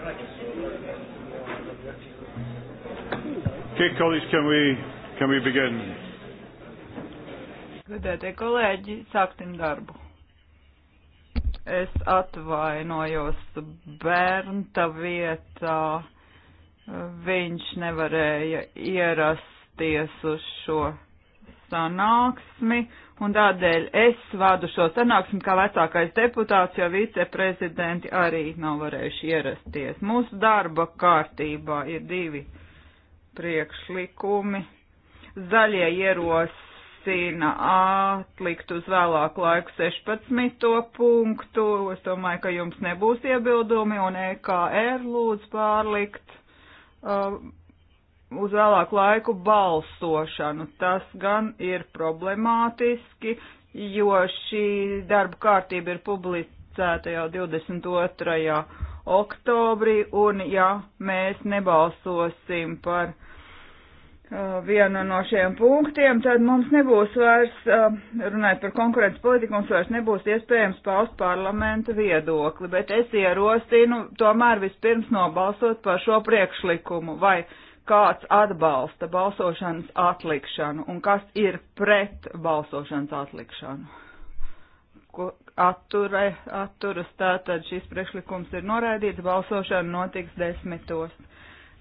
Okay, colleagues, can we, can we begin? Godētie kolēģi, sāksim darbu. Es atvainojos Bernta vietā. Viņš nevarēja ierasties uz šo sanāksmi un tādēļ es vādu šo sanāksmi kā vecākais deputāts, jo viceprezidenti arī nav varējuši ierasties. Mūsu darba kārtībā ir divi priekšlikumi. Zaļie ierosina atlikt uz vēlāku laiku 16. punktu. Es domāju, ka jums nebūs iebildumi un EKR lūdz pārlikt. Um, uz vēlāku laiku balsošanu. Tas gan ir problemātiski, jo šī darba kārtība ir publicēta jau 22. oktobrī, un ja mēs nebalsosim par uh, vienu no šiem punktiem, tad mums nebūs vairs, uh, runājot par konkurences politiku, mums vairs nebūs iespējams paust parlamenta viedokli, bet es ierosinu tomēr vispirms nobalsot par šo priekšlikumu, vai uh, kāds atbalsta balsošanas atlikšanu un kas ir pret balsošanas atlikšanu. Ko atture, atturas tātad šis priekšlikums ir noraidīts, balsošana notiks desmitos.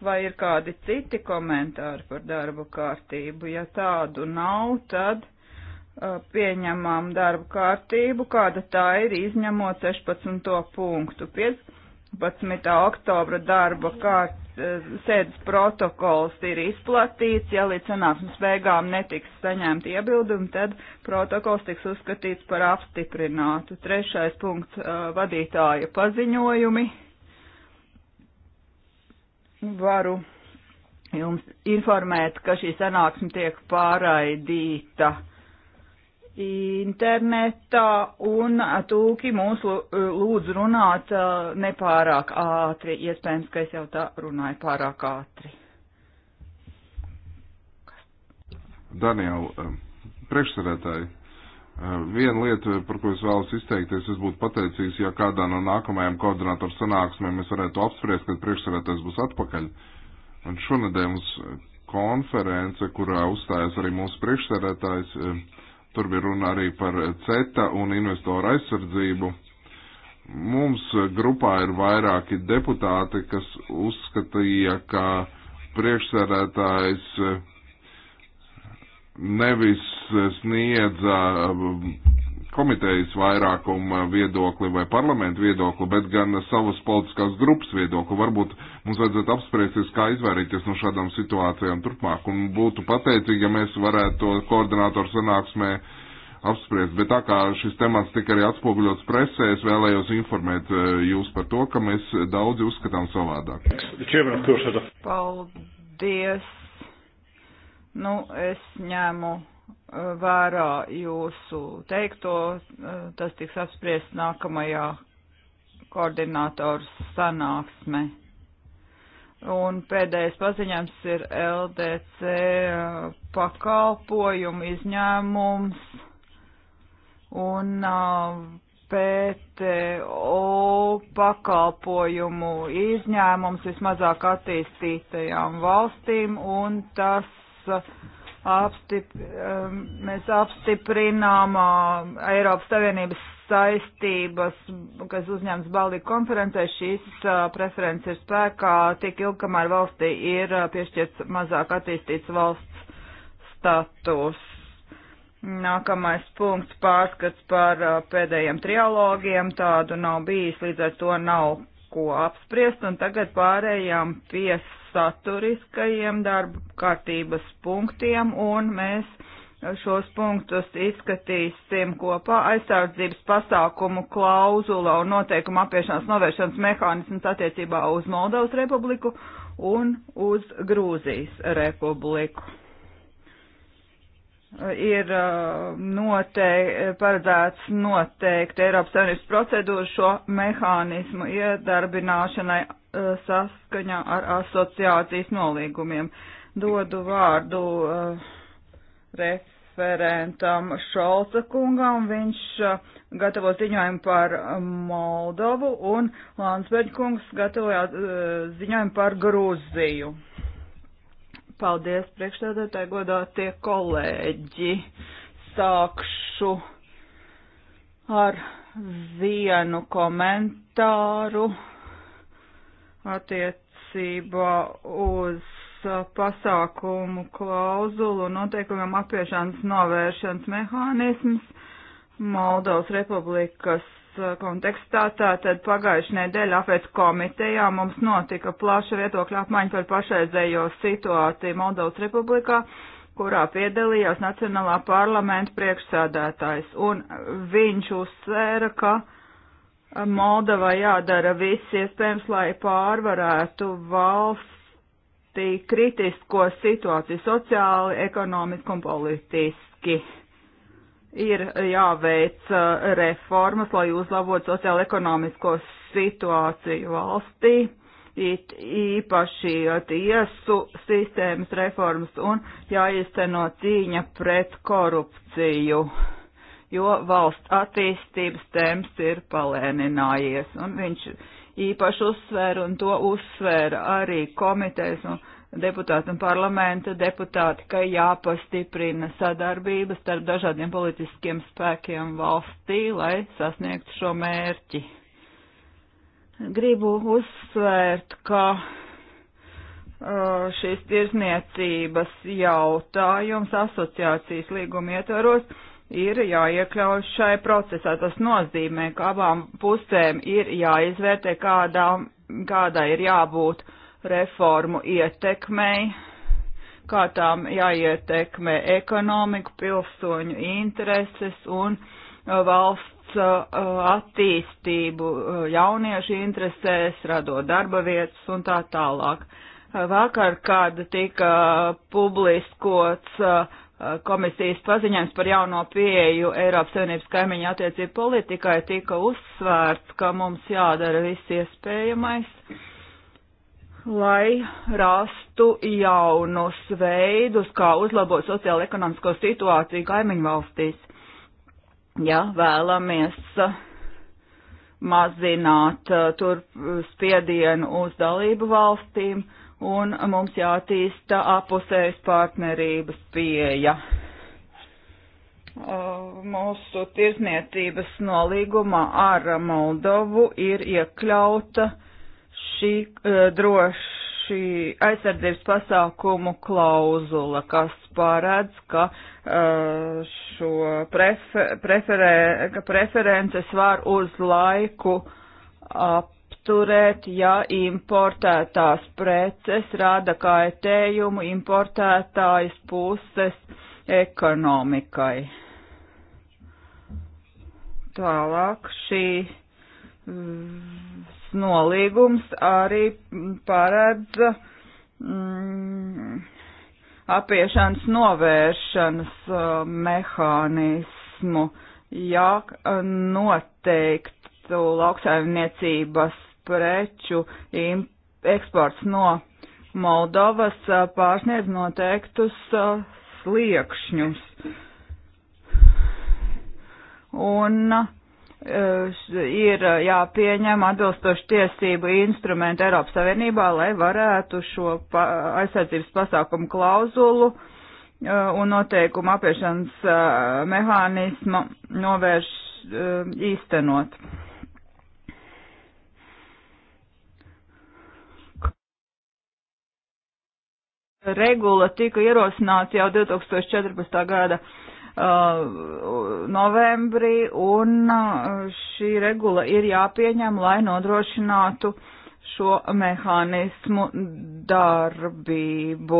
Vai ir kādi citi komentāri par darbu kārtību? Ja tādu nav, tad uh, pieņemam darbu kārtību, kāda tā ir, izņemot 16. punktu. 5 11. oktobra darba kārt eh, sēdes protokols ir izplatīts, ja līdz sanāksmes beigām netiks saņemti iebildumi, tad protokols tiks uzskatīts par apstiprinātu. Trešais punkts eh, - vadītāja paziņojumi. Varu jums informēt, ka šī sanāksme tiek pārraidīta internetā un tūki mūs lūdz runāt uh, nepārāk ātri. Iespējams, ka es jau tā runāju pārāk ātri. Daniel, um, priekšsarētāji, um, viena lieta, par ko es vēlos izteikties, es būtu pateicīgs, ja kādā no nākamajām koordinātoru sanāksmēm mēs varētu apspriest, kad priekšsarētājs būs atpakaļ. Un šonadēļ mums konference, kurā uzstājas arī mūsu priekšsarētājs, um, Tur bija runa arī par CETA un investoru aizsardzību. Mums grupā ir vairāki deputāti, kas uzskatīja, ka priekšsēdētājs nevis sniedza komitejas vairākuma viedokli vai parlamentu viedokli, bet gan savas politiskās grupas viedokli. Varbūt mums vajadzētu apspriesties, kā izvairīties no šādām situācijām turpmāk. Un būtu pateicīgi, ja mēs varētu to koordinātoru sanāksmē apspriest. Bet tā kā šis temats tika arī atspoguļots presē, es vēlējos informēt eh, jūs par to, ka mēs daudzi uzskatām savādāk. Paldies! Nu, es ņēmu vērā jūsu teikto, eh, tas tiks apspriests nākamajā koordinātors sanāksme. Un pēdējais paziņojums ir LDC eh, pakalpojumu izņēmums un eh, PTO pakalpojumu izņēmums vismazāk attīstītajām valstīm un tas uh, apstip, um, mēs apstiprinām Eiropas Savienības saistības, kas uzņemts Baldiju konferencē, šīs preferences ir spēkā tik ilgi, kamēr valstī ir piešķirts mazāk attīstīts valsts status. Nākamais punkts pārskats par pēdējiem trialogiem, tādu nav bijis, līdz ar to nav ko apspriest, un tagad pārējām pie saturiskajiem darba kārtības punktiem, un mēs šos punktus izskatīsim kopā aizsardzības pasākumu klauzula un noteikuma apiešanas novēršanas mehānisms attiecībā uz Moldovas republiku un uz Grūzijas republiku ir uh, noteik, paredzēts noteikti Eiropas Savienības procedūru šo mehānismu iedarbināšanai uh, saskaņā ar asociācijas nolīgumiem. Dodu vārdu uh, referentam Šolca kungam. Viņš uh, gatavo ziņojumu par Moldovu un Landsbeģ kungs gatavoja uh, ziņojumu par Grūziju. Paldies, priekšstādātāji, godātie kolēģi. Sākšu ar vienu komentāru attiecībā uz pasākumu klauzulu un noteikumiem apiešanas novēršanas mehānisms Moldovas republikas Uh, kontekstā. Tātad pagājušajā nedēļā pēc komitejā mums notika plaša vietokļa apmaiņa par pašreizējo situāciju Moldovas republikā, kurā piedalījās Nacionālā parlamenta priekšsādātājs. Un viņš uzsvēra, ka Moldova jādara viss iespējams, lai pārvarētu valstī kritisko situāciju sociāli, ekonomiski un politiski ir jāveic uh, reformas, lai uzlabotu sociālo-ekonomisko situāciju valstī, it īpaši uh, tiesu sistēmas reformas un jāizteno cīņa pret korupciju, jo valsts attīstības temps ir palēninājies, un viņš īpaši uzsvēra, un to uzsvēra arī komitejas un deputāti un parlamenta deputāti, ka jāpastiprina sadarbība starp dažādiem politiskiem spēkiem valstī, lai sasniegtu šo mērķi. Gribu uzsvērt, ka uh, šīs tirzniecības jautājums asociācijas līguma ietvaros ir jāiekļauj šai procesā. Tas nozīmē, ka abām pusēm ir jāizvērtē, kādā, kādā ir jābūt uh, reformu ietekmei, kā tām jāietekmē ekonomiku, pilsoņu intereses un uh, valsts uh, attīstību uh, jauniešu interesēs, radot darba vietas un tā tālāk. Vakar, kad tika publiskots komisijas paziņojums par jauno pieeju Eiropas Savienības kaimiņu attiecību politikai, tika uzsvērts, ka mums jādara viss iespējamais lai rastu jaunus veidus, kā uzlabot sociālo-ekonomisko situāciju kaimiņu valstīs. Ja vēlamies uh, mazināt uh, tur uh, spiedienu uz dalību valstīm, un mums jātīsta apusējas partnerības pieeja. Mūsu tirzniecības nolīgumā ar Moldovu ir iekļauta uh, šī eh, droši aizsardzības pasākumu klauzula, kas pārēdz, ka eh, šo prefer, preferē, ka preferences var uz laiku apturēt, ja importētās preces rada kaitējumu importētājas puses ekonomikai. Tālāk šī nolīgums arī paredz mm, apiešanas novēršanas uh, mehānismu, ja noteiktu lauksaimniecības preču eksports no Moldovas uh, pārsniedz noteiktus uh, sliekšņus. Un uh, ir jāpieņem atbilstoši tiesību instrumenti Eiropas Savienībā, lai varētu šo pa aizsardzības pasākumu klauzulu un noteikumu apiešanas mehānismu novērš īstenot. Regula tika ierosināta jau 2014. gada Uh, novembrī, un uh, šī regula ir jāpieņem, lai nodrošinātu šo mehānismu darbību.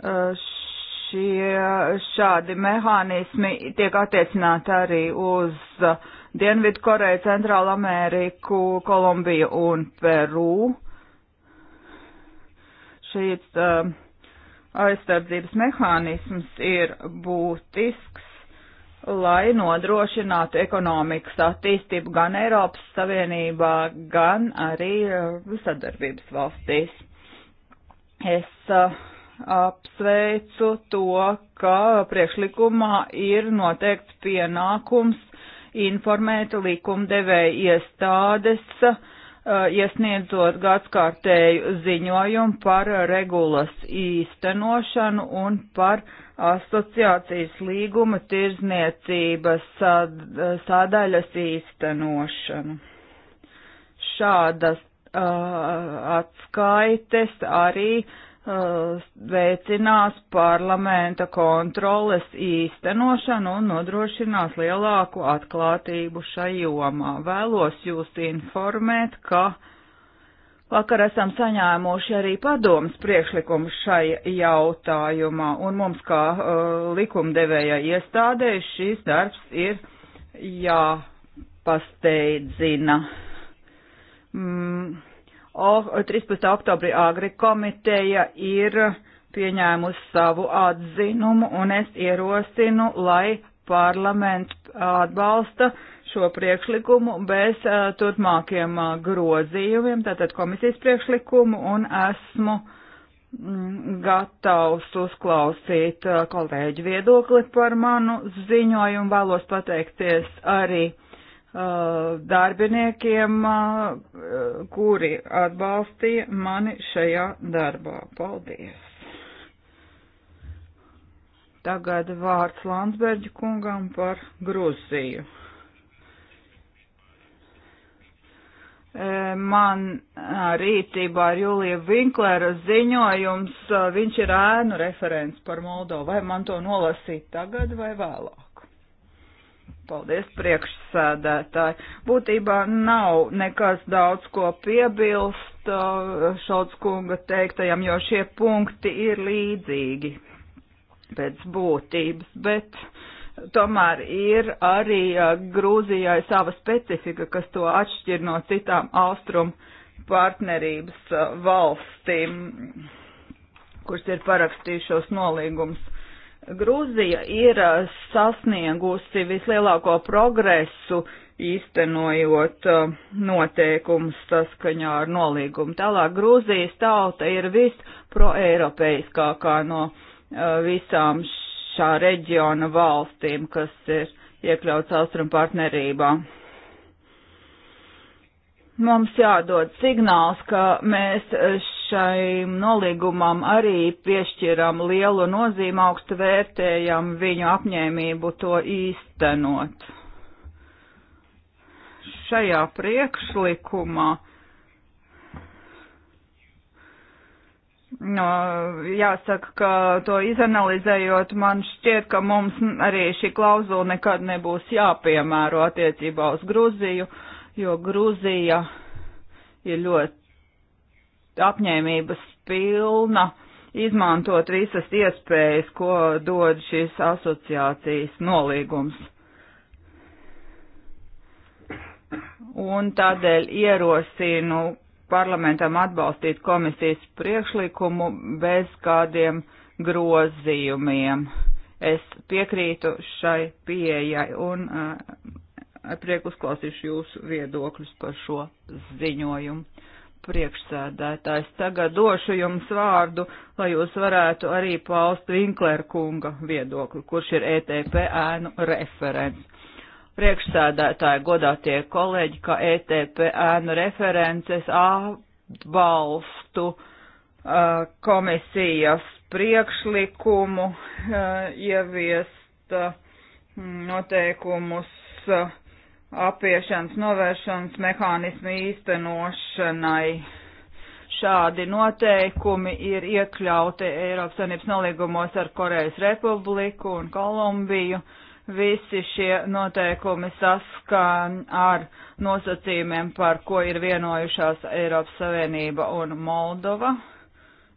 Uh, šie, šādi mehānismi tiek attiecināti arī uz Dienvidkoreju, Centrālu Ameriku, Kolumbiju un Peru. Šīs uh, aizsardzības mehānisms ir būtisks, lai nodrošinātu ekonomikas attīstību gan Eiropas Savienībā, gan arī uh, sadarbības valstīs. Es uh, apsveicu to, ka priekšlikumā ir noteikts pienākums informēt likumdevēja iestādes, uh, Eh, iesniedzot gadskārtēju ziņojumu par eh, regulas īstenošanu un par asociācijas līguma tirzniecības sadaļas īstenošanu. Šādas uh, atskaites arī uh, Uh, veicinās parlamenta kontroles īstenošanu un nodrošinās lielāku atklātību šai jomā. Vēlos jūs informēt, ka vakar esam saņēmuši arī padomas priekšlikumu šai jautājumā, un mums kā uh, likumdevēja iestādē šīs darbs ir jāpasteidzina. Mm 13. oktobrī Agri komiteja ir pieņēmusi savu atzinumu, un es ierosinu, lai parlaments atbalsta šo priekšlikumu bez uh, turpmākiem uh, grozījumiem, tātad komisijas priekšlikumu, un esmu mm, gatavs uzklausīt uh, kolēģu viedokli par manu ziņojumu, vēlos pateikties arī Uh, darbiniekiem, uh, kuri atbalstīja mani šajā darbā. Paldies! Tagad vārds Landsberģa kungam par Gruziju. E, man rītībā ar Juliju Vinklera ziņojums, viņš ir ēnu referents par Moldovu. Vai man to nolasīt tagad vai vēlāk? Paldies, priekšsēdētāji. Būtībā nav nekas daudz ko piebilst uh, šauds kunga teiktajam, jo šie punkti ir līdzīgi pēc būtības, bet tomēr ir arī uh, Grūzijai sava specifika, kas to atšķir no citām austrumu partnerības uh, valstīm, kuras ir parakstījušos nolīgums Grūzija ir uh, sasniegusi vislielāko progresu īstenojot uh, noteikumus saskaņā ar nolīgumu. Tālāk Grūzijas tauta ir visproeiropeiskākā no uh, visām šā reģiona valstīm, kas ir iekļauts austrumu partnerībā. Mums jādod signāls, ka mēs šaim nolīgumam arī piešķiram lielu nozīmu, augstu vērtējam viņu apņēmību to īstenot. Šajā priekšlikumā No, jāsaka, ka to izanalizējot, man šķiet, ka mums arī šī klauzula nekad nebūs jāpiemēro attiecībā uz Gruziju, jo Gruzija ir ļoti apņēmības pilna izmantot visas iespējas, ko dod šīs asociācijas nolīgums. Un tādēļ ierosinu parlamentam atbalstīt komisijas priekšlikumu bez kādiem grozījumiem. Es piekrītu šai pieejai un uh, prieku uzklausīšu jūsu viedokļus par šo ziņojumu priekšsēdētājs. Tagad došu jums vārdu, lai jūs varētu arī paust Vinklera kunga viedokli, kurš ir ETP ēnu referents. Priekšsēdētāji godātie kolēģi, ka ETP ēnu references atbalstu uh, komisijas priekšlikumu uh, ieviest uh, noteikumus. Uh, apiešanas novēršanas mehānismu īstenošanai. Šādi noteikumi ir iekļauti Eiropas Savienības nolīgumos ar Korejas Republiku un Kolumbiju. Visi šie noteikumi saskan ar nosacījumiem, par ko ir vienojušās Eiropas Savienība un Moldova.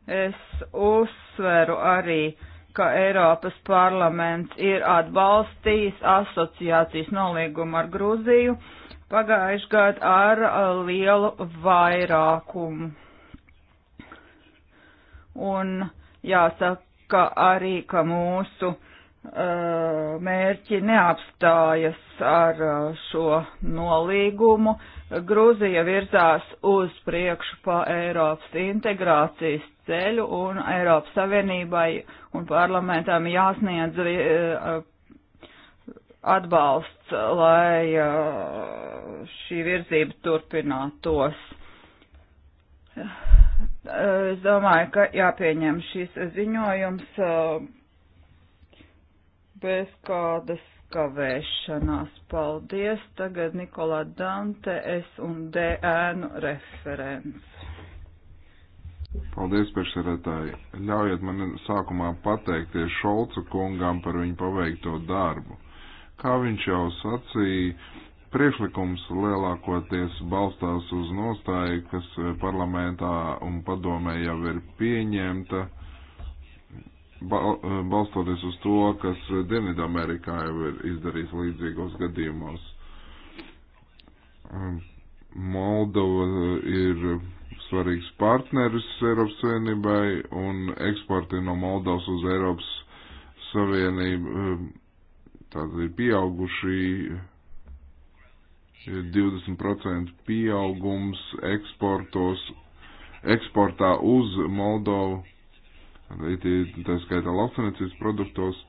Es uzsveru arī uh, ka Eiropas parlaments ir atbalstījis asociācijas nolīgumu ar Gruziju pagājuši gadu ar lielu vairākumu. Un jāsaka arī, ka mūsu uh, mērķi neapstājas ar uh, šo nolīgumu. Grūzija virzās uz priekšu pa Eiropas integrācijas ceļu un Eiropas Savienībai un parlamentām jāsniedz eh, eh, atbalsts, lai eh, šī virzība turpinātos. Es domāju, ka jāpieņem šis ziņojums bez kādas kavēšanās. Paldies! Tagad Nikolā Dante, S un DN referents. Paldies, priekšsēdētāji. Ļaujiet man sākumā pateikties Šolcu kungam par viņu paveikto darbu. Kā viņš jau sacīja, priekšlikums lielākoties balstās uz nostāju, kas parlamentā un padomē jau ir pieņemta, balstoties uz to, kas Dienvidamerikā jau ir izdarīts līdzīgos gadījumos. Moldova ir svarīgs partneris Eiropas Savienībai un eksporti no Moldovas uz Eiropas Savienību eh, tātad ir pieauguši 20% pieaugums eksportos, eksportā uz Moldovu, tā skaitā lauksaimniecības produktos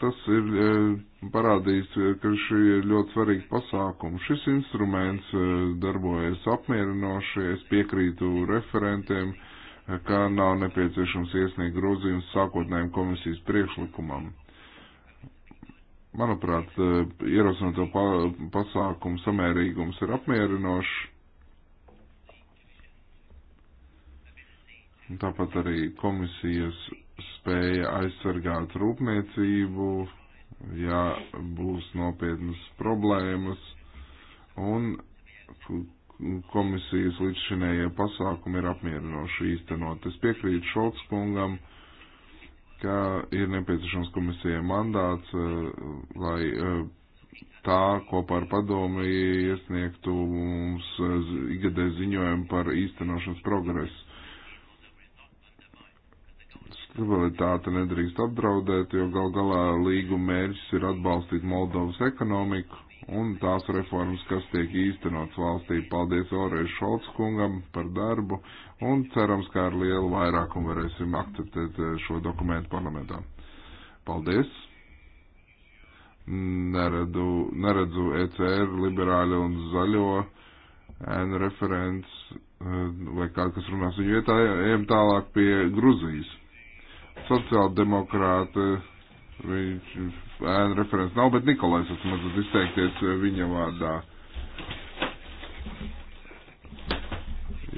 tas ir e, parādījis, e, ka šī ir ļoti svarīga pasākuma. Šis instruments e, darbojas apmierinoši, es piekrītu referentiem, ka nav nepieciešams iesniegt grozījums sākotnējiem komisijas priekšlikumam. Manuprāt, ierosināto pa pasākumu samērīgums ir apmierinošs. Tāpat arī komisijas spēja aizsargāt rūpniecību, ja būs nopietnas problēmas, un komisijas līdzšinējie pasākumi ir apmierinoši īstenot. Es piekrītu Šolts kungam, ka ir nepieciešams komisijai mandāts, eh, lai eh, tā kopā ar padomi iesniegtu mums eh, igadē ziņojumu par īstenošanas progresu stabilitāte nedrīkst apdraudēt, jo gal galā līguma mērķis ir atbalstīt Moldovas ekonomiku un tās reformas, kas tiek īstenots valstī. Paldies Orēs Šolts kungam par darbu un cerams, ka ar lielu vairākumu varēsim akceptēt eh, šo dokumentu parlamentā. Paldies! Neredu, neredzu ECR, liberāļu un zaļo N referents eh, vai kāds, kas runās viņu vietā, ejam tālāk pie Gruzijas sociāldemokrāta, viņš ēna referents nav, bet Nikolais esmu mazliet izteikties eh, viņa vārdā.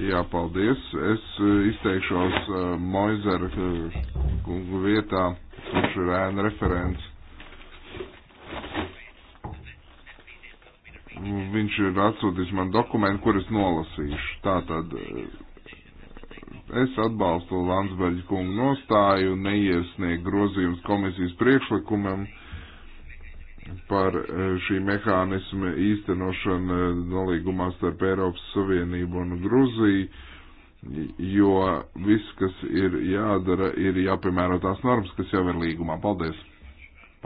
Jā, paldies. Es eh, izteikšos eh, Moizera kungu vietā, kurš ir ēna referents. Viņš ir atsūtījis man dokumentu, kurus nolasīšu. Tātad Es atbalstu Landsbergi kungu nostāju un neiesniegu grozījums komisijas priekšlikumam par e, šī mehānisma īstenošanu e, nolīgumā starp Eiropas Savienību un Gruziju, jo viss, kas ir jādara, ir jāpiemēro tās normas, kas jau ir līgumā. Paldies!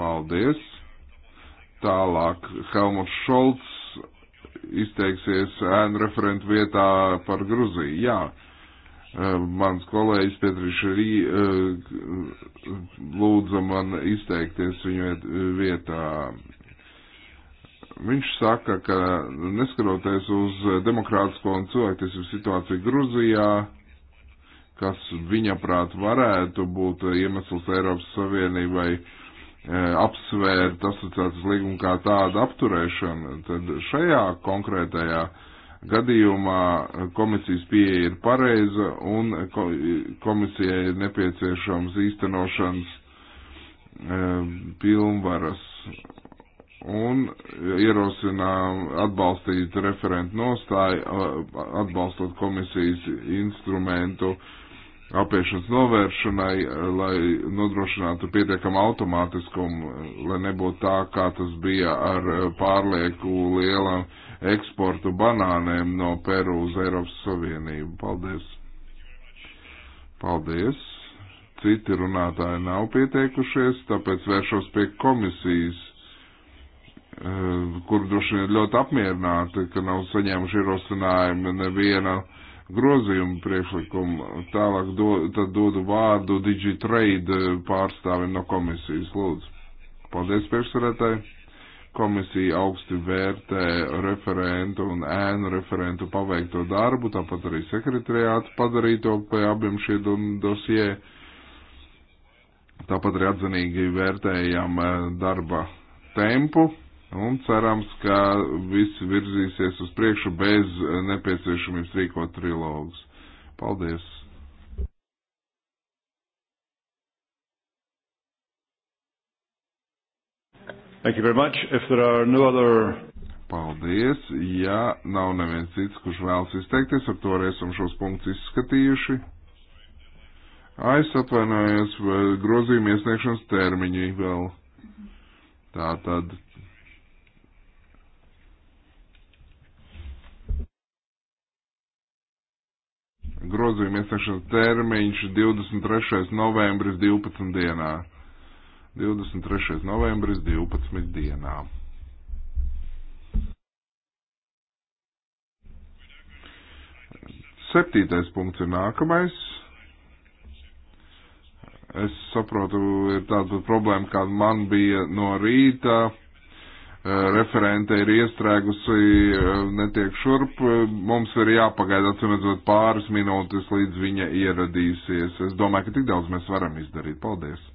Paldies! Tālāk Helmuts Šolts izteiksies ēnu referentu vietā par Gruziju. Jā. Eh, mans kolēģis Pēters Rī eh, lūdza man izteikties viņa vietā. Viņš saka, ka neskaroties uz demokrātisko un cilvēktiesību situāciju Gruzijā, kas viņa prāt varētu būt iemesls Eiropas Savienībai eh, apsvērt asociācijas līgumu kā tādu apturēšanu, tad šajā konkrētajā uh, gadījumā komisijas pieeja ir pareiza un komisijai ir nepieciešams īstenošanas e, pilnvaras un ierosinām atbalstīt referentu nostāju, atbalstot komisijas instrumentu uh, apiešanas novēršanai, eh, lai nodrošinātu pietiekamu automātiskumu, eh, lai nebūtu tā, kā tas bija ar eh, pārlieku lielam eksportu banāniem no Peru uz Eiropas Savienību. Paldies! Paldies! Citi runātāji nav pieteikušies, tāpēc vēršos pie komisijas, kur droši vien ļoti apmierināti, ka nav saņēmuši ierosinājumu neviena grozījumu priekšlikumu. Tālāk do, tad dodu vārdu Digitrade pārstāvim no komisijas. Lūdzu. Paldies, priekšsarētāji. Komisija augsti vērtē referentu un ēnu referentu paveikto darbu, tāpat arī sekretariātu padarīto pie abiem šiem dosie. Tāpat arī atzinīgi vērtējam eh, darba tempu Un cerams, ka viss virzīsies uz priekšu bez nepieciešamības rīkot trilogus. Paldies! Thank you very much. If there are no other... Paldies. Ja nav neviens cits, kurš vēlas izteikties, ar to arī esam šos punktus izskatījuši. Aiz atvainojos grozījumu iesniegšanas termiņi vēl. Tātad Grozījuma iesniegšanas termiņš 23. novembris 12. dienā. 23. novembris 12. dienā. Septītais punkts ir nākamais. Es saprotu, ir tāda problēma, kāda man bija no rīta Eh, referente ir iestrēgusi, eh, netiek šurp. Eh, mums ir jāpagaida, atcīmredzot, pāris minūtes, līdz viņa ieradīsies. Es domāju, ka tik daudz mēs varam izdarīt. Paldies!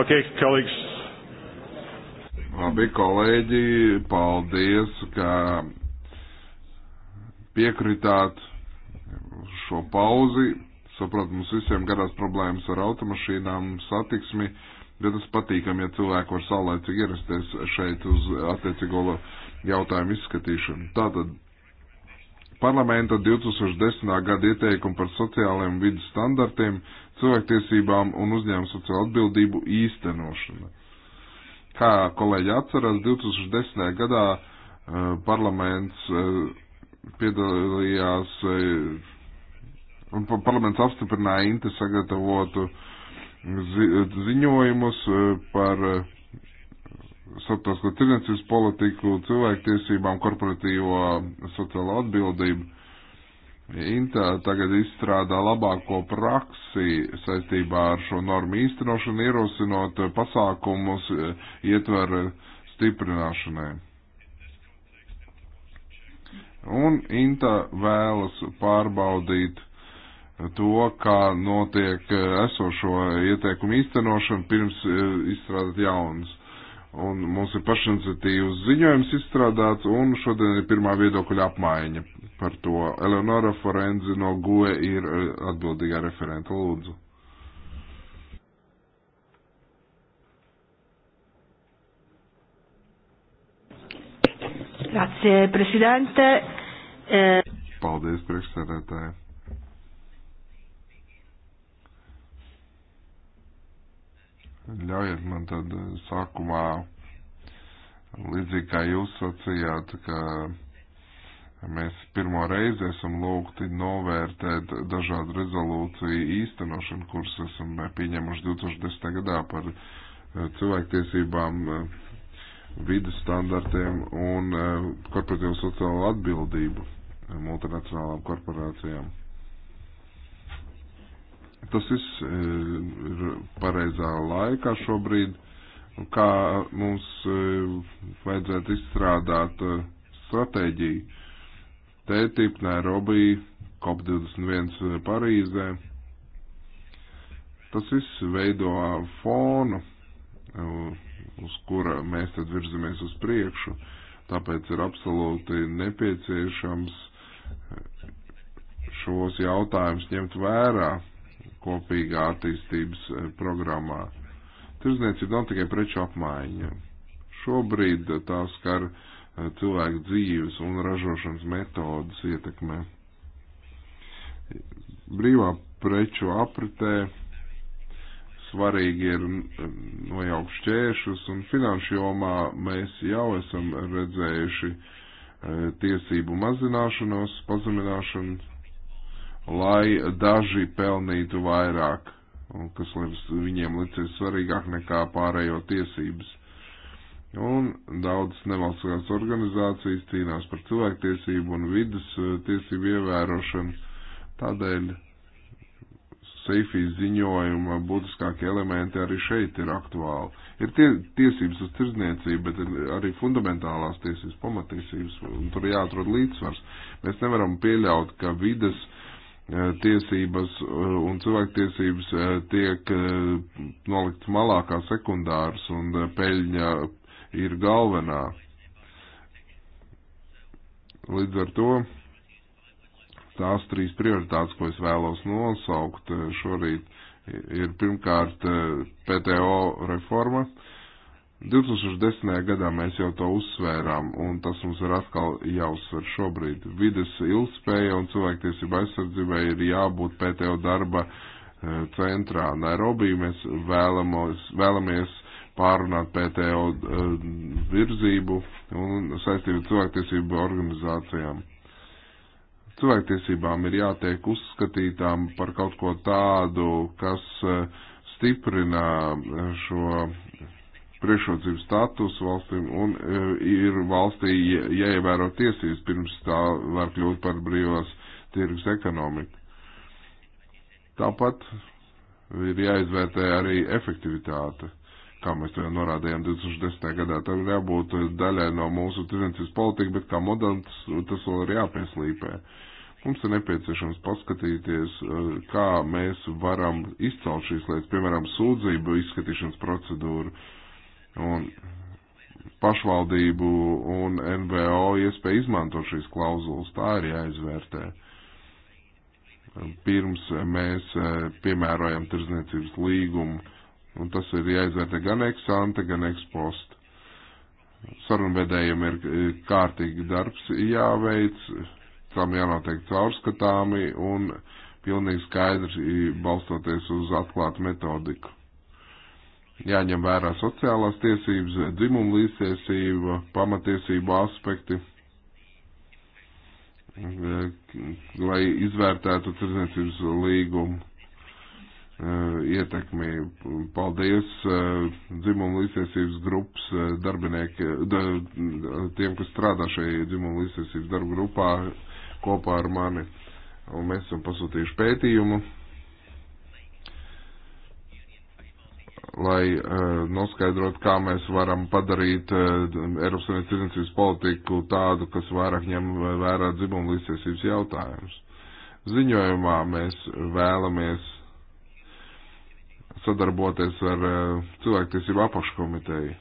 Okay, colleagues. Labi, kolēģi, paldies, ka piekritāt šo pauzi. Sapratu, mums visiem garās problēmas ar automašīnām, satiksmi, bet tas patīkam, ja cilvēku var saulēcīgi ierasties šeit uz attiecīgo jautājumu izskatīšanu. Tātad parlamenta 2010. gada ieteikumu par sociālajiem vidus standartiem cilvēktiesībām un uzņēmuma sociālo atbildību īstenošana. Kā kolēģi atceras, 2010. gadā eh, parlaments eh, piedalījās eh, un parlaments apstiprināja Inte sagatavotu ziņojumus par starptautisko tirdzniecības politiku, cilvēktiesībām, korporatīvo sociālo atbildību. Inta tagad izstrādā labāko praksi saistībā ar šo normu īstenošanu, ierosinot pasākumus eh, ietver stiprināšanai. Un Inta vēlas pārbaudīt to, kā notiek eh, esošo ieteikumu īstenošanu pirms eh, izstrādāt jaunas. Un mums ir pašiniciatīvas ziņojums izstrādāts, un šodien ir pirmā viedokļa apmaiņa par to. Eleonora Forenzi no GUE ir eh, atbildīgā referenta. Lūdzu. Grazie, prezidente. Eh, Paldies, priekšsēdētāji. Ļaujiet man tad eh, sākumā, līdzīgi kā jūs sacījāt, ka Mēs pirmo reizi esam lūgti novērtēt dažādu rezolūciju īstenošanu, kuras esam pieņemuši 2010. gadā par eh, cilvēktiesībām, eh, vidas standartiem un eh, korporatīvu sociālo atbildību multinacionālām korporācijām. Tas viss ir pareizā laikā šobrīd, kā mums vajadzētu izstrādāt stratēģiju TTIP, Nairobi, COP21 eh, Parīzē. Tas viss veido fonu, eh, uz kura mēs tad virzamies uz priekšu. Tāpēc ir absolūti nepieciešams eh, šos jautājumus ņemt vērā kopīgā attīstības programmā. Tirzniecība nav tikai preču apmaiņa. Šobrīd tā skar uh, Uh, cilvēku dzīves un ražošanas metodas ietekmē. Brīvā preču apritē svarīgi ir um, nojaukt šķēršus, un finanšu jomā mēs jau esam redzējuši uh, tiesību mazināšanos, pazemināšanu, lai daži pelnītu vairāk, un kas viņiem licis svarīgāk nekā pārējo tiesības. Un daudzas nevalstiskās organizācijas cīnās par cilvēktiesību un vidas e, tiesību ievērošanu. Tādēļ Seifijas ziņojuma būtiskākie elementi arī šeit ir aktuāli. Ir tie, tiesības uz tirdzniecību, bet ir arī fundamentālās tiesības, pamatiesības, un tur jāatrod līdzsvars. Mēs nevaram pieļaut, ka vidas e, tiesības e, un cilvēktiesības tiek nolikts malā kā sekundārs un peļņa ir galvenā. Līdz ar to tās trīs prioritātes, ko es vēlos nosaukt eh, šorīt, ir pirmkārt eh, PTO reforma. 2010. gadā mēs jau to uzsvērām, un tas mums ir atkal jāuzsver šobrīd. Vides ilgspēja un cilvēktiesība aizsardzībai ir jābūt PTO darba eh, centrā. Nairobi mēs vēlamos, vēlamies pārunāt PTO eh, virzību un saistību cilvēktiesību organizācijām. Cilvēktiesībām ir jātiek uzskatītām par kaut ko tādu, kas eh, stiprina eh, šo priekšrocību statusu valstīm un ir valstī jāievēro tiesības pirms tā var kļūt par brīvās tirgus ekonomiku. Tāpat ir jāizvērtē arī efektivitāte kā mēs to jau norādījām 2010. gadā. Tā ir jābūt daļai no mūsu tirdzniecības politika, bet kā modelis tas vēl ir jāpieslīpē. Mums ir nepieciešams paskatīties, kā mēs varam izcelt šīs lietas, piemēram, sūdzību izskatīšanas procedūru un pašvaldību un NVO iespēju izmantot šīs klauzulas. Tā ir jāizvērtē pirms mēs piemērojam tirdzniecības līgumu Un tas ir jāizvērtē gan eksante, gan ekspost. Sarunvedējiem ir e, kārtīgi darbs jāveic, tam jānotiek caurskatāmi un pilnīgi skaidri balstoties uz atklātu metodiku. Jāņem vērā sociālās tiesības, dzimuma līdztiesība, pamatiesību aspekti, e, lai izvērtētu tirdzniecības līgumu Eh, ietekmi. Paldies eh, dzimumu līdzsiesības grupas eh, darbiniekiem, tiem, kas strādā šajā dzimumu līdzsiesības darba grupā kopā ar mani. Un mēs esam pasūtījuši pētījumu, lai noskaidrot, kā mēs varam padarīt Eiropas Savienības tirdzniecības politiku tādu, kas vairāk ņem vērā dzimumu līdzsiesības jautājumus. Ziņojumā mēs vēlamies sadarboties ar eh, cilvēktiesību apakškomiteju.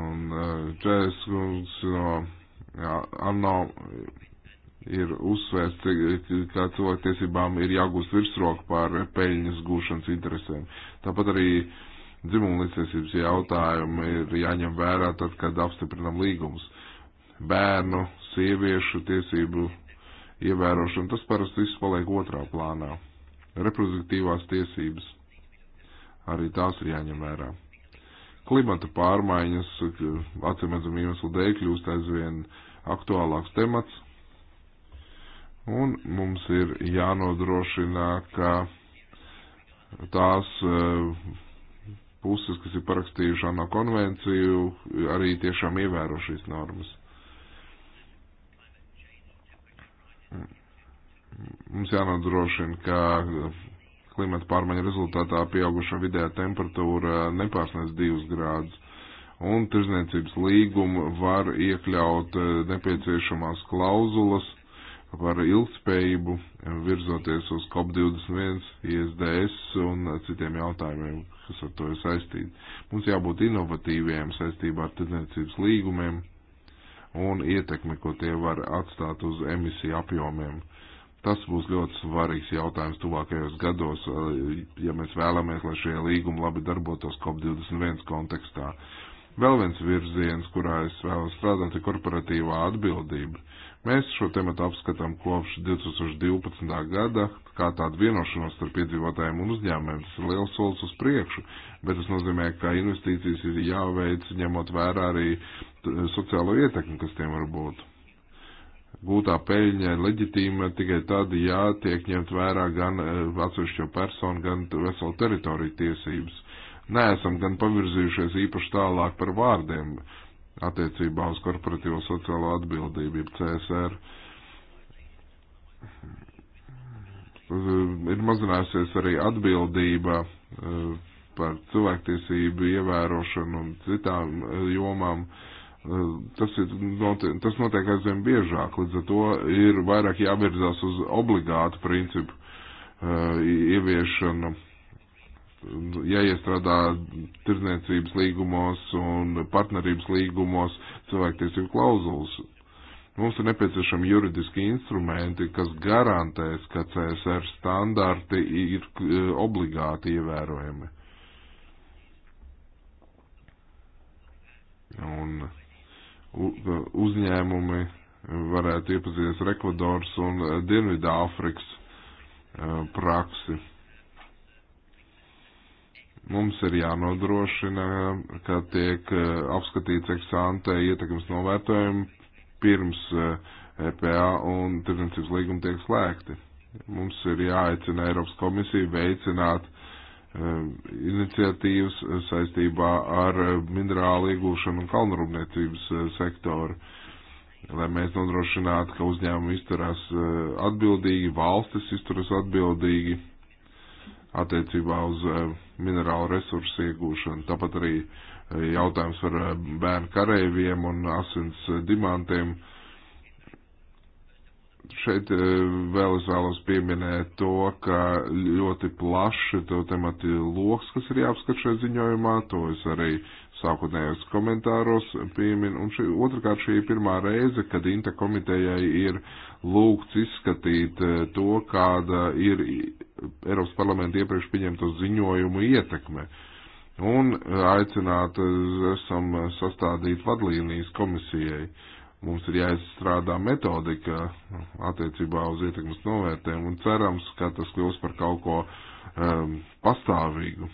Un Čēs eh, kungs no ANO ir uzsvērts, ka cilvēktiesībām ir jāgūst virsroka pār peļņas gūšanas interesēm. Tāpat arī dzimumlīdzēsības jautājumi ir jāņem vērā tad, kad apstiprinam līgumus. Bērnu, sieviešu tiesību ievērošana, tas parasti viss paliek otrā plānā reproduktīvās tiesības. Arī tās ir jāņem vērā. Klimata pārmaiņas, atcīmredzam iemeslu dēļ, kļūst aizvien aktuālāks temats. Un mums ir jānodrošina, ka tās eh, puses, kas ir parakstījuši ANO konvenciju, arī tiešām ievēro šīs normas. Mums jānodrošina, ka klimata pārmaiņa rezultātā pieauguša vidējā temperatūra nepārsniedz divus grādus. Un tirzniecības līgumu var iekļaut eh, nepieciešamās klauzulas par ilgspējību, virzoties uz COP21, ISDS un citiem jautājumiem, kas ar to ir saistīti. Mums jābūt inovatīviem saistībā ar tirdzniecības līgumiem un ietekmi, ko tie var atstāt uz emisiju apjomiem. Tas būs ļoti svarīgs jautājums tuvākajos gados, eh, ja mēs vēlamies, lai šie līgumi labi darbotos COP21 kontekstā. Vēl viens virziens, kurā es vēlos strādāt, ir korporatīvā atbildība. Mēs šo tematu apskatām kopš 2012. gada, kā tādu vienošanos starp iedzīvotājiem un uzņēmumiem. Tas ir liels solis uz priekšu, bet tas nozīmē, ka investīcijas ir jāveic, ņemot vērā arī sociālo ietekmi, kas tiem var būt gūtā peļņa ir leģitīma tikai tad, ja tiek ņemt vērā gan eh, atsevišķo personu, gan veselu teritoriju tiesības. Neesam gan pavirzījušies īpaši tālāk par vārdiem attiecībā uz korporatīvo sociālo atbildību, jeb CSR. Ir mazinājusies arī atbildība eh, par cilvēktiesību ievērošanu un citām eh, jomām. Uh, Eh, tas, ir, notiek, tas notiek aizvien biežāk, līdz ar to ir vairāk jāvirzās uz obligātu principu uh, ieviešanu, jāiestrādā tirdzniecības līgumos un partnerības līgumos cilvēktiesību klauzulas. Mums ir nepieciešami juridiski instrumenti, kas garantēs, ka CSR standarti ir eh, obligāti ievērojami. Un uzņēmumi varētu iepazīties ar Ekvadoras un eh, Dienvidā Afrikas eh, praksi. Mums ir jānodrošina, ka tiek eh, apskatīts eksāntē ietekmes novērtējumi pirms EPA e un tirdzniecības līguma tiek slēgti. Mums ir jāaicina Eiropas komisija veicināt Um, iniciatīvas saistībā ar uh, minerālu iegūšanu un kalnrūpniecības uh, sektoru, lai mēs nodrošinātu, ka uzņēmumi izturās uh, atbildīgi, valstis izturas atbildīgi attiecībā uz minerālu resursu iegūšanu. Tāpat arī jautājums par bērnu kareiviem un asins dimantiem Šeit e, vēl es vēlos pieminēt to, ka ļoti plaši to temati loks, kas ir jāapskat šajā ziņojumā, to es arī sākotnējos komentāros pieminu. Un šī, otrkārt šī ir pirmā reize, kad Inta komitejai ir lūgts izskatīt e, to, kāda ir Eiropas parlamenta iepriekš pieņemto ziņojumu ietekme. Un e, aicināt esam sastādīt vadlīnijas komisijai. Uh, Mums ir jāizstrādā metodika attiecībā uz ietekmes novērtēm un cerams, ka tas kļūs par kaut ko um, pastāvīgu.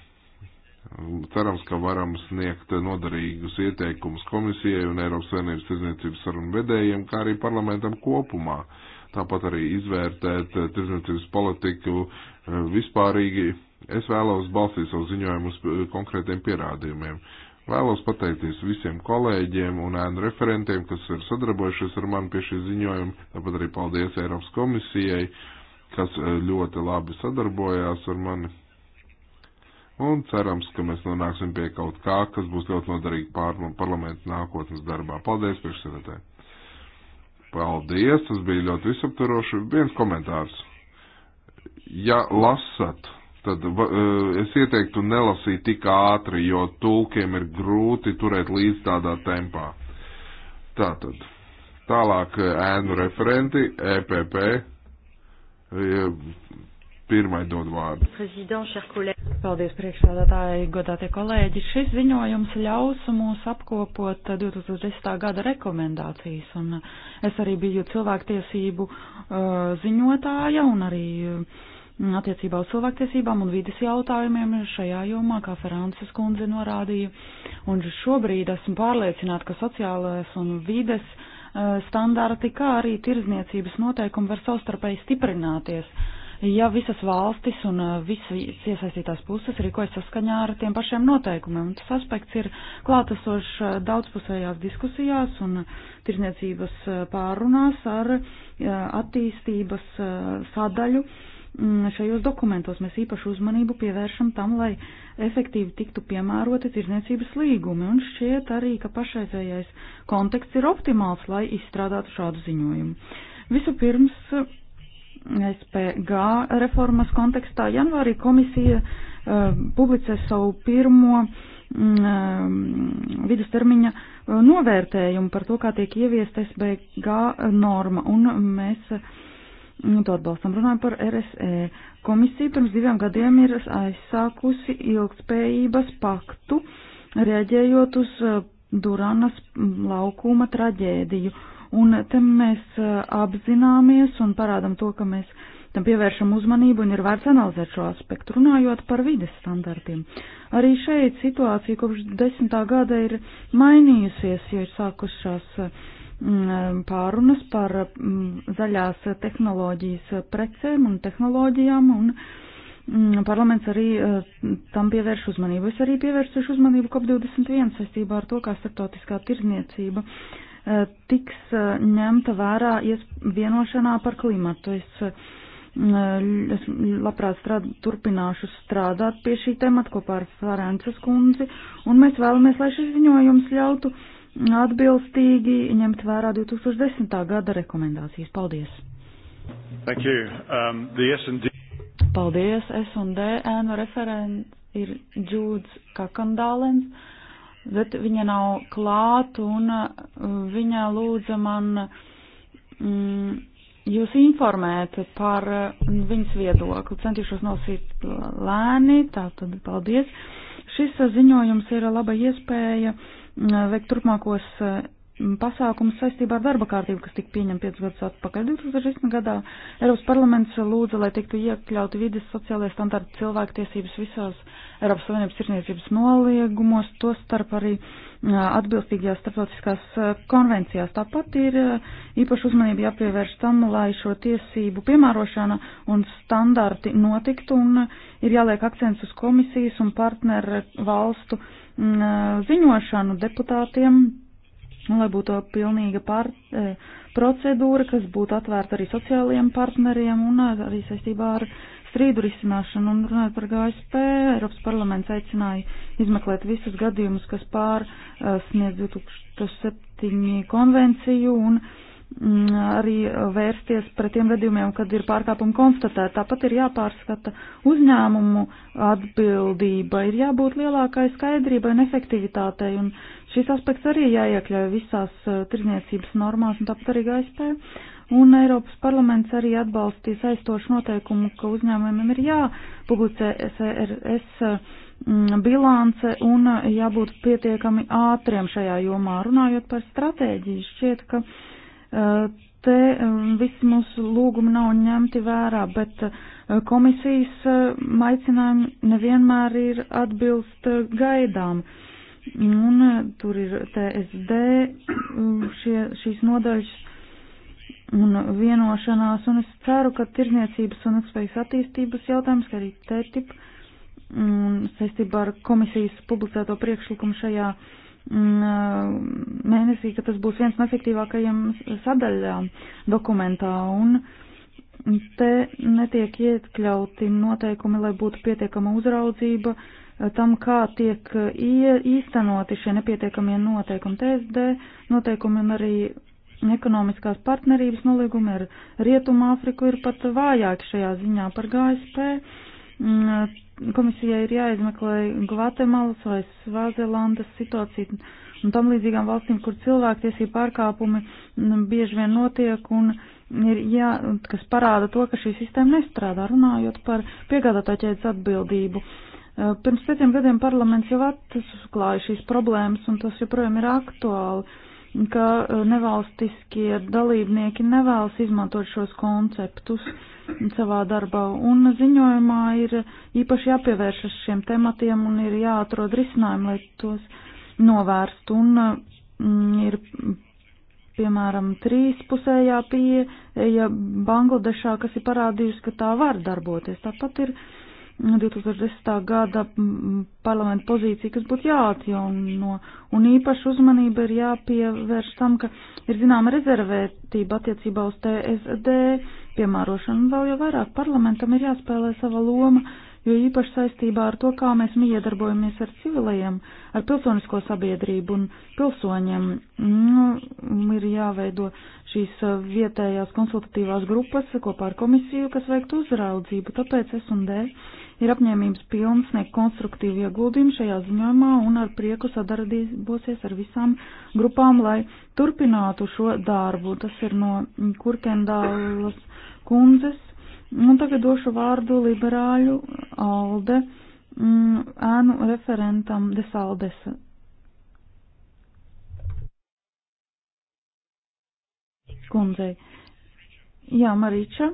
Cerams, ka varam sniegt noderīgus ieteikumus komisijai un Eiropas Savienības tirzniecības sarunu vedējiem, kā arī parlamentam kopumā. Tāpat arī izvērtēt eh, tirzniecības politiku eh, vispārīgi. Es vēlos balstīt savu ziņojumu uz eh, konkrētiem pierādījumiem. Uh, Vēlos pateikties visiem kolēģiem un ēnu referentiem, kas ir sadarbojušies ar mani pie šī ziņojuma, tāpat arī paldies Eiropas komisijai, kas e, ļoti labi sadarbojās ar mani. Un cerams, ka mēs nonāksim pie kaut kā, kas būs ļoti noderīgi pār parlamentu nākotnes darbā. Paldies, priekšsēdētāji! Paldies, tas bija ļoti visaptvaroši. Viens komentārs. Ja lasat tad eh, es ieteiktu nelasīt tik ātri, jo tulkiem ir grūti turēt līdz tādā tempā. Tātad, tālāk eh, ēnu referenti, EPP, eh, pirmai dod vārdu. Paldies priekšsādātāji, godātie kolēģi. Šis ziņojums ļaus mums apkopot 2010. gada rekomendācijas, un es arī biju cilvēktiesību uh, ziņotāja un arī uh, Mm, attiecībā uz cilvēktiesībām un vidas jautājumiem šajā jomā, kā Ferānces kundze norādīja. Un šobrīd esmu pārliecināta, ka sociālais un vides e, standarti, kā arī tirzniecības noteikumi var savstarpēji stiprināties, ja visas valstis un e, visas iesaistītās puses rīkojas saskaņā ar tiem pašiem noteikumiem. Un tas aspekts ir klātesošs e, daudzpusējās diskusijās un tirzniecības pārunās ar attīstības sadaļu Mm, šajos dokumentos mēs īpašu uzmanību pievēršam tam, lai efektīvi tiktu piemēroti tirzniecības līgumi, un šķiet arī, ka pašreizējais konteksts ir optimāls, lai izstrādātu šādu ziņojumu. Vispirms SPG reformas kontekstā janvārī komisija uh, publicē savu pirmo mm, eh, vidustermiņa eh, novērtējumu par to, kā tiek ieviest SBG norma, un mēs uh, Nu, to atbalstam. Runājot par RSE, komisija pirms diviem gadiem ir aizsākusi ilgspējības paktu, rēģējot uz uh, Duranas mm, laukuma traģēdiju. Un te mēs uh, apzināmies un parādam to, ka mēs tam pievēršam uzmanību un ir vērts analizēt šo aspektu, runājot par vides standartiem. Arī šeit situācija kopš desmitā gada ir mainījusies, jo ir sākušās uh, Mm, pārunas par mm, zaļās tehnoloģijas precēm un tehnoloģijām, un mm, parlaments arī eh, tam pievērš uzmanību. Es arī pievērsušu uzmanību COP21 saistībā ar to, kā starptautiskā tirzniecība eh, tiks eh, ņemta vērā vienošanā par klimatu. Es, es labprāt strād, turpināšu strādāt pie šī temata kopā ar Flārences kundzi, un mēs vēlamies, lai šis ziņojums ļautu uh, atbilstīgi ņemt vērā 2010. gada rekomendācijas. Paldies! Thank you. Um, the S&D. Paldies, S&D ēnu referents ir Džūds Kakandālens, bet viņa nav klāt un uh, viņa lūdza man mm, jūs informēt par uh, viņas viedokli. Centīšos nosīt lēni, tātad paldies. Šis ziņojums ir laba iespēja. Uh, veikt turpmākos eh, pasākumus saistībā ar darba kārtību, kas tika pieņemta 5 gadus atpakaļ. 2010. gadā Eiropas parlaments lūdza, lai tiktu iekļauti vides sociālajie standarti cilvēktiesības visās Eiropas Savienības tirsniecības noliegumos, to starp arī uh, atbilstīgajās starptautiskās konvencijās. Tāpat ir īpaši uzmanība jāpievērš tam, lai šo tiesību piemērošana un standarti notiktu, un ir jāliek akcents uz komisijas un partneru valstu ziņošanu deputātiem, lai būtu pilnīga pār, procedūra, kas būtu atvērta arī sociālajiem partneriem un arī saistībā ar strīdu risināšanu un runājot par GSP, Eiropas parlaments aicināja izmeklēt visus gadījumus, kas pārsniedz 2007 konvenciju un mm, arī vērsties pret tiem gadījumiem, kad ir pārkāpumi konstatēti. Tāpat ir jāpārskata uzņēmumu atbildība, ir jābūt lielākai skaidrībai un efektivitātei, un šis aspekts arī jāiekļauj visās eh, tirniecības normās, un tāpat arī GSP Un Eiropas parlaments arī atbalstīs aizstošu noteikumu, ka uzņēmumiem ir jāpublicē SRS mm, bilance un jābūt pietiekami ātriem šajā jomā. Runājot par stratēģiju, šķiet, ka eh, te mm, visi mūsu lūgumi nav ņemti vērā, bet eh, komisijas eh, aicinājumi nevienmēr ir atbilst gaidām. Un tur ir TSD, mm, šie, šīs nodaļas un vienošanās, un es ceru, ka tirzniecības un atspējas attīstības jautājums, kā arī TTIP, un saistībā ar komisijas publicēto priekšlikumu šajā mm, mēnesī, ka tas būs viens no efektīvākajiem sadaļām dokumentā, un te netiek iekļauti noteikumi, lai būtu pietiekama uzraudzība tam, kā tiek īstenoti šie nepietiekamie noteikumi, TSD noteikumi un arī Ekonomiskās partnerības nolīgumi ar Rietumu Āfriku ir pat vājāki šajā ziņā par GSP. Mm, eh, komisijai ir jāizmeklē Gvatemalas vai Svazelandas situācija un tam līdzīgām valstīm, kur cilvēktiesība pārkāpumi mm, bieži vien notiek un ir jā, kas parāda to, ka šī sistēma nestrādā, runājot par piegādātāju ķēdes atbildību. Eh, pirms pieciem gadiem parlaments jau atklāja šīs problēmas un tas joprojām ir aktuāli ka eh, nevalstiskie dalībnieki nevēlas izmantot šos konceptus savā darbā, un ziņojumā ir īpaši jāpievēršas šiem tematiem un ir jāatrod risinājumi, lai tos novērst, un mm, ir, piemēram, trīspusējā pieeja Bangladešā, kas ir parādījusi, ka tā var darboties. Tāpat ir uh, 2010. gada parlamenta pozīcija, kas būtu jāatjauno, un īpaši uzmanība ir jāpievērš tam, ka ir zināma rezervētība attiecībā uz TSD piemērošanu, un vēl jau vairāk parlamentam ir jāspēlē sava loma, jo īpaši saistībā ar to, kā mēs miedarbojamies ar civilajiem, ar pilsonisko sabiedrību un pilsoņiem, nu, ir jāveido šīs uh, vietējās konsultatīvās grupas kopā ar komisiju, kas veiktu uzraudzību, tāpēc es un dēļ ir apņēmības pilns sniegt konstruktīvu ieguldījumu šajā ziņojumā un ar prieku sadarbosies ar visām grupām, lai turpinātu šo darbu. Tas ir no Kurkendālas kundzes. Un tagad došu vārdu liberāļu Alde mm, ēnu referentam Desaldesa. Kundzei. Jā, Mariča.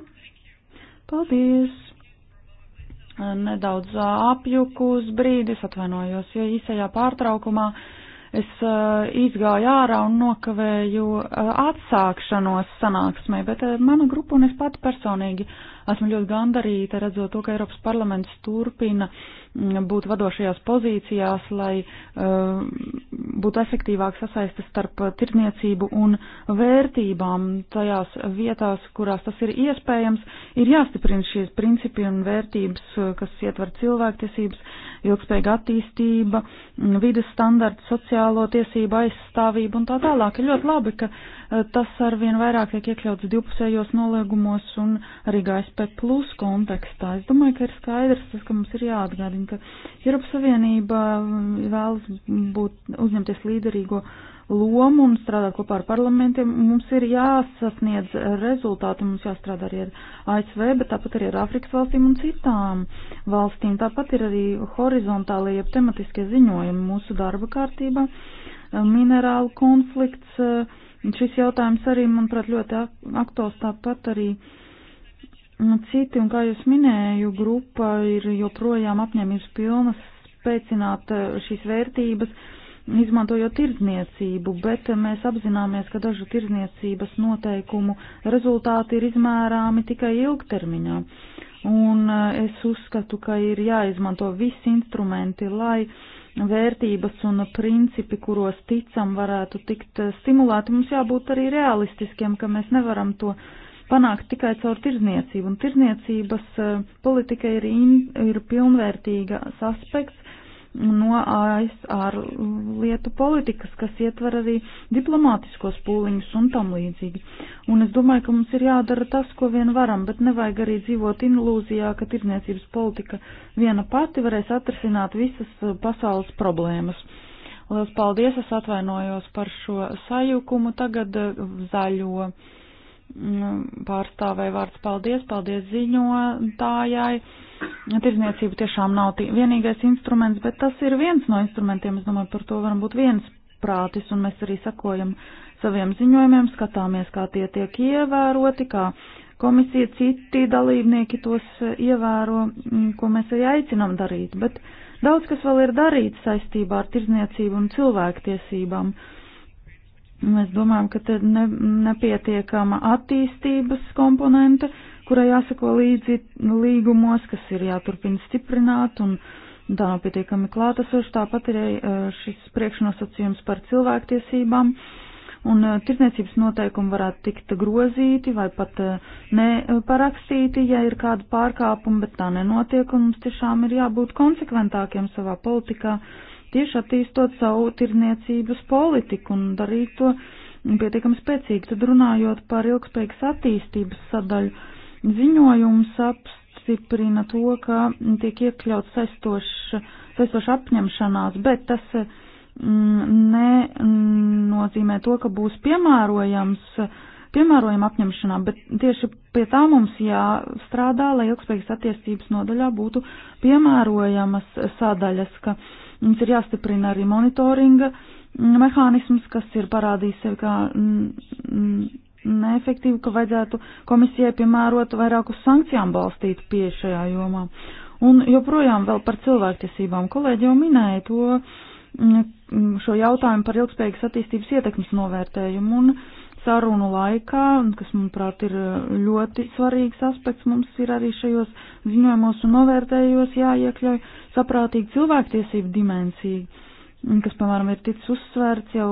Paldies! nedaudz apjuku uz brīdi, atvainojos, jo īsajā pārtraukumā uh, Es uh, izgāju ārā un nokavēju uh, atsākšanos sanāksmē, bet uh, mana grupa un es pati personīgi esmu ļoti gandarīta redzot to, ka Eiropas parlaments turpina mm, būt vadošajās pozīcijās, lai uh, būtu efektīvāk sasaiste starp tirniecību un vērtībām. Tajās vietās, kurās tas ir iespējams, ir jāstiprina šīs principi un vērtības, kas ietver cilvēktiesības, ilgspējīga attīstība, vides standarti, sociālo tiesību aizstāvība un tā tālāk. Ir ļoti labi, ka e, tas arvien vairāk tiek iekļauts divpusējos noliegumos un arī GSP plus kontekstā. Es domāju, ka ir skaidrs tas, ka mums ir jāatgādina, ka Eiropas Savienība vēlas būt uzņemties līderīgo uh, lomu un strādāt kopā ar parlamentiem. Mums ir jāsasniedz rezultāti, mums jāstrādā arī ar ASV, bet tāpat arī ar Afrikas valstīm un citām valstīm. Tāpat ir arī horizontālie, jeb tematiskie ziņojumi mūsu darba kārtībā. Minerālu konflikts, eh, šis jautājums arī, manuprāt, ļoti aktuāls tāpat arī. Mm, citi, un kā jūs minēju, grupa ir joprojām apņēmības pilnas spēcināt eh, šīs vērtības, izmantojot tirdzniecību, bet mēs apzināmies, ka dažu tirdzniecības noteikumu rezultāti ir izmērāmi tikai ilgtermiņā. Un e, es uzskatu, ka ir jāizmanto visi instrumenti, lai vērtības un principi, kuros ticam, varētu tikt stimulēti. Mums jābūt arī realistiskiem, ka mēs nevaram to panākt tikai caur tirzniecību. Un tirzniecības e, politika ir, in, ir pilnvērtīgas aspekts, no aizsārlietu politikas, kas ietver arī diplomātiskos pūliņus un tam līdzīgi. Un es domāju, ka mums ir jādara tas, ko vien varam, bet nevajag arī dzīvot ilūzijā, ka tirdzniecības politika viena pati varēs atrisināt visas uh, pasaules problēmas. Lielas paldies, es atvainojos par šo sajukumu tagad uh, zaļo Nu, pārstāvēja vārds paldies, paldies ziņotājai. Tirzniecība tiešām nav tī, vienīgais instruments, bet tas ir viens no instrumentiem. Es domāju, par to varam būt viens prātis, un mēs arī sakojam saviem ziņojumiem, skatāmies, kā tie tiek ievēroti, kā komisija citi dalībnieki tos e, ievēro, ko mēs arī aicinam darīt. Bet daudz kas vēl ir darīts saistībā ar tirzniecību un cilvēktiesībām. Uh, Mēs domājam, ka tad ne, nepietiekama attīstības komponente, kurai jāsako līdzi līgumos, kas ir jāturpina stiprināt un tā nav pietiekami klātesoša. Tāpat ir eh, šis priekšnosacījums par cilvēktiesībām un eh, tirdzniecības noteikumi varētu tikt grozīti vai pat eh, neparakstīti, ja ir kāda pārkāpuma, bet tā nenotiek, un mums tiešām ir jābūt konsekventākiem savā politikā tieši attīstot savu tirniecības politiku un darīt to pietiekami spēcīgi. Tad runājot par ilgspējīgas attīstības sadaļu, ziņojums apstiprina to, ka tiek iekļauts saistoša, saistoša apņemšanās, bet tas mm, nenozīmē to, ka būs piemērojams, piemērojama apņemšanā, bet tieši pie tā mums jāstrādā, lai ilgspējīgas attiecības nodaļā būtu piemērojamas sadaļas, ka uh, Mums ir jāstiprina arī monitoringa mehānisms, kas ir parādījis sevi kā neefektīvu, ka vajadzētu komisijai piemērot vairāk uz sankcijām balstītu pie šajā jomā. Un joprojām vēl par cilvēktiesībām. Kolēģi jau minēja to, šo jautājumu par ilgspējīgas attīstības ietekmes novērtējumu. Un, sarunu laikā, un kas, manuprāt, ir eh, ļoti svarīgs aspekts, mums ir arī šajos ziņojumos un novērtējos jāiekļauj saprātīgi cilvēktiesību dimensija, kas, piemēram, ir ticis uzsvērts jau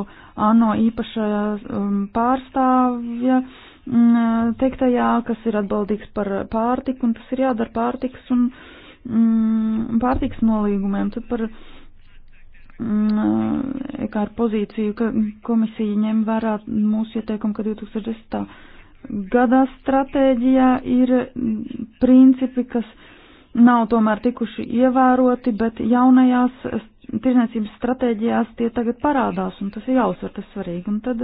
ANO īpašajā um, pārstāvja mm, eh, teiktajā, kas ir atbaldīgs par pārtiku, un tas ir jādara pārtikas un mm, pārtikas nolīgumiem. Tad par uh, Mm, EKR eh, pozīciju, ka komisija ņem vērā mūsu ieteikumu, ka 2010. gadā stratēģijā ir principi, kas nav tomēr tikuši ievēroti, bet jaunajās tirzniecības stratēģijās tie tagad parādās, un tas ir jāuzsver, tas svarīgi. Un tad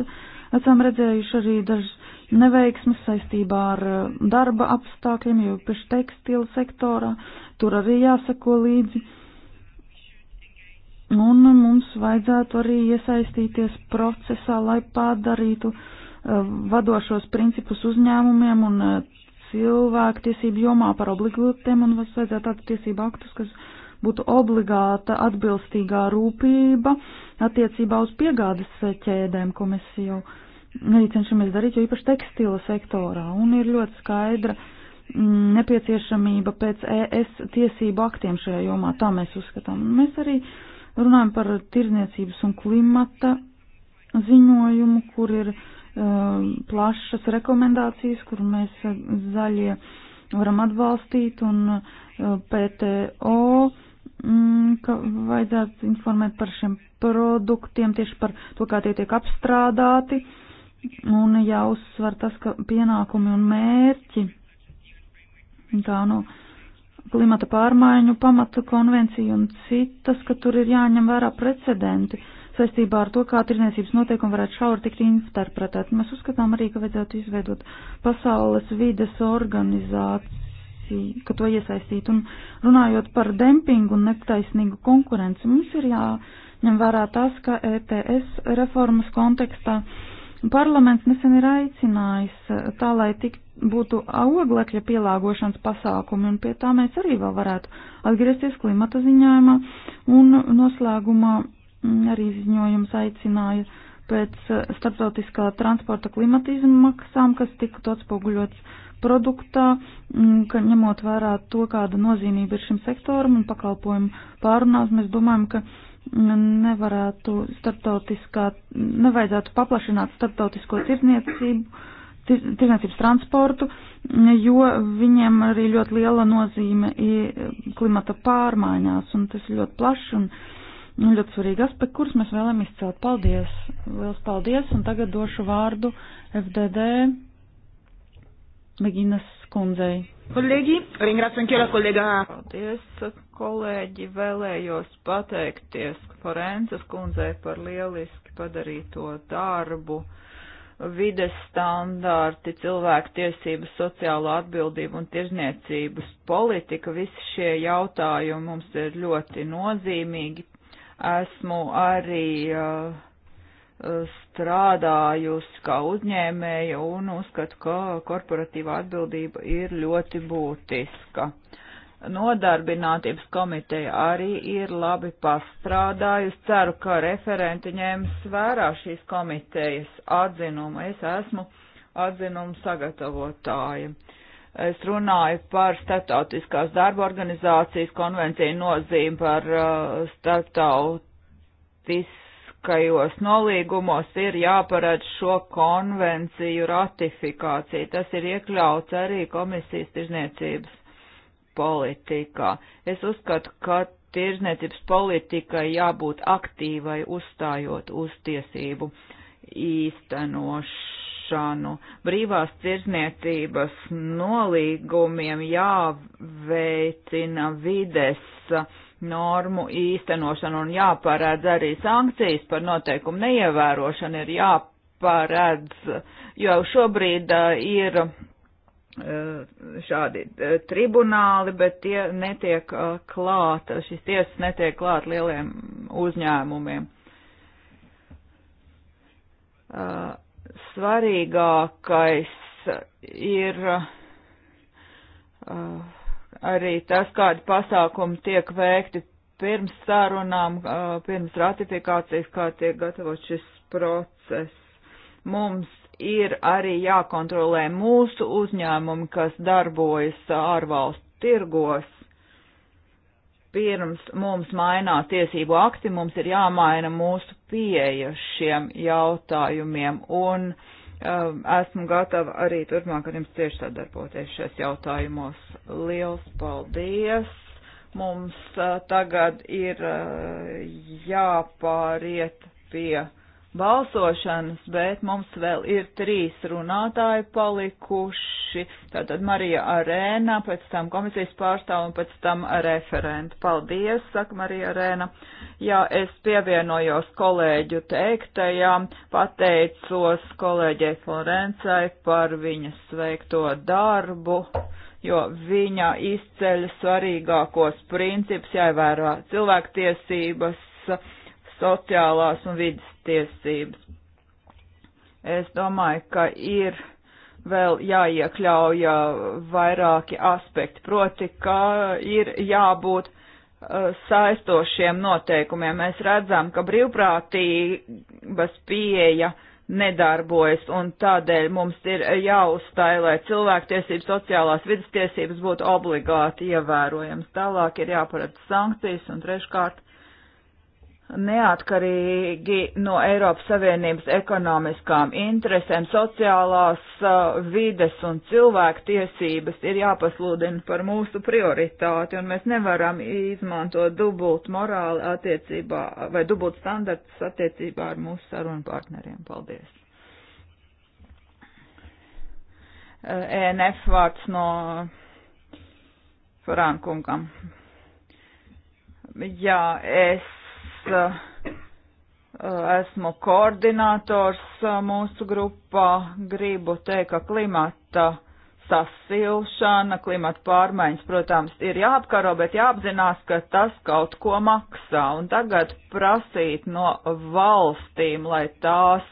esam redzējuši arī dažas neveiksmes saistībā ar eh, darba apstākļiem, jo pieši tekstilu sektorā tur arī jāsako līdzi. Uh, Un mums vajadzētu arī iesaistīties procesā, lai padarītu eh, vadošos principus uzņēmumiem un eh, cilvēku tiesību jomā par obligātiem, un mums vajadzētu tādu tiesību aktus, kas būtu obligāta atbilstīgā rūpība attiecībā uz piegādes ķēdēm, ko mēs jau arī cenšamies darīt, jo īpaši tekstila sektorā, un ir ļoti skaidra mm, nepieciešamība pēc ES tiesību aktiem šajā jomā, tā mēs uzskatām. Un mēs arī uh, runājam par tirniecības un klimata ziņojumu, kur ir eh, plašas rekomendācijas, kur mēs zaļie varam atbalstīt un eh, PTO, mm, ka vajadzētu informēt par šiem produktiem, tieši par to, kā tie tiek apstrādāti un jāuzsver tas, ka pienākumi un mērķi, kā nu, no klimata pārmaiņu pamatu konvenciju un citas, ka tur ir jāņem vērā precedenti saistībā ar to, kā tirniecības noteikumi varētu šauri tikt interpretēti. Mēs uzskatām arī, ka vajadzētu izveidot pasaules vides organizāciju, ka to iesaistīt. Un runājot par dempingu un netaisnīgu konkurenci, mums ir jāņem vērā tas, ka ETS reformas kontekstā parlaments nesen ir aicinājis tā, lai tiktu būtu oglekļa pielāgošanas pasākumi, un pie tā mēs arī vēl varētu atgriezties klimata ziņojumā, un noslēgumā mm, arī ziņojums aicināja pēc eh, starptautiskā transporta klimata izmaksām, kas tiktu atspoguļots produktā, mm, ka ņemot vērā to, kāda nozīmība ir šim sektoram un pakalpojumu pārunās, mēs domājam, ka mm, nevarētu starptautiskā, nevajadzētu paplašināt starptautisko tirzniecību tirzniecības transportu, jo viņiem arī ļoti liela nozīme ir klimata pārmaiņās, un tas ir ļoti plašs un ļoti svarīgi aspekti, kurus mēs vēlam izcelt. Paldies! Liels paldies! Un tagad došu vārdu FDD Beginas kundzei. Kolēģi, ringrāciju kjēlā kolēģā. Paldies, kolēģi, vēlējos pateikties Forences kundzei par lieliski padarīto darbu vides standārti, cilvēku tiesības, sociālo atbildību un tirzniecības politika, visi šie jautājumi mums ir ļoti nozīmīgi. Esmu arī uh, uh strādājusi kā uzņēmēja un uzskatu, ka korporatīvā atbildība ir ļoti būtiska. Uh, Nodarbinātības komiteja arī ir labi pastrādājusi. Ceru, ka referenti ņems vērā šīs komitejas atzinumu. Es esmu atzinumu sagatavotāja. Es runāju par starptautiskās darba organizācijas konvenciju nozīmi par uh, starptautiskajos nolīgumos ir jāparedz šo konvenciju ratifikāciju. Tas ir iekļauts arī komisijas tirzniecības politikā. Es uzskatu, ka tirzniecības politikai jābūt aktīvai uzstājot uz tiesību īstenošanu. Brīvās tirzniecības nolīgumiem jāveicina vides normu īstenošanu un jāparedz arī sankcijas par noteikumu neievērošanu ir jāparedz, jo šobrīd uh, ir Eh, šādi eh, tribunāli, bet tie netiek eh, klāt, šis tiesas netiek klāt lieliem uzņēmumiem. Svarīgākais ir arī tas, kādi pasākumi tiek veikti pirms sarunām, pirms ratifikācijas, kā tiek gatavots šis process. Mums ir arī jākontrolē mūsu uzņēmumi, kas darbojas ārvalstu tirgos. Pirms mums mainās tiesību akti, mums ir jāmaina mūsu pieeja šiem jautājumiem, un um, esmu gatava arī turpmāk ar jums tieši sadarboties šajos jautājumos. Liels paldies! Mums uh, tagad ir uh, jāpāriet pie balsošanas, bet mums vēl ir trīs runātāji palikuši. Tātad Marija Arēna, pēc tam komisijas pārstāv un pēc tam referenta. Paldies, saka Marija Arēna. Jā, es pievienojos kolēģu teiktajām, pateicos kolēģei Florencai par viņas veikto darbu jo viņa izceļ svarīgākos principus, jāievērā cilvēktiesības, sociālās un vidas tiesības. Es domāju, ka ir vēl jāiekļauja uh, vairāki aspekti, proti, ka ir jābūt uh, saistošiem noteikumiem. Mēs redzam, ka brīvprātības pieeja nedarbojas, un tādēļ mums ir jāuzstāj, lai cilvēktiesības, sociālās vidas tiesības būtu obligāti ievērojams. Tālāk ir jāparedz sankcijas, un treškārt neatkarīgi no Eiropas Savienības ekonomiskām interesēm, sociālās uh, vides un cilvēku tiesības ir jāpasludina par mūsu prioritāti, un mēs nevaram izmantot dubult morāli attiecībā vai dubult standartus attiecībā ar mūsu sarunu partneriem. Paldies! Uh, ENF vārds no Frankunkam. Jā, es Uh, esmu koordinators uh, mūsu grupā. Gribu teikt, ka klimata sasilšana, klimata pārmaiņas, protams, ir jāapkaro, bet jāapzinās, ka tas kaut ko maksā. Un tagad prasīt no valstīm, lai tās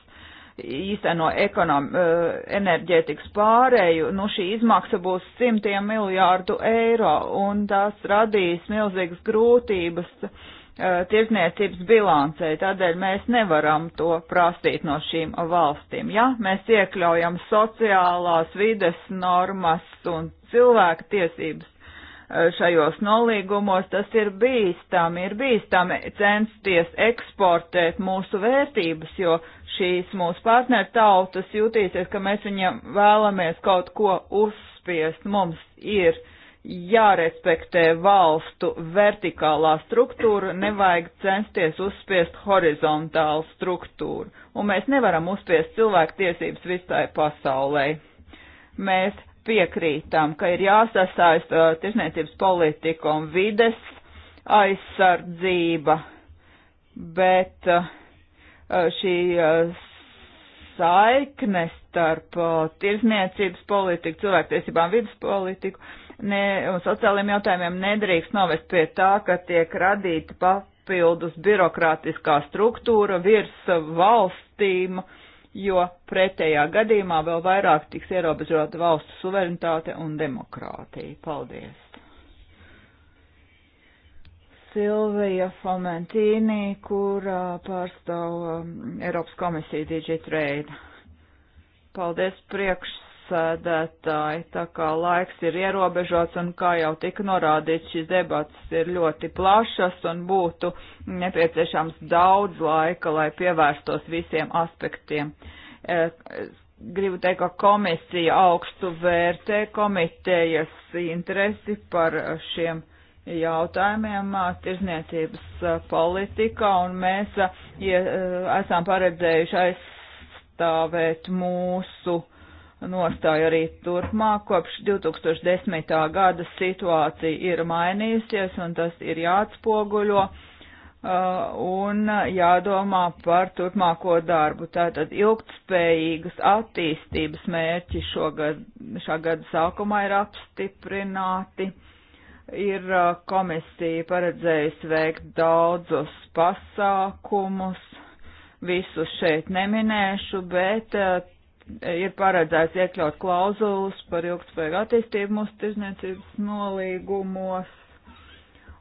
īsteno ekonom, uh, enerģētikas pārēju, nu šī izmaksa būs simtiem miljārdu eiro, un tas radīs milzīgas grūtības Uh, tirzniecības bilancē, tādēļ mēs nevaram to prasīt no šīm valstīm. Ja mēs iekļaujam sociālās vides normas un cilvēku tiesības uh, šajos nolīgumos, tas ir bīstami, ir bīstami censties eksportēt mūsu vērtības, jo šīs mūsu partneru tautas jūtīsies, ka mēs viņiem vēlamies kaut ko uzspiest. Mums ir uh, jārespektē valstu vertikālā struktūra, nevajag censties uzspiest horizontālu struktūru. Un mēs nevaram uzspiest cilvēku tiesības visai pasaulē. Mēs piekrītām, ka ir jāsasaista uh, tirsniecības politika un vides aizsardzība, bet uh, uh, šī saikne starp tirsniecības politiku, cilvēktiesībām vidas politiku, uh, ne, un sociāliem jautājumiem nedrīkst novest pie tā, ka tiek radīta papildus birokrātiskā struktūra virs valstīm, jo pretējā gadījumā vēl vairāk tiks ierobežota valstu suverenitāte un demokrātija. Paldies! Silvija Fomentīnī, kurā pārstāv um, Eiropas komisija DigiTrade. Paldies priekšs priekšsēdētāji, tā kā laiks ir ierobežots un kā jau tika norādīts, šīs debatas ir ļoti plašas un būtu nepieciešams daudz laika, lai pievērstos visiem aspektiem. Gribu teikt, ka komisija augstu vērtē komitejas interesi par šiem jautājumiem tirzniecības politikā, un mēs ja, eh, esam paredzējuši aizstāvēt mūsu uh, nostāju arī turpmāk. Kopš 2010. gada situācija ir mainījusies un tas ir jāatspoguļo un jādomā par turpmāko darbu. Tātad ilgtspējīgas attīstības mērķi šogad, šā gada sākumā ir apstiprināti ir komisija paredzējusi veikt daudzus pasākumus, visus šeit neminēšu, bet ir paredzēts iekļaut klauzulas par ilgspējīgu attīstību mūsu tirzniecības nolīgumos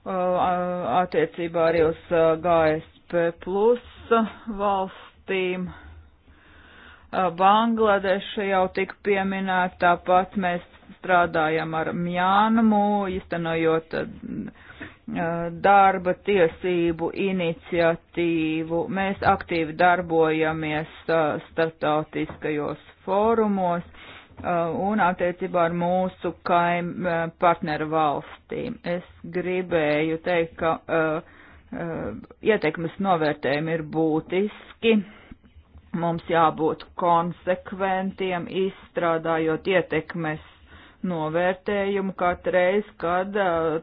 uh, attiecībā arī uz uh, GSP plus valstīm. Uh, Bangladeša jau tika pieminēta, tāpat mēs strādājam ar Mjānumu, iztenojot uh, darba tiesību iniciatīvu. Mēs aktīvi darbojamies starptautiskajos fórumos un attiecībā ar mūsu kaim partneru valstīm. Es gribēju teikt, ka uh, uh, ietekmes novērtējumi ir būtiski. Mums jābūt konsekventiem, izstrādājot ietekmes novērtējumu katreiz, kad uh,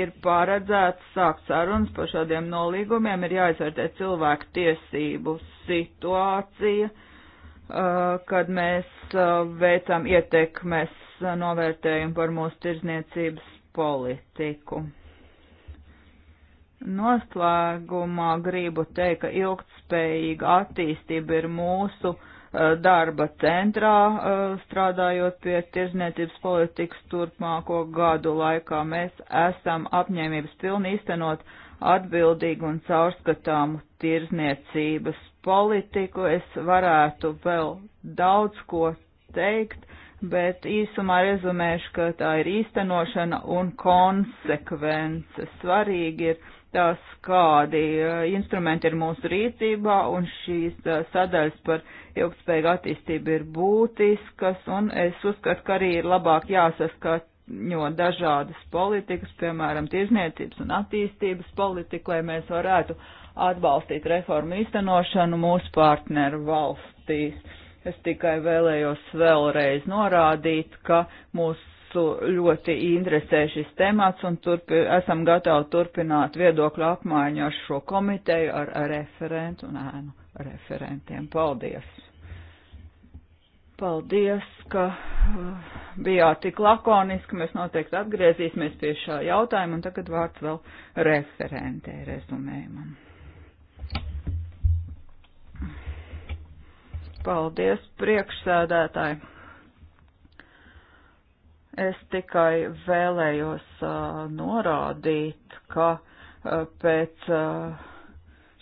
ir paredzēts sākt sarunas par šādiem nolīgumiem, ir jāizvērtē cilvēku tiesību situācija, uh, kad mēs uh, veicam ietekmes novērtējumu par mūsu tirzniecības politiku. Noslēgumā gribu teikt, ka ilgtspējīga attīstība ir mūsu uh, Eh, darba centrā, eh, strādājot pie tirzniecības politikas turpmāko gadu laikā. Mēs esam apņēmības pilni īstenot atbildīgu un caurskatāmu tirzniecības politiku. Es varētu vēl daudz ko teikt, bet īsumā rezumēšu, ka tā ir īstenošana un konsekvence. Svarīgi ir tas, kādi eh, instrumenti ir mūsu rīcībā, un šīs eh, sadaļas par ilgspējīgu attīstību ir būtiskas, un es uzskatu, ka arī ir labāk jāsaskaņo dažādas politikas, piemēram, tirzniecības un attīstības politika, lai mēs varētu atbalstīt reformu īstenošanu mūsu partneru valstīs. Es tikai vēlējos vēlreiz norādīt, ka mūsu ļoti interesē šis temats un turpi, esam gatavi turpināt viedokļu apmaiņu ar šo komiteju, ar, ar referentu un ēnu referentiem. Paldies! Paldies, ka uh, bijāt tik lakoniski. Mēs noteikti atgriezīsimies pie šā jautājuma un tagad vārds vēl referentē rezumējumam. Paldies, priekšsēdētāji! Es tikai vēlējos uh, norādīt, ka uh, pēc uh,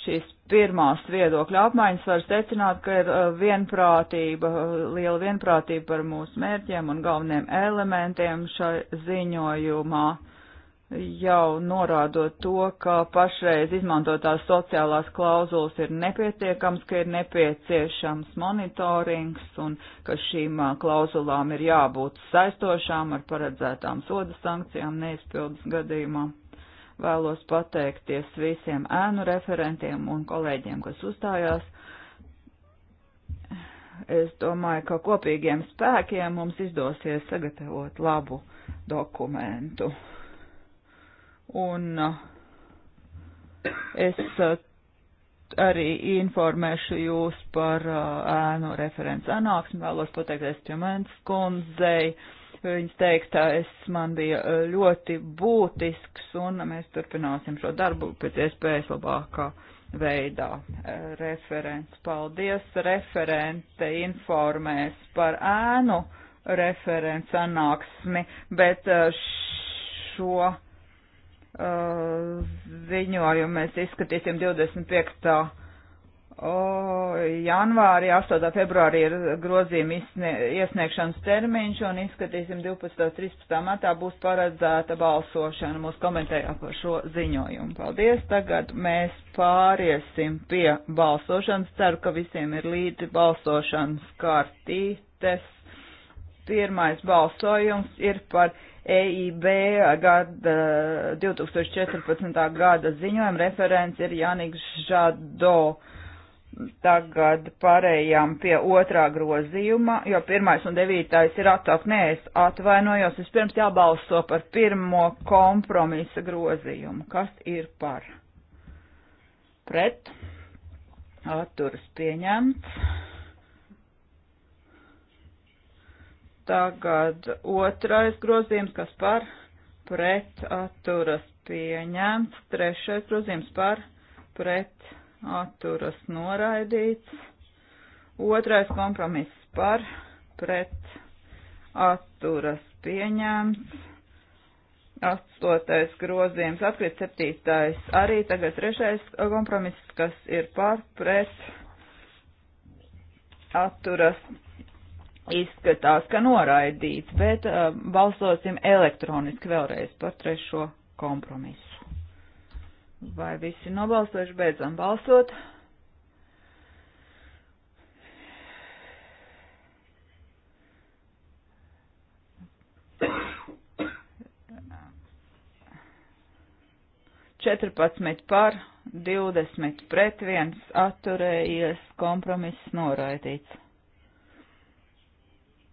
šīs pirmās viedokļa apmaiņas var secināt, ka ir uh, vienprātība, uh, liela vienprātība par mūsu mērķiem un galveniem elementiem šai ziņojumā. Uh, jau norādot to, ka pašreiz izmantotās sociālās klauzulas ir nepietiekams, ka ir nepieciešams monitorings un ka šīm klauzulām ir jābūt saistošām ar paredzētām soda sankcijām neizpildas gadījumā. Vēlos pateikties visiem ēnu referentiem un kolēģiem, kas uzstājās. Es domāju, ka kopīgiem spēkiem mums izdosies sagatavot labu dokumentu un eh, es eh, arī informēšu jūs par eh, ēnu referents anāksmi, vēlos pateikties Čemens kundzei. Viņas teiktais man bija ļoti būtisks, un mēs turpināsim šo darbu pēc iespējas labākā veidā. Referents, paldies, referente informēs par ēnu referents anāksmi, bet šo ziņojumu mēs izskatīsim 25. janvārī, 8. februārī ir grozījuma iesniegšanas termiņš un izskatīsim 12. un 13. matā būs paredzēta balsošana mūsu komentējā par šo ziņojumu. Paldies! Tagad mēs pāriesim pie balsošanas. Ceru, ka visiem ir līdzi balsošanas kartītes. Pirmais balsojums ir par EIB gada 2014. gada ziņojuma referents ir Janiks Žado. Tagad pārējām pie otrā grozījuma, jo pirmais un devītais ir atsaukt. Nē, es atvainojos, vispirms jābalso par pirmo kompromisa grozījumu. Kas ir par? Pret? Atturas pieņemts. Tagad otrais grozījums, kas par pret atturas pieņemts, trešais grozījums par pret atturas noraidīts, otrais kompromiss par pret atturas pieņemts, astotais grozījums atkrīt septītais, arī tagad trešais kompromiss, kas ir par pret atturas izskatās, ka noraidīts, bet uh, balsosim elektroniski vēlreiz par trešo kompromisu. Vai visi nobalsojuši, beidzam balsot? Četrpadsmit par, divdesmit pret viens atturējies, kompromiss noraidīts.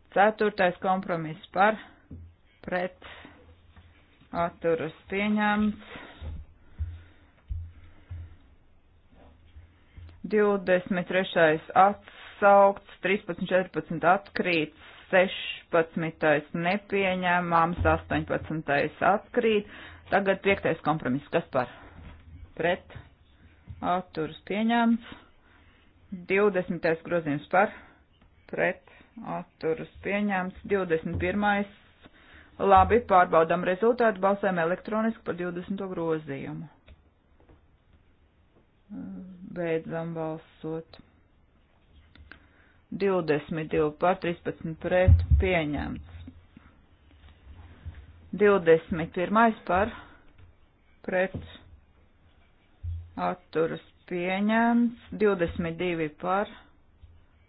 Ceturtais kompromiss par pret atturas pieņemts. 23. atsaukts, 13, 14 atkrīt, 16. nepieņēmāms, 18. atkrīt. Tagad 5. kompromiss, kas par pret atturas pieņemts. 20. grozījums par pret atturas pieņemts. 21. Labi, pārbaudām rezultātu, balsēm elektroniski par 20. grozījumu. Beidzam balsot. 22 par 13 pret pieņemts. 21 par pret atturas pieņemts, 22 par pret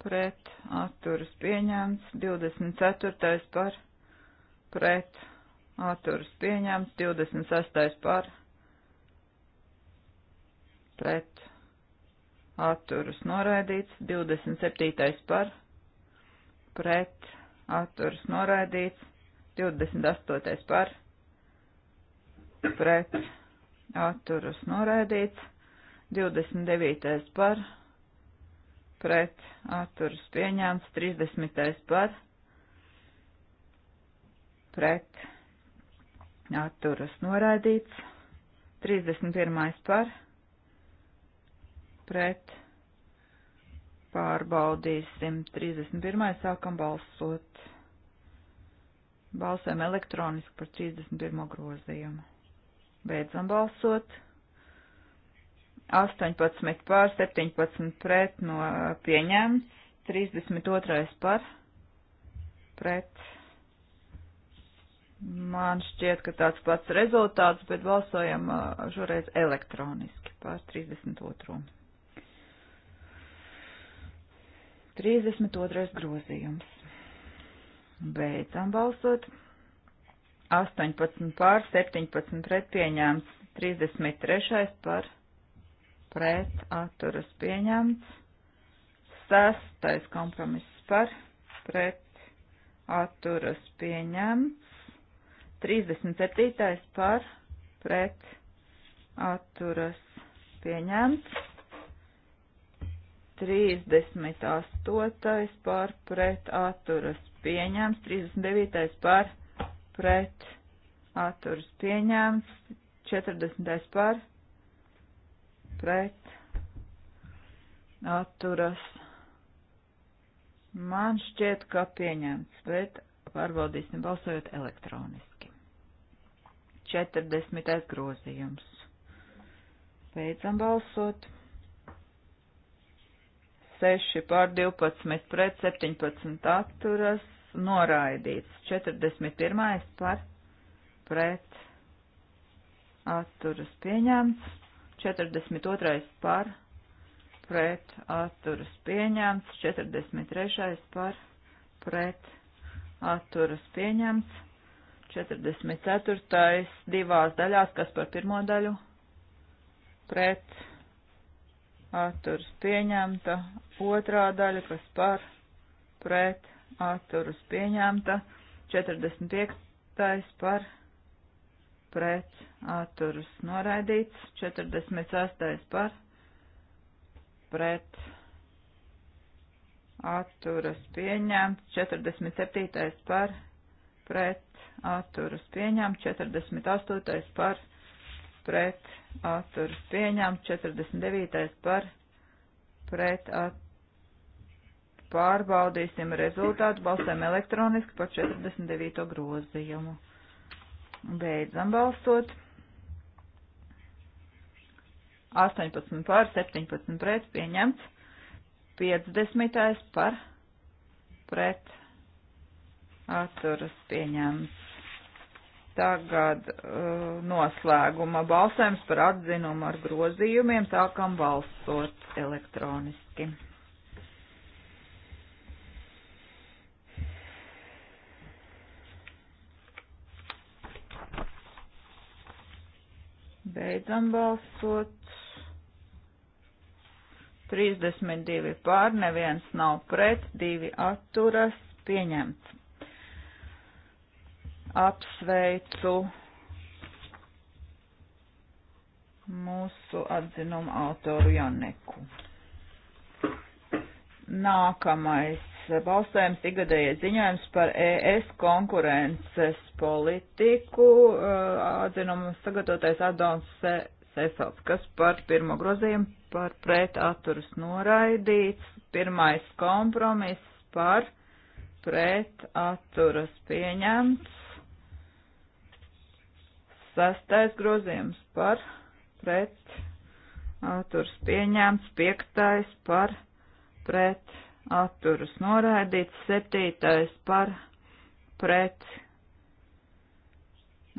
pret atturas pieņemts, 24. par pret atturas pieņemts, 26. par pret atturas noraidīts, 27. par pret atturas noraidīts, 28. par pret atturas noraidīts, 29. par pret pret atturas pieņēmts, 30. par pret atturas noraidīts, 31. par pret pārbaudīsim, 31. sākam balsot. Balsēm elektroniski par 31. grozījumu. Beidzam balsot. 18 pār 17 pret no pieņemts, 32 par pret. Man šķiet, ka tāds pats rezultāts, bet balsojam šoreiz elektroniski pār 32. 32. grozījums. Beidzam balsot. 18 pār 17 pret pieņēmts, 33 par pret pret atturas pieņemts. Sestais kompromiss par pret atturas pieņemts. 37. par pret atturas pieņemts. 38. par pret atturas pieņemts. 39. par pret atturas pieņemts. 40. par pret atturas. Man šķiet, ka pieņemts, bet pārbaudīsim balsojot elektroniski. 40. grozījums. Beidzam balsot. 6 pār 12 pret 17 atturas noraidīts. 41. par pret atturas pieņemts. 42. par pret atturas pieņemts, 43. par pret atturas pieņemts, 44. divās daļās, kas par pirmo daļu pret atturas pieņemta, otrā daļa, kas par pret atturas pieņemta, 45. par pret atturas noraidīts, 48 par, pret, atturas pieņemts, 47 par, pret, atturas pieņemts, 48 par, pret, atturas pieņemts, 49 par, pret, atturas. Pārbaudīsim rezultātu, balsēm elektroniski par 49. grozījumu. Beidzam balsot. 18 pār 17 pret pieņemts. 50. par pret atturas pieņemts. Tagad uh, noslēguma balsējums par atzinumu ar grozījumiem sākam balsot elektroniski. Beidzam balsot. 32 pār, neviens nav pret, divi atturas, pieņemts. Apsveicu mūsu atzinumu autoru Janeku. Nākamais balsojums ikgadējais ziņojums par ES konkurences politiku. Uh, atzinumu sagatavotais Adons Sefelds, kas par pirmo grozījumu par pret atturas noraidīts, pirmais kompromiss par pret atturas pieņemts, sastais grozījums par pret atturas pieņemts, piektais par pret atturas noraidīts, septītais par pret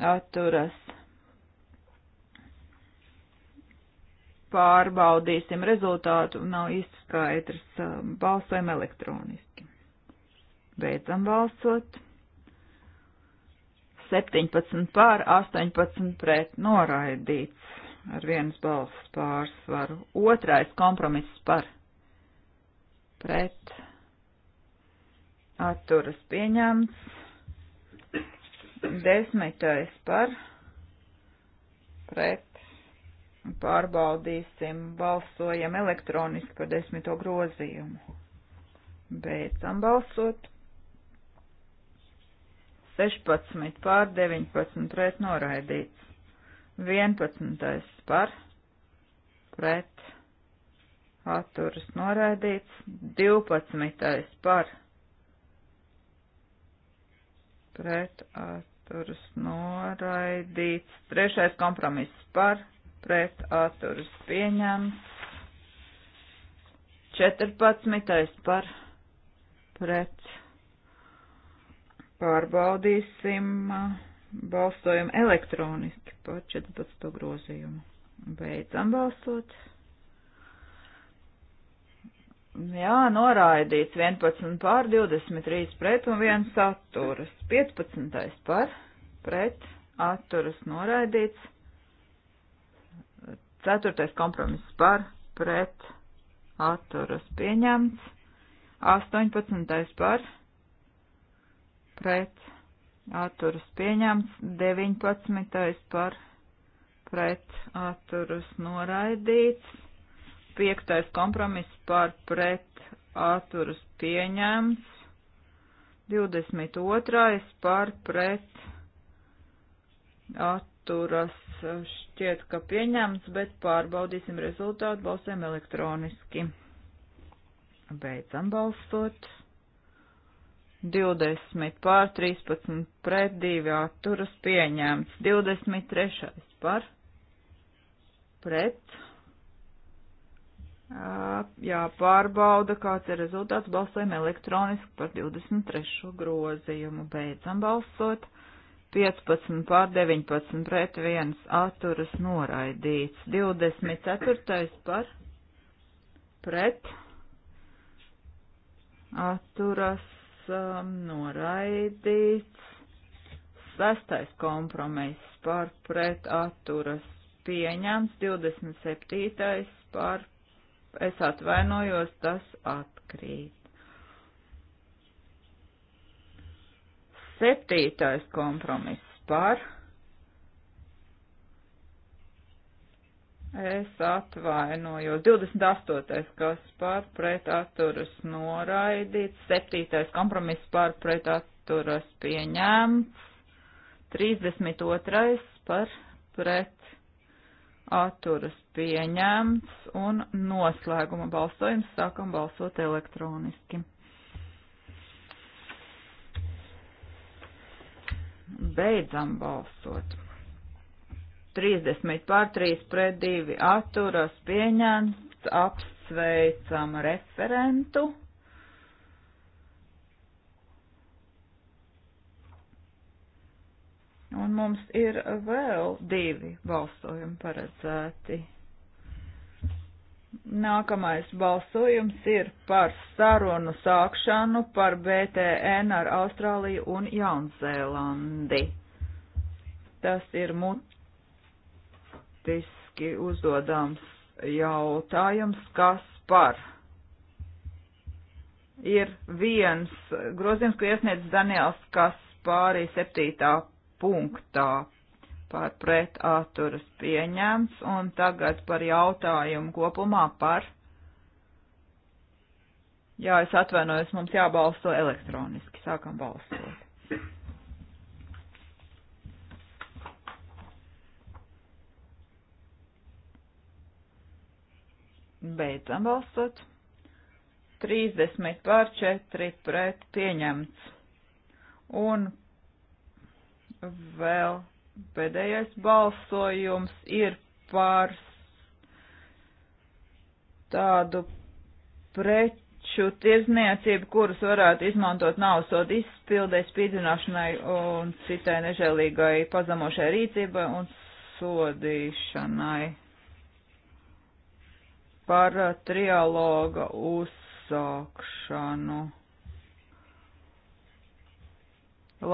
atturas pārbaudīsim rezultātu, nav īsti skaidrs, um, balsojam elektroniski. Beidzam balsot. 17 pār, 18 pret noraidīts ar vienas balsas pārsvaru. Otrais kompromiss par pret atturas pieņemts. Desmitais par pret Pārbaudīsim, balsojam elektroniski par desmito grozījumu. Beidzam balsot. 16 pār 19 pret noraidīts. 11 par pret atturas noraidīts. 12 par pret atturas noraidīts. Trešais kompromiss par pret atturas pieņemts. 14. par pret pārbaudīsim, balsojam elektroniski par 14. grozījumu. Beidzam balsot. Jā, noraidīts 11 pār 23 pret un 1 atturas. 15. par pret atturas noraidīts. Ceturtais kompromiss par pret atturas pieņemts. 18. par pret atturas pieņemts. 19. par pret atturas noraidīts. 5. kompromiss par pret atturas pieņemts. 22. par pret atturas atturas eh, šķiet, ka pieņemts, bet pārbaudīsim rezultātu, balsēm elektroniski. Beidzam balsot. 20 pār 13 pret 2 atturas pieņemts. 23 par pret. Jā, pārbauda, kāds ir rezultāts. Balsojam elektroniski par 23 grozījumu. Beidzam balsot. 15 pār 19 pret 1 atturas noraidīts. 24. par pret atturas um, noraidīts. 6. kompromiss par pret atturas pieņemts. 27. par es atvainojos, tas atkrīt. Septītais kompromiss par. Es atvainojos. 28. kas par pretaturas noraidīts, 7. kompromiss par pretaturas pieņemts, 32. par pretaturas pieņemts un noslēguma balsojums sākam balsot elektroniski. Beidzam balsot. 30 pār 3 pret 2 atturas pieņemts, apsveicam referentu. Un mums ir vēl divi balsojumi paredzēti. Nākamais balsojums ir par sarunu sākšanu par BTN ar Austrāliju un Jaunzēlandi. Tas ir mutiski uzdodams jautājums, kas par. Ir viens grozījums, ko iesniedz Daniels Kaspārī septītā punktā par pret atturas pieņemts, un tagad par jautājumu kopumā par. Jā, es atvainojos, mums jābalso elektroniski. Sākam balsot. Beidzam balsot. 30 pār 4 pret pieņemts. Un vēl Pēdējais balsojums ir par tādu preču tirzniecību, kurus varētu izmantot naudasodu izpildē, spīdzināšanai un citai nežēlīgai pazemošai rīcībai un sodīšanai par uh, trialoga uzsākšanu,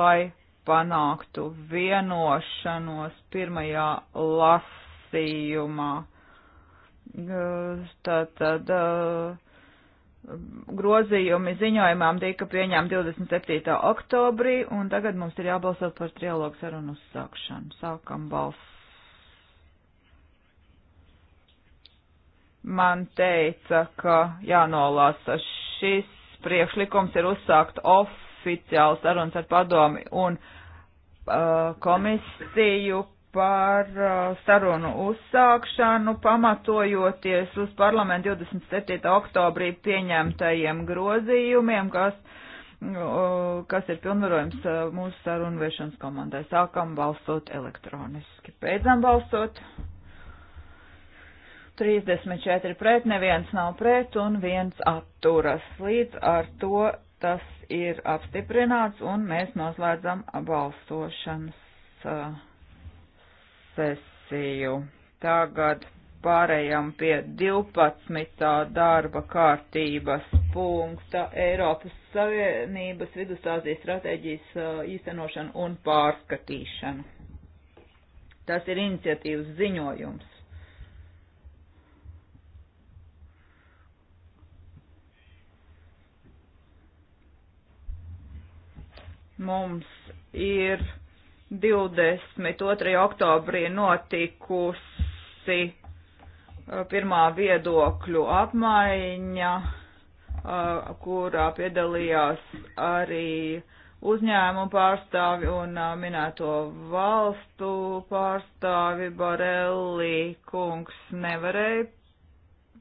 lai panāktu vienošanos pirmajā lasījumā. Tātad eh, grozījumi ziņojumām tika pieņemti 27. oktobrī, un tagad mums ir jābalso par trialogu sarunu uzsākšanu. Sākam balsu. Man teica, ka jānolasa šis priekšlikums ir uzsākt oficiāls sarunas ar padomi un uh, Uh, komisiju par uh, sarunu uzsākšanu, pamatojoties uz parlamentu 27. oktobrī pieņemtajiem grozījumiem, kas, uh, kas ir pilnvarojums mūsu sarunu vešanas komandai. Sākam balsot elektroniski. Beidzam balsot. 34 pret, neviens nav pret un viens atturas. Līdz ar to tas ir apstiprināts un mēs noslēdzam balsošanas uh, sesiju. Tagad pārējām pie 12. darba kārtības punkta Eiropas Savienības vidusāzijas stratēģijas uh, īstenošana un pārskatīšana. Tas ir iniciatīvas ziņojums. Mums ir 22. oktobrī notikusi uh, pirmā viedokļu apmaiņa, uh, kurā piedalījās arī uzņēmumu pārstāvi un uh, minēto valstu pārstāvi Barelli kungs nevarēja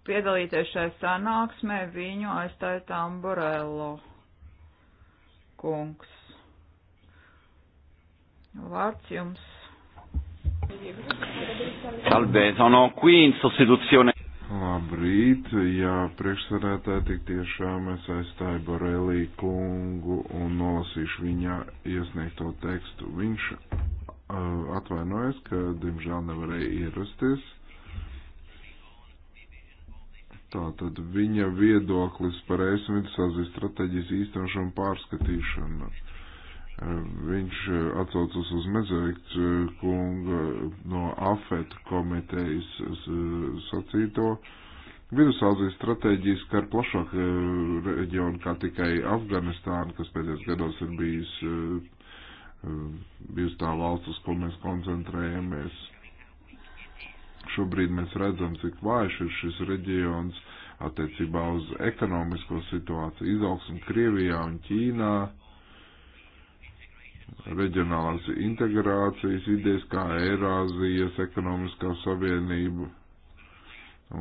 piedalīties šai sanāksmē, viņu aizstāja Tamborello kungs. Vārds jums. Salve, sono qui in sostituzione. Labrīt, jā, priekšsarētāji tik tiešām es aizstāju Borelī kungu un nolasīšu viņa iesniegto tekstu. Viņš uh, atvainojas, ka dimžēl nevarēja ierasties. Tātad viņa viedoklis par ēsmītas azijas strateģijas īstenošanu pārskatīšanu. Viņš eh, atsaucas uz Mezeviks eh, kunga no AFET komitejas eh, sacīto. Vidusāzijas stratēģijas skar plašāk reģionu kā tikai Afganistānu, kas pēdējos gados ir bijis, bijis tā valsts, uz ko mēs koncentrējamies. Šobrīd mēs redzam, cik vājš ir šis reģions attiecībā uz ekonomisko situāciju. Izaugsmu Krievijā un Ķīnā reģionālās integrācijas idejas, kā Eirāzijas ekonomiskā savienība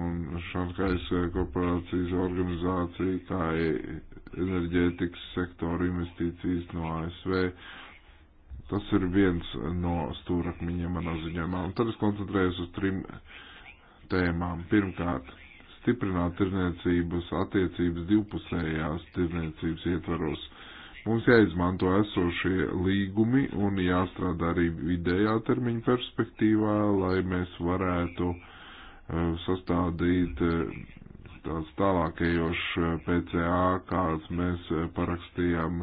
un Šankais korporācijas organizācija, kā enerģētikas sektora investīcijas no ASV. Tas ir viens no stūrakmiņiem manā ziņojumā. Nu, un tad es koncentrējos uz trim tēmām. Pirmkārt, stiprināt tirniecības attiecības divpusējās tirniecības ietvaros Mums jāizmanto esošie līgumi un jāstrādā arī vidējā termiņa perspektīvā, lai mēs varētu eh, sastādīt eh, tās tālākajos eh, PCA, kāds mēs parakstījām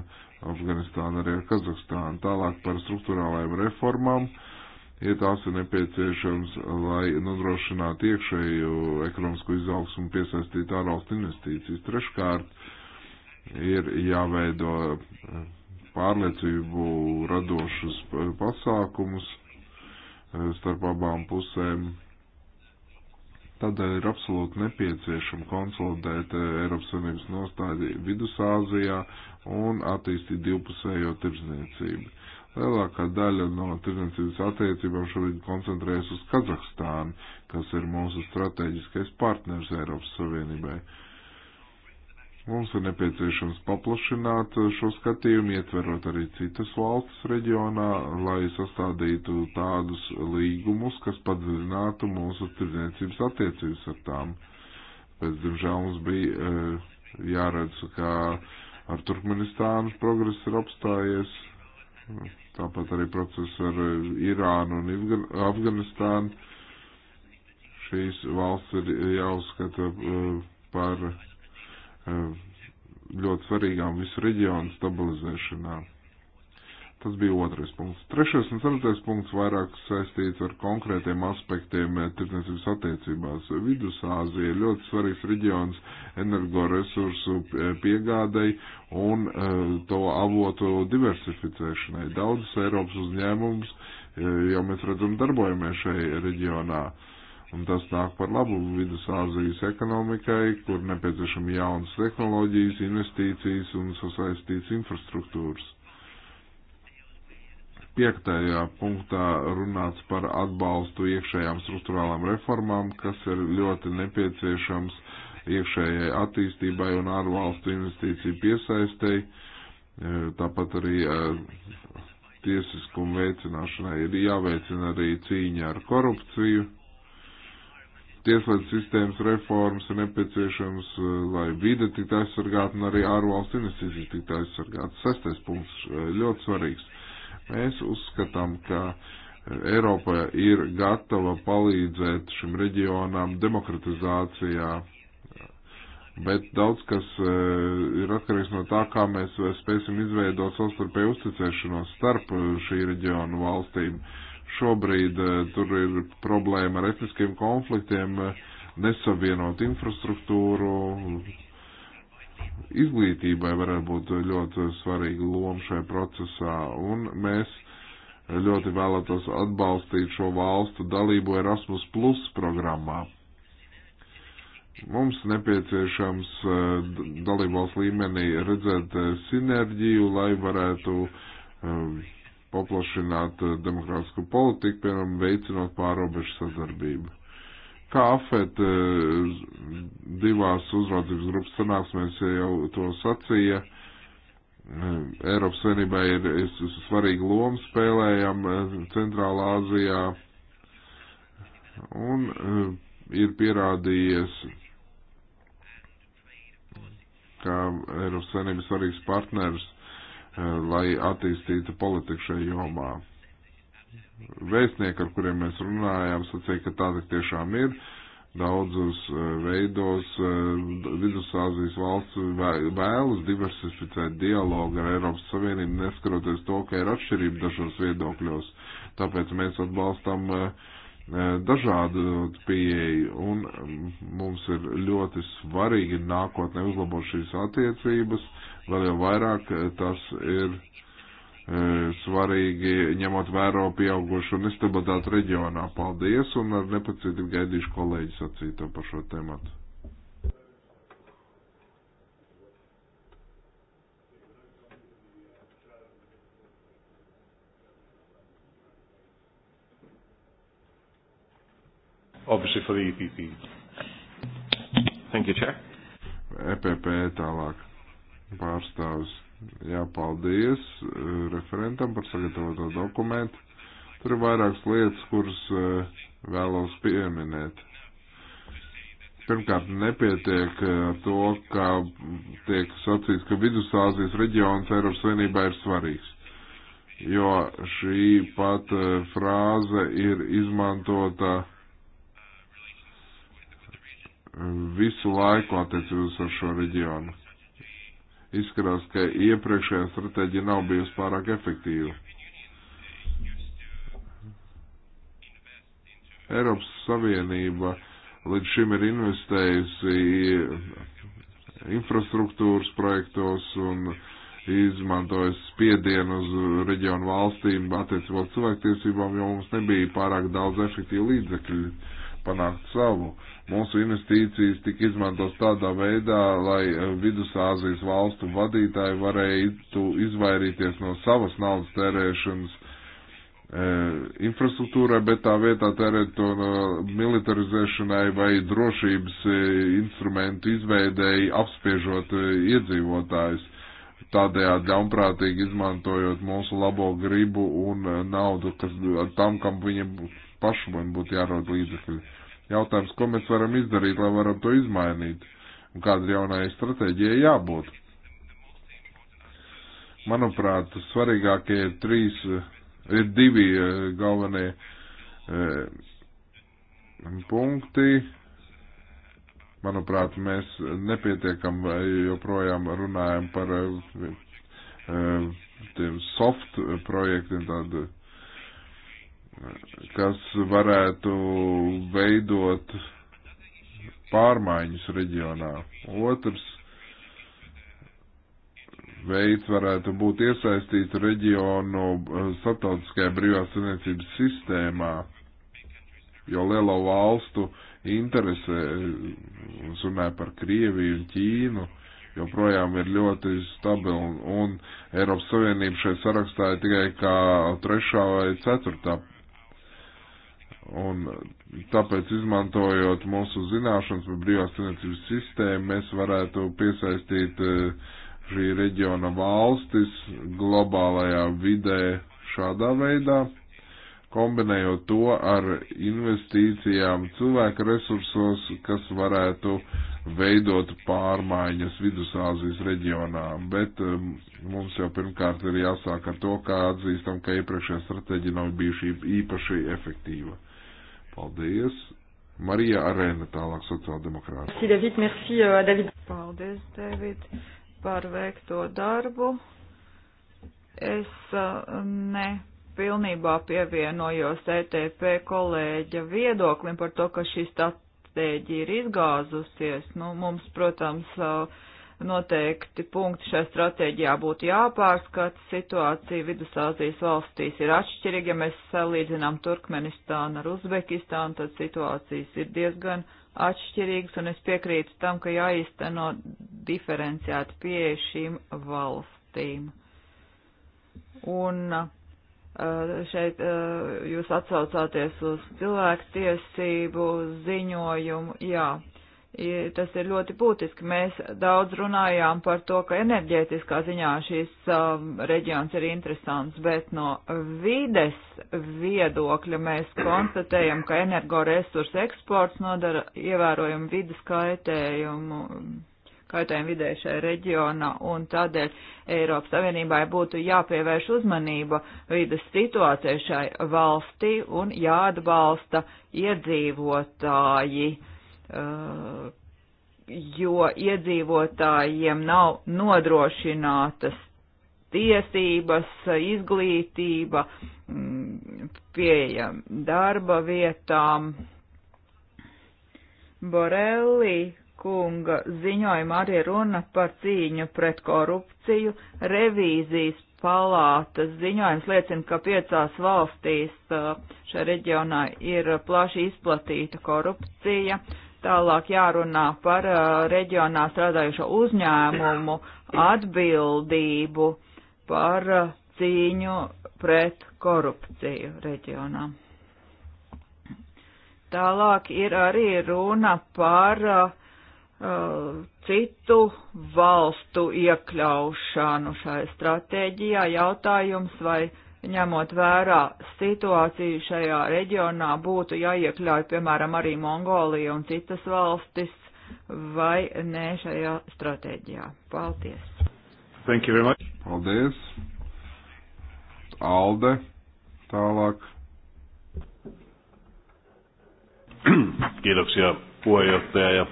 Afganistānu arī ar Kazahstānu. Tālāk par struktūrālajām reformām, ja tās ir nepieciešams, lai nodrošinātu iekšēju ekonomisko izaugsmu un piesaistītu ārvalstu investīcijas. Treškārt, ir jāveido eh, pārliecību radošus pasākumus eh, starp abām pusēm. Tādēļ ir absolūti nepieciešama konsolidēt Eiropas Savienības nostāju Vidusāzijā un attīstīt divpusējo tirdzniecību. Lielākā daļa no tirdzniecības attiecībām šobrīd koncentrējas uz Kazahstānu, kas ir mūsu strateģiskais partners Eiropas Savienībai. Uh, Mums ir nepieciešams paplašināt šo skatījumu, ietverot arī citas valstis reģionā, lai sastādītu tādus līgumus, kas padziļinātu mūsu tirdzniecības attiecības ar tām. Pēc, diemžēl, mums bija eh, jāredz, kā ar Turkmenistānu progress ir apstājies, tāpat arī process ar eh, Irānu un Afganistānu. Šīs valsts ir jāuzskata eh, par Eh, ļoti svarīgām visu reģionu stabilizēšanā. Tas bija otrais punkts. Trešais un ceturtais punkts vairāk saistīts ar konkrētiem aspektiem eh, tirdzniecības attiecībās. Vidusāzija ir ļoti svarīgs reģions energoresursu piegādai un eh, to avotu diversificēšanai. Daudzas Eiropas uzņēmumus jau mēs redzam darbojamies šajā reģionā. Uh, un tas nāk par labu Vidusāzijas ekonomikai, kur nepieciešama jaunas tehnoloģijas, investīcijas un sasaistīts infrastruktūras. Piektajā punktā runāts par atbalstu iekšējām struktūrālām reformām, kas ir ļoti nepieciešams iekšējai attīstībai un ārvalstu investīciju piesaistei, e, tāpat arī e, tiesiskuma veicināšanai ir jāveicina arī cīņa ar korupciju tieslietu sistēmas reformas ir nepieciešams, eh, lai vide tiktu aizsargāta un arī ārvalstu investīcijas tiktu aizsargātas. Sestais punkts eh, ļoti svarīgs. Mēs uzskatām, ka eh, Eiropa ir gatava palīdzēt šim reģionam demokratizācijā, bet daudz kas ir atkarīgs no tā, kā mēs spēsim izveidot savstarpēju uzticēšanos starp šī reģionu valstīm. Uh, šobrīd eh, tur ir problēma ar etniskiem konfliktiem, eh, nesavienot infrastruktūru. Izglītībai varētu būt ļoti svarīga loma šajā procesā, un mēs ļoti vēlētos atbalstīt šo valstu dalību Erasmus Plus programmā. Mums nepieciešams eh, dalībvalsts līmenī redzēt sinerģiju, lai varētu paplašināt eh, demokrātisku politiku, piemēram, veicinot pārobežu sadarbību. Kā afet eh, divās uzraudzības grupas sanāksmēs jau to sacīja, eh, Eiropas Savienībā ir svarīga loma spēlējama Centrālā Āzijā un ir pierādījies, ka Eiropas Savienības svarīgs partners Eh, lai attīstītu politiku šajā jomā. Vēstnieki, ar kuriem mēs runājām, sacīja, ka tā tiešām ir daudzus eh, veidos eh, Vidusāzijas valsts vēlas diversificēt dialogu ar Eiropas Savienību, neskaroties to, ka ir atšķirība dažos viedokļos. Tāpēc mēs atbalstam dažādu pieeju un mm, mums ir ļoti svarīgi nākotnē uzlabot šīs attiecības Vēl jau vairāk eh, tas ir eh, svarīgi ņemot vēro pieaugušu nestabilitāti reģionā. Paldies un ar nepacietību gaidīšu kolēģi sacīto par šo tematu. Obviously for the EPP. Thank you, Chair. EPP tālāk pārstāvis. Jā, paldies eh, referentam par sagatavoto dokumentu. Tur ir vairākas lietas, kuras eh, vēlos pieminēt. Pirmkārt, nepietiek eh, ar to, ka tiek sacīts, ka Vidusāzijas reģions Eiropas Savienībā ir svarīgs, jo šī pat frāze ir izmantota visu laiku attiecības ar šo reģionu izskatās, ka iepriekšējā stratēģija nav bijusi pārāk efektīva. Eiropas Savienība līdz šim ir investējusi infrastruktūras projektos un izmantojis spiedienu uz reģionu valstīm attiecībā uz cilvēktiesībām, jo mums nebija pārāk daudz efektīvu līdzekļu panākt savu. Mūsu investīcijas tika izmantos tādā veidā, lai eh, Vidusāzijas valstu vadītāji varētu izvairīties no savas naudas tērēšanas e, infrastruktūrai, bet tā vietā tērēt to no eh, militarizēšanai vai drošības instrumentu izveidēji apspiežot iedzīvotājus tādējādi ļaunprātīgi izmantojot mūsu labo gribu un naudu kas, tam, kam viņiem pašiem būtu jārod līdzekļi. Jautājums, ko mēs varam izdarīt, lai varam to izmainīt, un kāda jaunai stratēģijai jābūt. Manuprāt, svarīgākie ir trīs, ir divi eh, galvenie eh, punkti. Manuprāt, mēs nepietiekam joprojām runājam par eh, tiem soft projektiem, tādu kas varētu veidot pārmaiņas reģionā. Otrs veids varētu būt iesaistīt reģionu eh, starptautiskajā brīvās saimniecības sistēmā, jo lielo valstu interesē, un runāju par Krieviju un Ķīnu, joprojām ir ļoti stabili, un Eiropas Savienība šai sarakstā ir tikai kā trešā vai ceturtā Un tāpēc, izmantojot mūsu zināšanas par brīvās tirdzniecības sistēmu, mēs varētu piesaistīt eh, šī reģiona valstis globālajā vidē šādā veidā, kombinējot to ar investīcijām cilvēka resursos, kas varētu veidot pārmaiņas Vidusāzijas reģionā. Bet eh, mums jau pirmkārt ir jāsāk ar to, kā atzīstam, ka iepriekšējā stratēģija nav bijuši īpaši efektīva. Paldies. Marija Arēna tālāk sociāldemokrāta. Merci, David. Merci, uh, David. Paldies, David, par veikto darbu. Es uh, ne pilnībā pievienojos ETP kolēģa viedoklim par to, ka šī stratēģija ir izgāzusies. Nu, mums, protams, uh, noteikti punkti šai stratēģijā būtu jāpārskata. Situācija Vidusāzijas valstīs ir atšķirīga. Ja mēs salīdzinām Turkmenistānu ar Uzbekistānu, tad situācijas ir diezgan atšķirīgas, un es piekrītu tam, ka jāizteno diferenciēta pieeja šīm valstīm. Un uh, šeit uh, jūs atsaucāties uz cilvēku tiesību ziņojumu. Jā, tas ir ļoti būtiski. Mēs daudz runājām par to, ka enerģētiskā ziņā šis um, reģions ir interesants, bet no vides viedokļa mēs konstatējam, ka energoresursu eksports nodara ievērojumu vidas kaitējumu kaitējumu vidē šajā reģionā, un tādēļ Eiropas Savienībai būtu jāpievērš uzmanība vidas situācijai šai valstī un jāatbalsta iedzīvotāji. Uh, Eh, jo iedzīvotājiem nav nodrošinātas tiesības, izglītība, mm, pieejam darba vietām. Borelli kunga ziņojumā arī runa par cīņu pret korupciju. Revīzijas palātas ziņojums liecina, ka piecās valstīs eh, šajā reģionā ir plaši izplatīta korupcija. Uh, Tālāk jārunā par uh, reģionā strādājušo uzņēmumu atbildību par uh, cīņu pret korupciju reģionā. Tālāk ir arī runa par uh, uh citu valstu iekļaušanu šai stratēģijā. Jautājums, vai ņemot vērā situāciju šajā reģionā, būtu jāiekļauj, piemēram, arī Mongolija un citas valstis vai nē šajā stratēģijā. Paldies! Thank you very much! Paldies! Alde, tālāk. Kiitoksia puheenjohtaja ja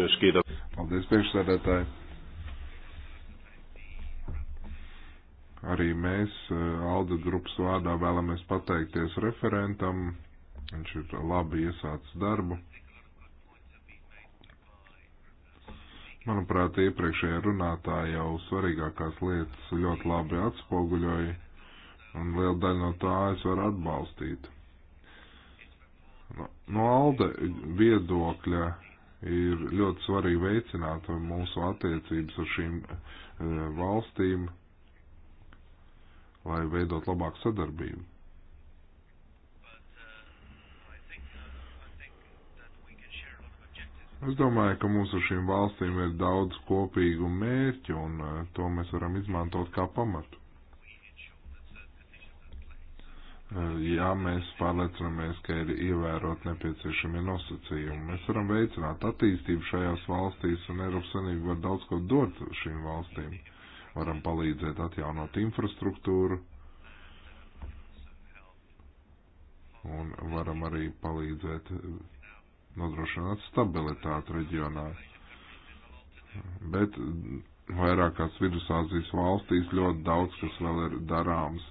myös kiitos. Paldies priekšsēdētāji. Arī mēs eh, Alda grupas vārdā vēlamies pateikties referentam. Viņš ir labi iesācis darbu. Manuprāt, iepriekšējā runātā jau svarīgākās lietas ļoti labi atspoguļoja, un liela daļa no tā es varu atbalstīt. No Alde viedokļa ir ļoti svarīgi veicināt mūsu attiecības ar šīm eh, valstīm, lai veidot labāku sadarbību. Es domāju, ka mums ar šīm valstīm ir daudz kopīgu mērķu, un eh, to mēs varam izmantot kā pamatu. Eh, ja mēs pārliecinamies, ka ir ievērot nepieciešamie nosacījumi, mēs varam veicināt attīstību šajās valstīs, un Eiropas Savienība var daudz ko dot šīm valstīm varam palīdzēt atjaunot infrastruktūru un varam arī palīdzēt nodrošināt stabilitāti reģionā. Bet vairākās vidusāzijas valstīs ļoti daudz, kas vēl ir darāms.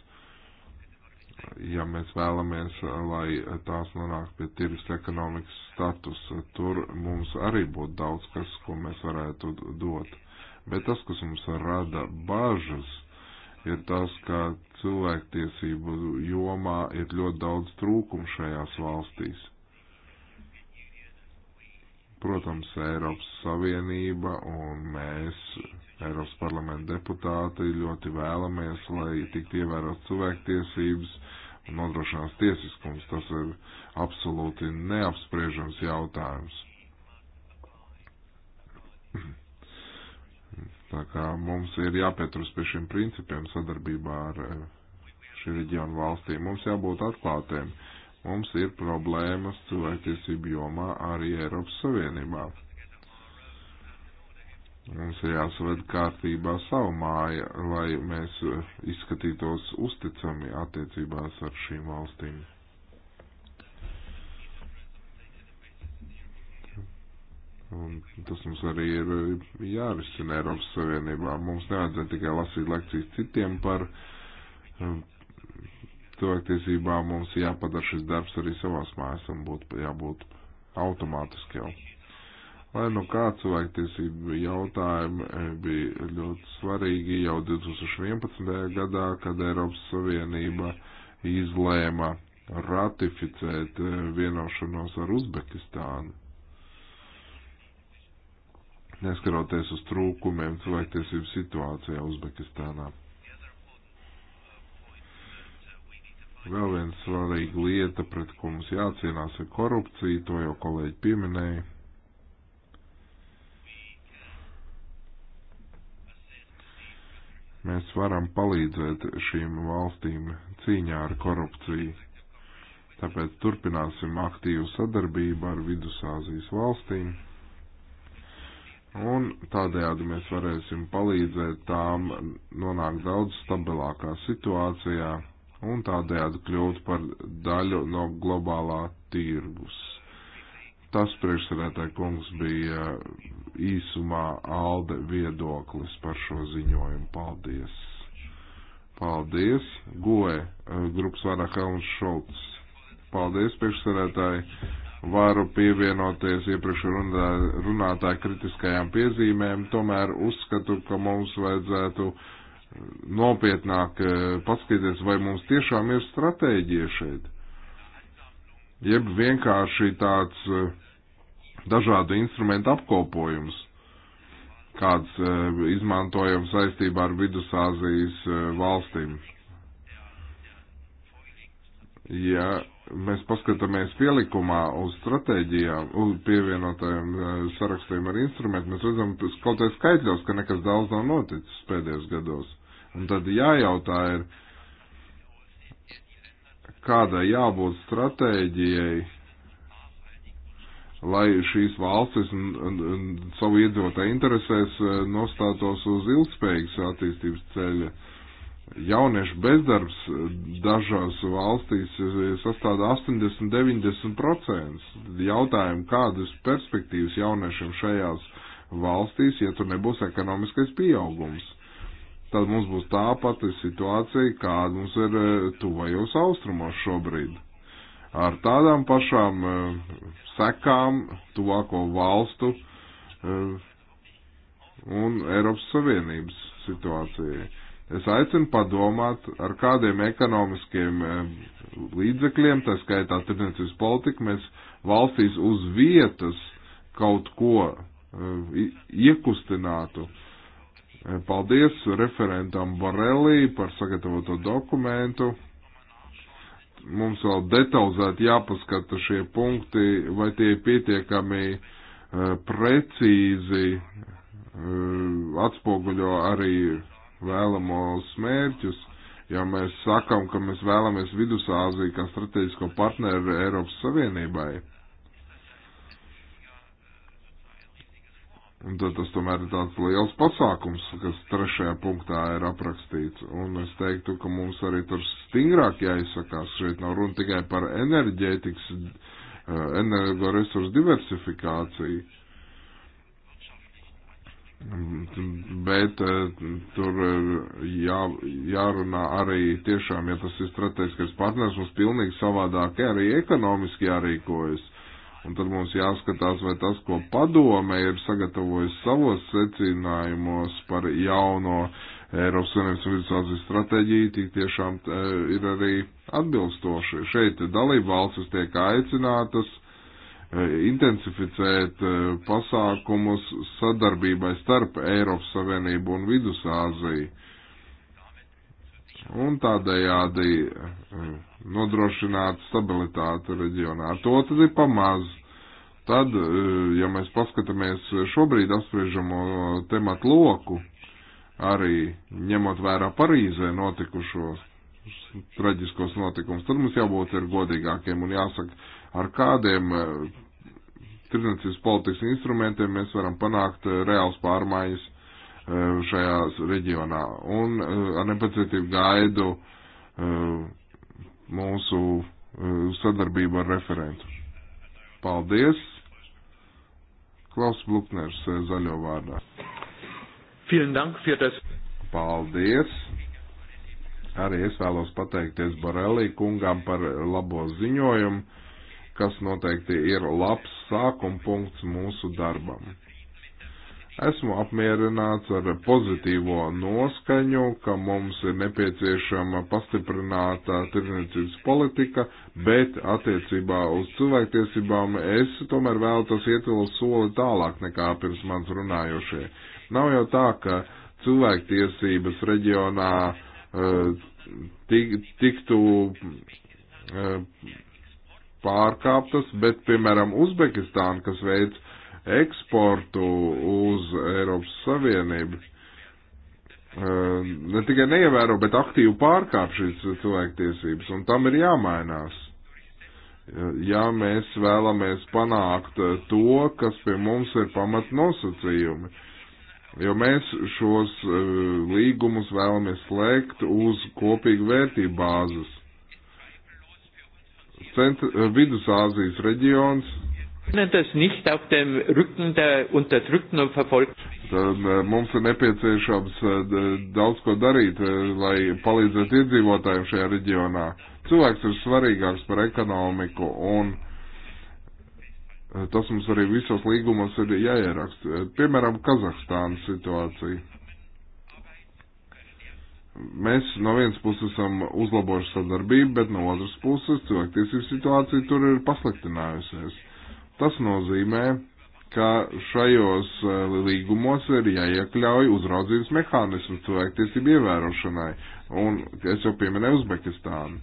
Ja mēs vēlamies, lai tās nonāk pie tirgus ekonomikas status, tur mums arī būtu daudz kas, ko mēs varētu dot. Bet tas, kas mums rada bažas, ir tas, ka cilvēktiesību jomā ir ļoti daudz trūkumu šajās valstīs. Protams, Eiropas Savienība un mēs, Eiropas parlamenta deputāti, ļoti vēlamies, lai tiktu ievērot cilvēktiesības un nodrošinās tiesiskums. Tas ir absolūti neapspriežams jautājums. Tā kā mums ir jāpieturas pie šiem principiem sadarbībā ar eh, šī reģiona valstīm. Mums jābūt atklātiem. Mums ir problēmas cilvēktiesību jomā arī Eiropas Savienībā. Mums ir jāsaved kārtībā savu māju, lai mēs eh, izskatītos uzticami attiecībās ar šīm valstīm. Un tas mums arī ir jārisina Eiropas Savienībā. Mums nevajadzētu tikai lasīt lekcijas citiem par um, cilvēktiesībā. Mums jāpadara šis darbs arī savās mājās un būtu jābūt automātiski jau. Lai nu kā cilvēktiesību jautājumi eh, bija ļoti svarīgi jau 2011. gadā, kad Eiropas Savienība izlēma ratificēt eh, vienošanos ar Uzbekistānu neskaroties uz trūkumiem cilvēktiesību situācijā Uzbekistānā. Vēl viena svarīga lieta, pret ko mums jācīnās, ir korupcija, to jau kolēģi pieminēja. Mēs varam palīdzēt šīm valstīm cīņā ar korupciju, tāpēc turpināsim aktīvu sadarbību ar Vidusāzijas valstīm. Un tādējādi mēs varēsim palīdzēt tām nonākt daudz stabilākā situācijā un tādējādi kļūt par daļu no globālā tirgus. Tas priekšsēdētāji kungs bija īsumā Alde viedoklis par šo ziņojumu. Paldies! Paldies! Goe, eh, grupas vārā Helms Šolts. Paldies, priekšsēdētāji! varu pievienoties iepriekš runā, runātāju kritiskajām piezīmēm, tomēr uzskatu, ka mums vajadzētu nopietnāk eh, paskatīties, vai mums tiešām ir stratēģija šeit. Jeb vienkārši tāds eh, dažādu instrumentu apkopojums, kāds eh, izmantojam saistībā ar Vidusāzijas valstīm. Ja mēs paskatāmies pielikumā uz stratēģijām, uz pievienotajiem eh, sarakstiem ar instrumentiem, mēs redzam, kaut kā skaitļos, ka nekas daudz nav noticis pēdējos gados. Un tad jājautā ir, kādai jābūt stratēģijai, lai šīs valstis un, un, un savu iedzīvotāju interesēs eh, nostātos uz ilgspējīgas attīstības ceļa. Uh, jauniešu bezdarbs eh, dažās valstīs eh, sastāv 80-90%. Jautājumu, kādas perspektīvas jauniešiem šajās valstīs, ja tur nebūs ekonomiskais pieaugums. Tad mums būs tā pati situācija, kāda mums ir eh, tuvajos austrumos šobrīd. Ar tādām pašām sekām tuvāko valstu un Eiropas Savienības situācijai Es aicinu padomāt, ar kādiem ekonomiskiem eh, līdzekļiem, tā skaitā tirdzniecības politika, mēs valstīs uz vietas kaut ko eh, iekustinātu. Eh, paldies referentam Barelī par sagatavoto dokumentu. Mums vēl detalizēti jāpaskata šie punkti, vai tie ir pietiekami precīzi atspoguļo arī vēlamos mērķus, ja mēs sakam, ka mēs vēlamies Vidusāziju kā strateģisko partneru Eiropas Savienībai, Un tad tas tomēr ir tāds liels pasākums, kas trešajā punktā ir aprakstīts. Un es teiktu, ka mums arī tur stingrāk jāizsakās. Šeit nav runa tikai par enerģētikas, eh, energoresursu diversifikāciju. Bet eh, tur eh, jā, jārunā arī tiešām, ja tas ir strateģiskais partners, mums pilnīgi savādāk arī ekonomiski jārīkojas. Un tad mums jāskatās, vai tas, ko padome ir sagatavojis savos secinājumos par jauno Eiropas Savienības civilizācijas stratēģiju, tik tiešām eh, ir arī atbilstoši. Šeit dalība valstis tiek aicinātas uh, intensificēt eh, pasākumus sadarbībai starp Eiropas Savienību un Vidusāziju. Un tādējādi eh, nodrošināt stabilitāti reģionā. Ar to tad ir pamaz. Tad, eh, ja mēs paskatāmies šobrīd apspriežamo tematu loku, arī ņemot vērā Parīzē notikušos traģiskos notikumus, tad mums jābūt ir godīgākiem un jāsaka, ar kādiem eh, tirdzniecības politikas instrumentiem mēs varam panākt eh, reāls pārmaiņas eh, šajā reģionā. Un ar nepacietību gaidu mūsu sadarbību ar referentu. Paldies! Klaus Blukners zaļo vārdā. Vielen Dank für das. Paldies! Arī es vēlos pateikties Borelī kungam par labo ziņojumu kas noteikti ir labs sākuma punkts mūsu darbam. Esmu apmierināts ar pozitīvo noskaņu, ka mums ir nepieciešama pastiprinātā tirdzniecības politika, bet attiecībā uz cilvēktiesībām es tomēr vēlos iet vēl soli tālāk nekā pirms mans runājošie. Nav jau tā, ka cilvēktiesības reģionā uh, eh, tik, tiktu uh, pārkāptas, bet, piemēram, Uzbekistāna, kas veids eksportu uz Eiropas Savienību, eh, ne tikai neievēro, bet aktīvi pārkāp šīs cilvēktiesības, un tam ir jāmainās. Ja mēs vēlamies panākt to, kas pie mums ir pamat nosacījumi, jo mēs šos eh, līgumus vēlamies slēgt uz kopīgu vērtību bāzes. Cent eh, Vidusāzijas reģions. Tad eh, mums ir nepieciešams eh, daudz ko darīt, lai palīdzētu iedzīvotājiem šajā reģionā. Cilvēks ir svarīgāks par ekonomiku un tas mums arī visos līgumos ir jāieraksta. Piemēram, Kazahstānas situācija mēs no vienas puses esam uzlabojuši sadarbību, bet no otras puses cilvēktiesību situācija tur ir pasliktinājusies. Tas nozīmē, ka šajos e, līgumos ir jāiekļauj uzraudzības mehānismu cilvēktiesību ievērošanai, un es jau pieminēju Uzbekistānu.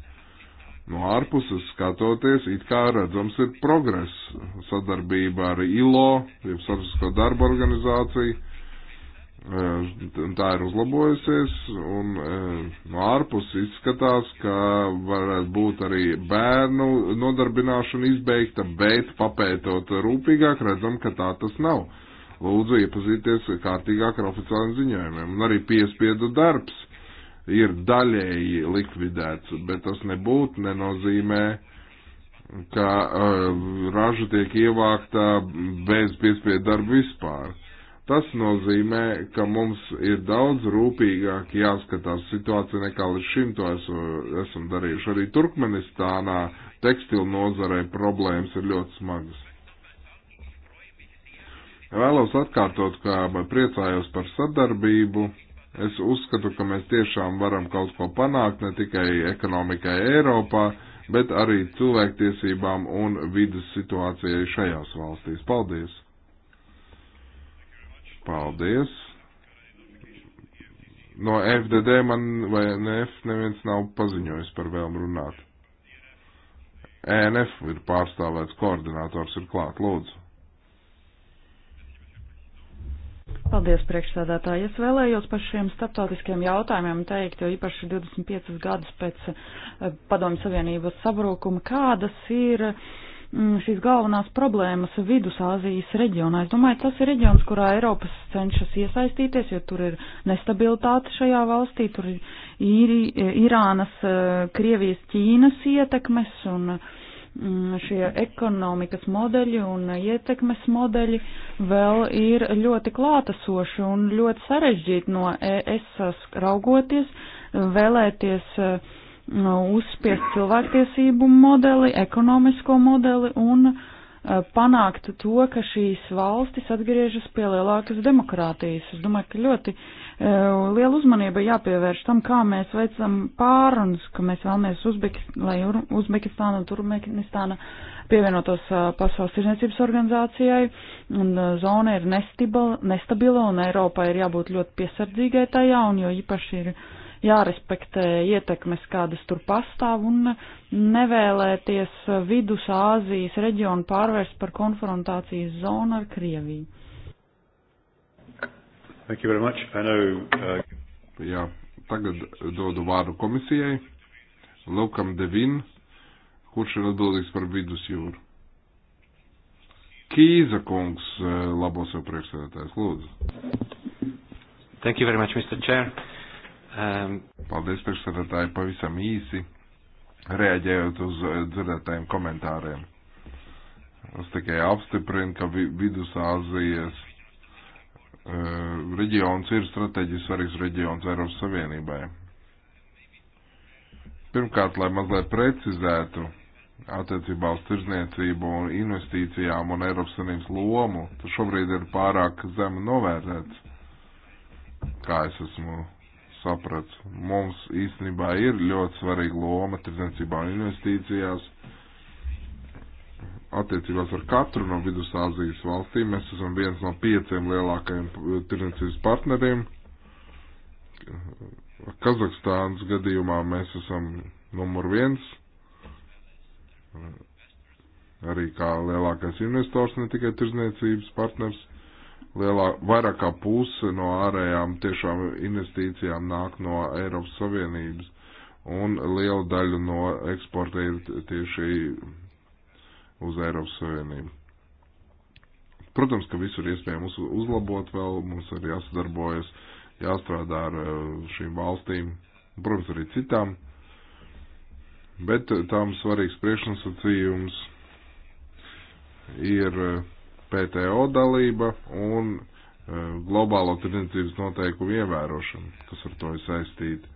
No ārpuses skatoties, it kā redzams ir progress sadarbība ar ILO, jeb Sarpsko darba organizāciju, Eh, tā ir uzlabojusies, un eh, no ārpus izskatās, ka varētu būt arī bērnu nodarbināšana izbeigta, bet papētot rūpīgāk redzam, ka tā tas nav. Lūdzu iepazīties kārtīgāk ar oficiāliem ziņojumiem. Un arī piespiedu darbs ir daļēji likvidēts, bet tas nebūtu nenozīmē, ka uh, raža tiek ievākta bez piespiedu darba vispār. Uh, Tas nozīmē, ka mums ir daudz rūpīgāk jāskatās situācija nekā līdz šim to esmu, esam darījuši. Arī Turkmenistānā tekstilu nozarei problēmas ir ļoti smagas. Vēlos atkārtot, ka priecājos par sadarbību. Es uzskatu, ka mēs tiešām varam kaut ko panākt ne tikai ekonomikai Eiropā, bet arī cilvēktiesībām un vidas situācijai šajās valstīs. Paldies! Paldies. No FDD man vai NF neviens nav paziņojis par vēlmu runāt. ENF ir pārstāvēts, koordinators ir klāt, lūdzu. Paldies, priekšsēdētāji. Es vēlējos par šiem starptautiskiem jautājumiem teikt, jo īpaši 25 gadus pēc eh, Padomju Savienības sabrūkuma, kādas ir uh, Mm, šīs galvenās problēmas Vidusāzijas reģionā. Es domāju, tas ir reģions, kurā Eiropas cenšas iesaistīties, jo tur ir nestabilitāte šajā valstī, tur ir īri, Irānas, e, Krievijas, Ķīnas ietekmes un mm, šie ekonomikas modeļi un ietekmes modeļi vēl ir ļoti klātesoši un ļoti sarežģīti no ES raugoties, vēlēties uh, Nu, uzspiest cilvēktiesību modeli, ekonomisko modeli un eh, panākt to, ka šīs valstis atgriežas pie lielākas demokrātijas. Es domāju, ka ļoti eh, liela uzmanība jāpievērš tam, kā mēs veicam pārunas, ka mēs vēlamies, Uzbekist, lai Uzbekistāna un Turkmenistāna pievienotos eh, Pasaules tirzniecības organizācijai, un zona ir nestabila, un Eiropai ir jābūt ļoti piesardzīgai tajā, un jo īpaši ir jārespektē ietekmes, kādas tur pastāv, un nevēlēties Vidus Āzijas reģionu pārvērst par konfrontācijas zonu ar Krieviju. Thank you very much. I know, uh... Jā, tagad dodu vārdu komisijai, Lukam Devin, kurš ir atbildīgs par vidus jūru. Kīza kungs, uh, labos jau priekšsēdētājs, lūdzu. Thank you very much, Mr. Chair. Um, Paldies, priekšsēdētāji, pavisam īsi reaģējot uz eh, dzirdētajiem komentāriem. Es tikai apstiprinu, ka Vidusāzijas uh, reģions ir strateģiski svarīgs reģions Eiropas Savienībai. Pirmkārt, lai mazliet precizētu attiecībā uz tirzniecību un investīcijām un Eiropas Savienības lomu, tas šobrīd ir pārāk zemu novērtēts, kā es esmu saprats. Mums īstenībā ir ļoti svarīga loma tirdzniecībā un investīcijās. Attiecībās ar katru no Vidusāzijas valstīm mēs esam viens no pieciem lielākajiem eh, tirdzniecības partneriem. Kazahstānas gadījumā mēs esam numur viens, arī kā lielākais investors, ne tikai tirdzniecības partners lielā, vairāk kā puse no ārējām tiešām investīcijām nāk no Eiropas Savienības, un liela daļa no eksporta ir tieši uz Eiropas Savienību. Protams, ka visur iespējams uzlabot vēl, mums ir jāsadarbojas, jāstrādā ar eh, šīm valstīm, protams, arī citām, bet eh, tām svarīgs priekšnosacījums ir eh, PTO dalība un e, globālo tirdzniecības noteikumu ievērošana, kas ar to ir saistīta.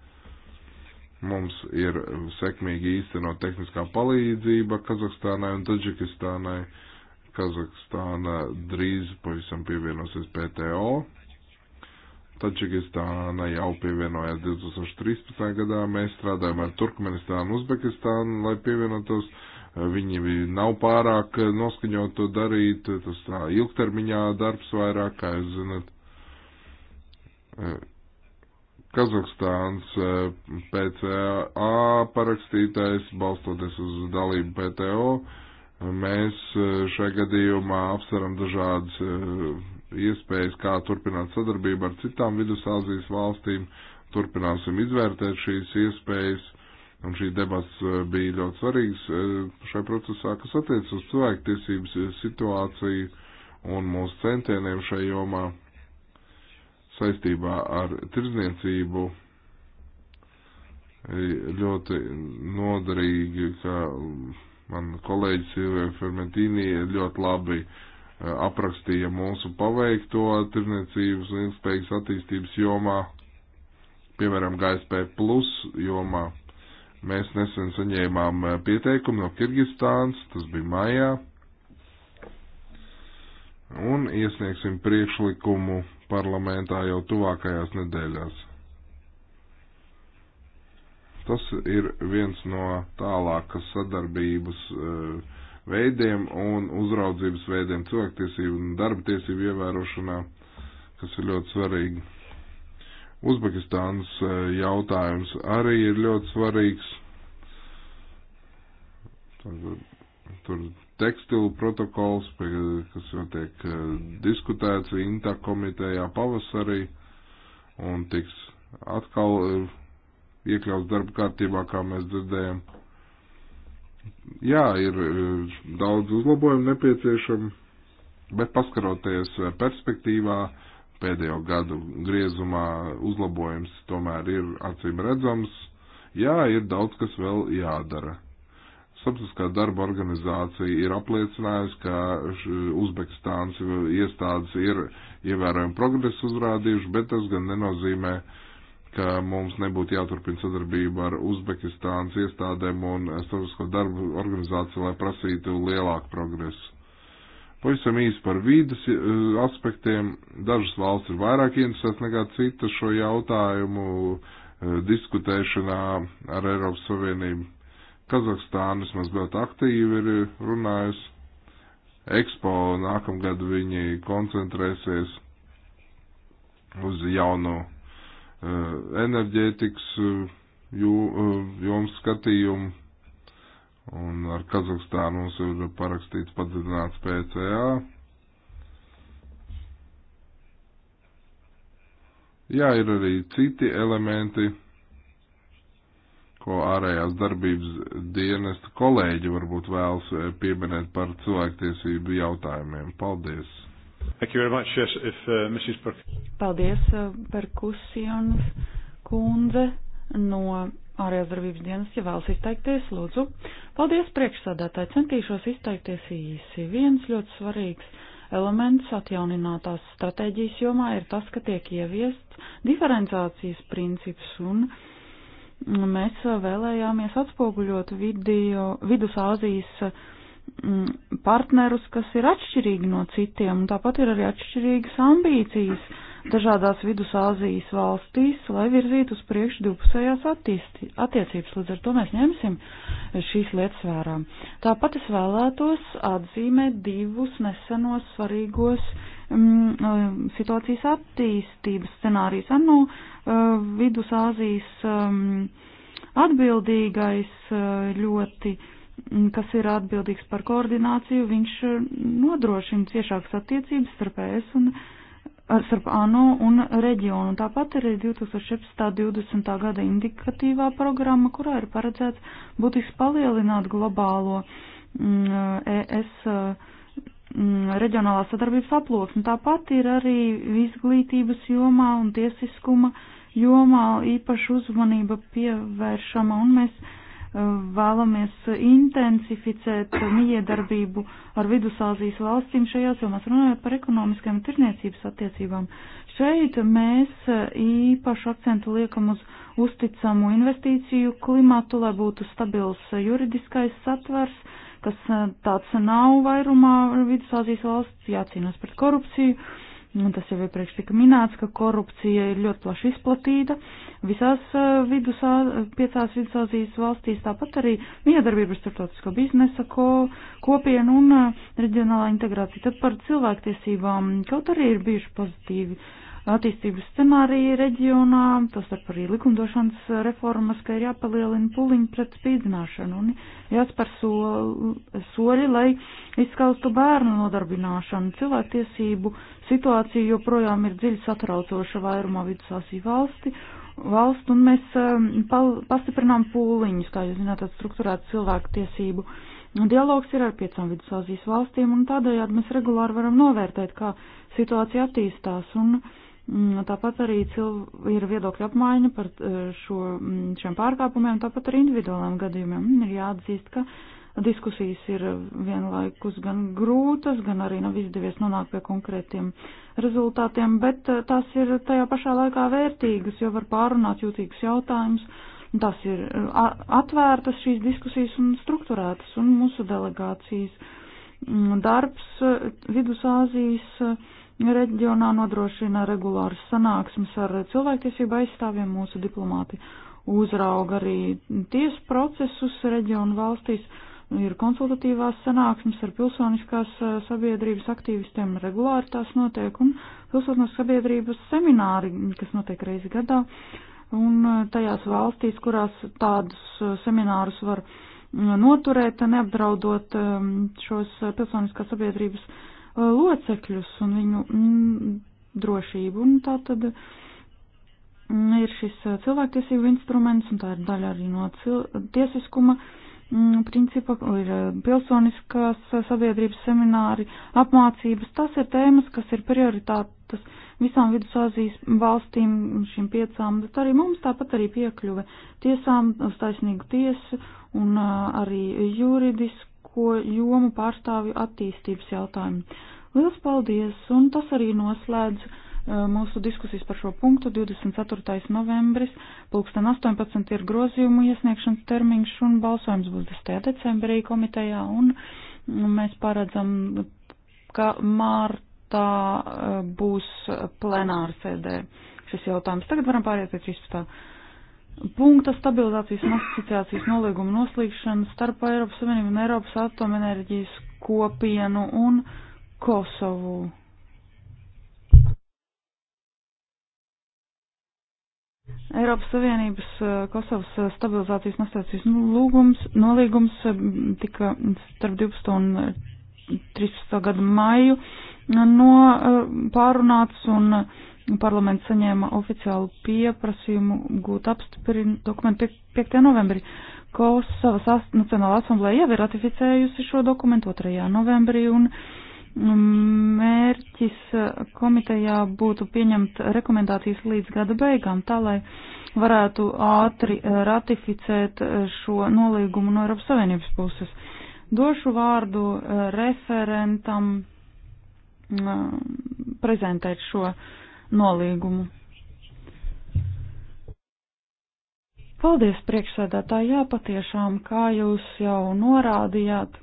Mums ir sekmīgi īstenot tehniskā palīdzība Kazahstānai un Taģikistānai. Kazahstāna drīz pavisam pievienosies PTO. Taģikistāna jau pievienojās 2013. gadā. Mēs strādājam ar Turkmenistānu, Uzbekistānu, lai pievienotos uh, Viņi nav pārāk eh, noskaņot to darīt, tas tā ilgtermiņā darbs vairāk, kā jūs zinat. Eh, Kazahstāns eh, PCA parakstītais, balstoties uz dalību PTO, mēs šajā gadījumā apsveram dažādas iespējas, kā turpināt sadarbību ar citām Vidusāzijas valstīm, turpināsim izvērtēt šīs iespējas Un šī debats eh, bija ļoti svarīgs eh, šai procesā, kas attiecas uz cilvēktiesības eh, situāciju un mūsu centieniem šai jomā saistībā ar tirdzniecību. E, ļoti noderīgi, ka mm, man kolēģis Silvija Fermentīnī ļoti labi e, aprakstīja mūsu paveikto tirdzniecības un ilgspējīgas attīstības jomā, piemēram, GSP plus jomā Mēs nesen saņēmām eh, pieteikumu no Kirgistāns, tas bija maijā, un iesniegsim priekšlikumu parlamentā jau tuvākajās nedēļās. Tas ir viens no tālākas sadarbības eh, veidiem un uzraudzības veidiem cilvēktiesību un darba tiesību ievērošanā, kas ir ļoti svarīgi. Uzbekistānas e, jautājums arī ir ļoti svarīgs. Tur tekstilu protokols, kas jau tiek e, diskutēts INTA komitejā pavasarī un tiks atkal e, iekļauts darba kārtībā, kā mēs dzirdējam. Jā, ir daudz uzlabojumu nepieciešami, bet paskaroties perspektīvā, uh, pēdējo gadu griezumā uzlabojums tomēr ir acīm redzams. Jā, ir daudz, kas vēl jādara. Sapsiskā darba organizācija ir apliecinājusi, ka Uzbekistāns iestādes ir ievērojami progresu uzrādījuši, bet tas gan nenozīmē, ka mums nebūtu jāturpina sadarbība ar Uzbekistānas iestādēm un Starptautisko darbu organizāciju, lai prasītu lielāku progresu. Pavisam īsi par vīdas eh, aspektiem. Dažas valsts ir vairāk interesētas nekā citas šo jautājumu eh, diskutēšanā ar Eiropas Savienību. Kazahstāna vismaz ļoti aktīvi ir runājusi. Expo nākamgad viņi koncentrēsies uz jauno eh, enerģētikas jomu skatījumu Un ar Kazahstānu mums ir parakstīts padzināts PCA. Jā, ir arī citi elementi, ko ārējās darbības dienesta kolēģi varbūt vēlas eh, pieminēt par cilvēktiesību jautājumiem. Paldies! Thank you very much. Yes, if, uh, Mrs. Per Paldies, uh, Perkusijons kundze no ārējās darbības dienas, ja vēlas izteikties, lūdzu. Paldies priekšsādātāji, centīšos izteikties īsi. Viens ļoti svarīgs elements atjauninātās stratēģijas jomā ir tas, ka tiek ieviests diferenciācijas princips un mēs vēlējāmies atspoguļot video, vidusāzijas mm, partnerus, kas ir atšķirīgi no citiem, un tāpat ir arī atšķirīgas ambīcijas dažādās Vidusāzijas valstīs, lai virzītu uz priekšu divpusējās attiecības. Līdz ar to mēs ņemsim šīs lietas vērā. Tāpat es vēlētos atzīmēt divus nesenos svarīgos mm, um, situācijas attīstības scenārijus. Anu uh, Vidusāzijas um, uh, mm, atbildīgais ļoti kas ir atbildīgs par koordināciju, viņš uh, nodrošina ciešākas attiecības starp ES un uh, starp ANO un reģionu. Tāpat arī 2017.20. gada indikatīvā programma, kurā ir paredzēts būtiski palielināt globālo mm, ES mm, reģionālās sadarbības aploksni. Tāpat ir arī izglītības jomā un tiesiskuma jomā īpaša uzmanība pievēršama, un mēs vēlamies intensificēt miedarbību ar Vidusāzijas valstīm šajās jomās, runājot par ekonomiskajām tirniecības attiecībām. Šeit mēs īpašu akcentu liekam uz uzticamu investīciju klimatu, lai būtu stabils juridiskais satvers, kas tāds nav vairumā Vidusāzijas valsts, jācīnās pret korupciju Un nu, tas jau iepriekš tika minēts, ka korupcija ir ļoti plaši izplatīta visās eh, vidusā, piecās vidusāzijas valstīs, tāpat arī miedarbības starptautisko biznesa ko, kopienu un eh, reģionālā integrācija. Tad par cilvēktiesībām kaut arī ir bijuši pozitīvi attīstības scenāriji reģionā, tostarp arī likumdošanas reformas, ka ir jāpalielina puliņi pret spīdzināšanu un jāspēr so, soļi, lai izskaustu bērnu nodarbināšanu cilvēktiesību Situācija joprojām ir dziļi satraucoša vairumā vidusāsī valsti, valstu, un mēs um, pal, pastiprinām pūliņus, kā jūs zināt, tāds struktūrēts cilvēku tiesību. Dialogs ir ar piecām vidusāzijas valstīm, un tādējādi mēs regulāri varam novērtēt, kā situācija attīstās, un mm, tāpat arī cilv, ir viedokļa apmaiņa par uh, šo, mm, šiem pārkāpumiem, tāpat arī individuāliem gadījumiem. Ir jāatzīst, ka diskusijas ir vienlaikus gan grūtas, gan arī nav izdevies nonākt pie konkrētiem rezultātiem, bet eh, tās ir tajā pašā laikā vērtīgas, jo var pārunāt jūtīgus jautājumus. Tas ir eh, atvērtas šīs diskusijas un strukturētas, un mūsu delegācijas mm, darbs eh, Vidusāzijas reģionā nodrošina regulāras sanāksmes ar cilvēktiesību aizstāvjiem mūsu diplomāti uzrauga arī tiesu procesus reģionu valstīs ir konsultatīvās sanāksmes ar pilsoniskās eh, sabiedrības aktīvistiem, regulāri tās notiek, un pilsoniskās sabiedrības semināri, kas notiek reizi gadā, un eh, tajās valstīs, kurās tādus eh, seminārus var mm, noturēt, neapdraudot ehm, šos pilsoniskās sabiedrības locekļus un viņu mm, drošību, un tā tad mm, ir šis cilvēktiesību instruments, un tā ir daļa arī no tiesiskuma. Cil Mm, principa, ir eh, pilsoniskās sabiedrības semināri, apmācības. Tas ir tēmas, kas ir prioritātes visām Vidusāzijas valstīm, šīm piecām, bet arī mums tāpat arī piekļuve tiesām uz taisnīgu tiesu un eh, arī juridisko jomu pārstāvju attīstības jautājumu. Liels paldies, un tas arī noslēdz Eh, mūsu diskusijas par šo punktu. 24. novembris, pulksten 18 ir grozījumu iesniegšanas termiņš un balsojums būs 10. decembrī komitejā un mēs paredzam, ka mārtā eh, būs plenāra sēdē šis jautājums. Tagad varam pāriet pie 13. Punkta stabilizācijas un asociācijas nolīguma noslīgšana starp Eiropas Savienību un Eiropas atomenerģijas kopienu un Kosovu. Eiropas Savienības eh, Kosovas eh, stabilizācijas nostācijas nu, lūgums, nolīgums eh, tika starp 12 un 13. gada maiju no pārunāts un parlaments saņēma oficiālu pieprasījumu gūt apstiprin dokumentu 5. novembrī. Kosovas Nacionāla asamblēja jau ir ratificējusi šo dokumentu 2. novembrī un uh, mērķis komitejā būtu pieņemt rekomendācijas līdz gada beigām, tā lai varētu ātri eh, ratificēt eh, šo nolīgumu no Eiropas Savienības puses. Došu vārdu eh, referentam mm, prezentēt šo nolīgumu. Paldies, priekšsēdētāji, jā, patiešām, kā jūs jau norādījāt,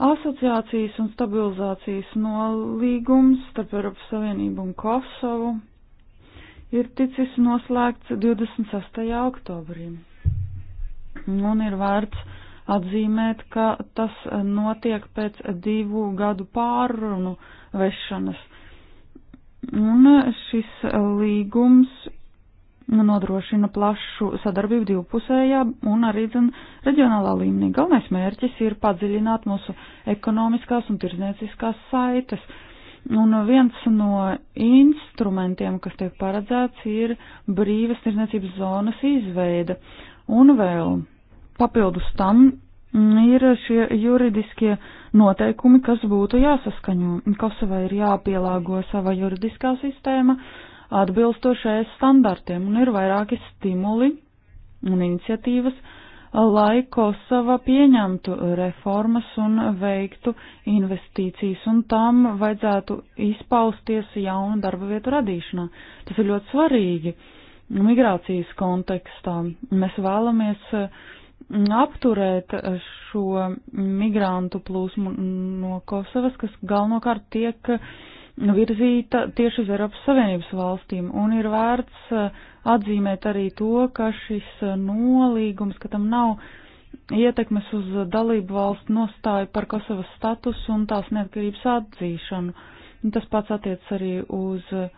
Asociācijas un stabilizācijas nolīgums starp Eiropas Savienību un Kosovu ir ticis noslēgts 26. oktobrī. Un ir vērts atzīmēt, ka tas notiek pēc divu gadu pārrunu vešanas. Un šis līgums nodrošina plašu sadarbību divpusējā un arī dzen, reģionālā līmenī. Galvenais mērķis ir padziļināt mūsu ekonomiskās un tirzniecīskās saites. Un viens no instrumentiem, kas tiek paredzēts, ir brīvas tirzniecības zonas izveida. Un vēl papildus tam ir šie juridiskie noteikumi, kas būtu jāsaskaņo. Kosovai ir jāpielāgo sava juridiskā sistēma atbilstošais standartiem, un ir vairāki stimuli un iniciatīvas, lai Kosova pieņemtu reformas un veiktu investīcijas, un tam vajadzētu izpausties jaunu darba vietu radīšanā. Tas ir ļoti svarīgi migrācijas kontekstā. Mēs vēlamies mm, apturēt šo migrantu plūsmu no Kosovas, kas galvenokārt tiek uh, virzīta tieši uz Eiropas Savienības valstīm, un ir vērts eh, atzīmēt arī to, ka šis eh, nolīgums, ka tam nav ietekmes uz dalību valstu nostāju par Kosovas statusu un tās neatkarības atzīšanu. Tas pats attiec arī uz eh,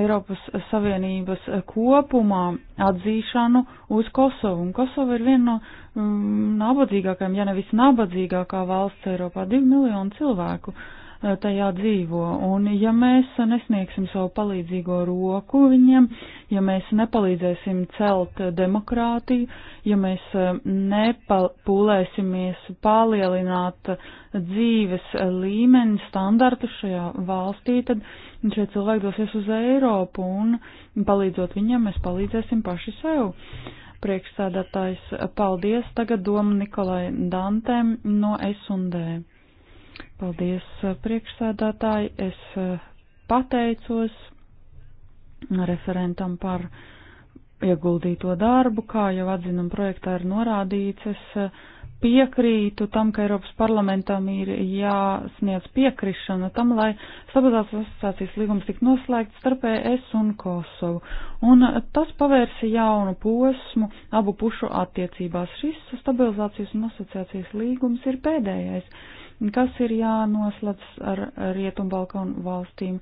Eiropas Savienības kopumā atzīšanu uz Kosovu. Un Kosova ir viena no mm, nabadzīgākajām, ja nevis nabadzīgākā valsts Eiropā - divi miljoni cilvēku. Uh, Eh, tajā dzīvo. Un ja mēs nesniegsim savu palīdzīgo roku viņiem, ja mēs nepalīdzēsim celt demokrātiju, ja mēs eh, nepūlēsimies palielināt dzīves līmeni, standartu šajā valstī, tad šie cilvēki dosies uz Eiropu un palīdzot viņiem, mēs palīdzēsim paši sev priekšsādātājs. Paldies tagad domu Nikolai Dantēm no S&D. Paldies, priekšsēdētāji. Es pateicos referentam par ieguldīto darbu, kā jau atzinuma projektā ir norādīts. Es piekrītu tam, ka Eiropas parlamentam ir jāsniedz piekrišana tam, lai stabilizācijas asociācijas līgums tik noslēgts starp ES un Kosovu. Un tas pavērsa jaunu posmu abu pušu attiecībās. Šis stabilizācijas un asociācijas līgums ir pēdējais kas ir jānoslēdz ar Rietumbalkanu valstīm.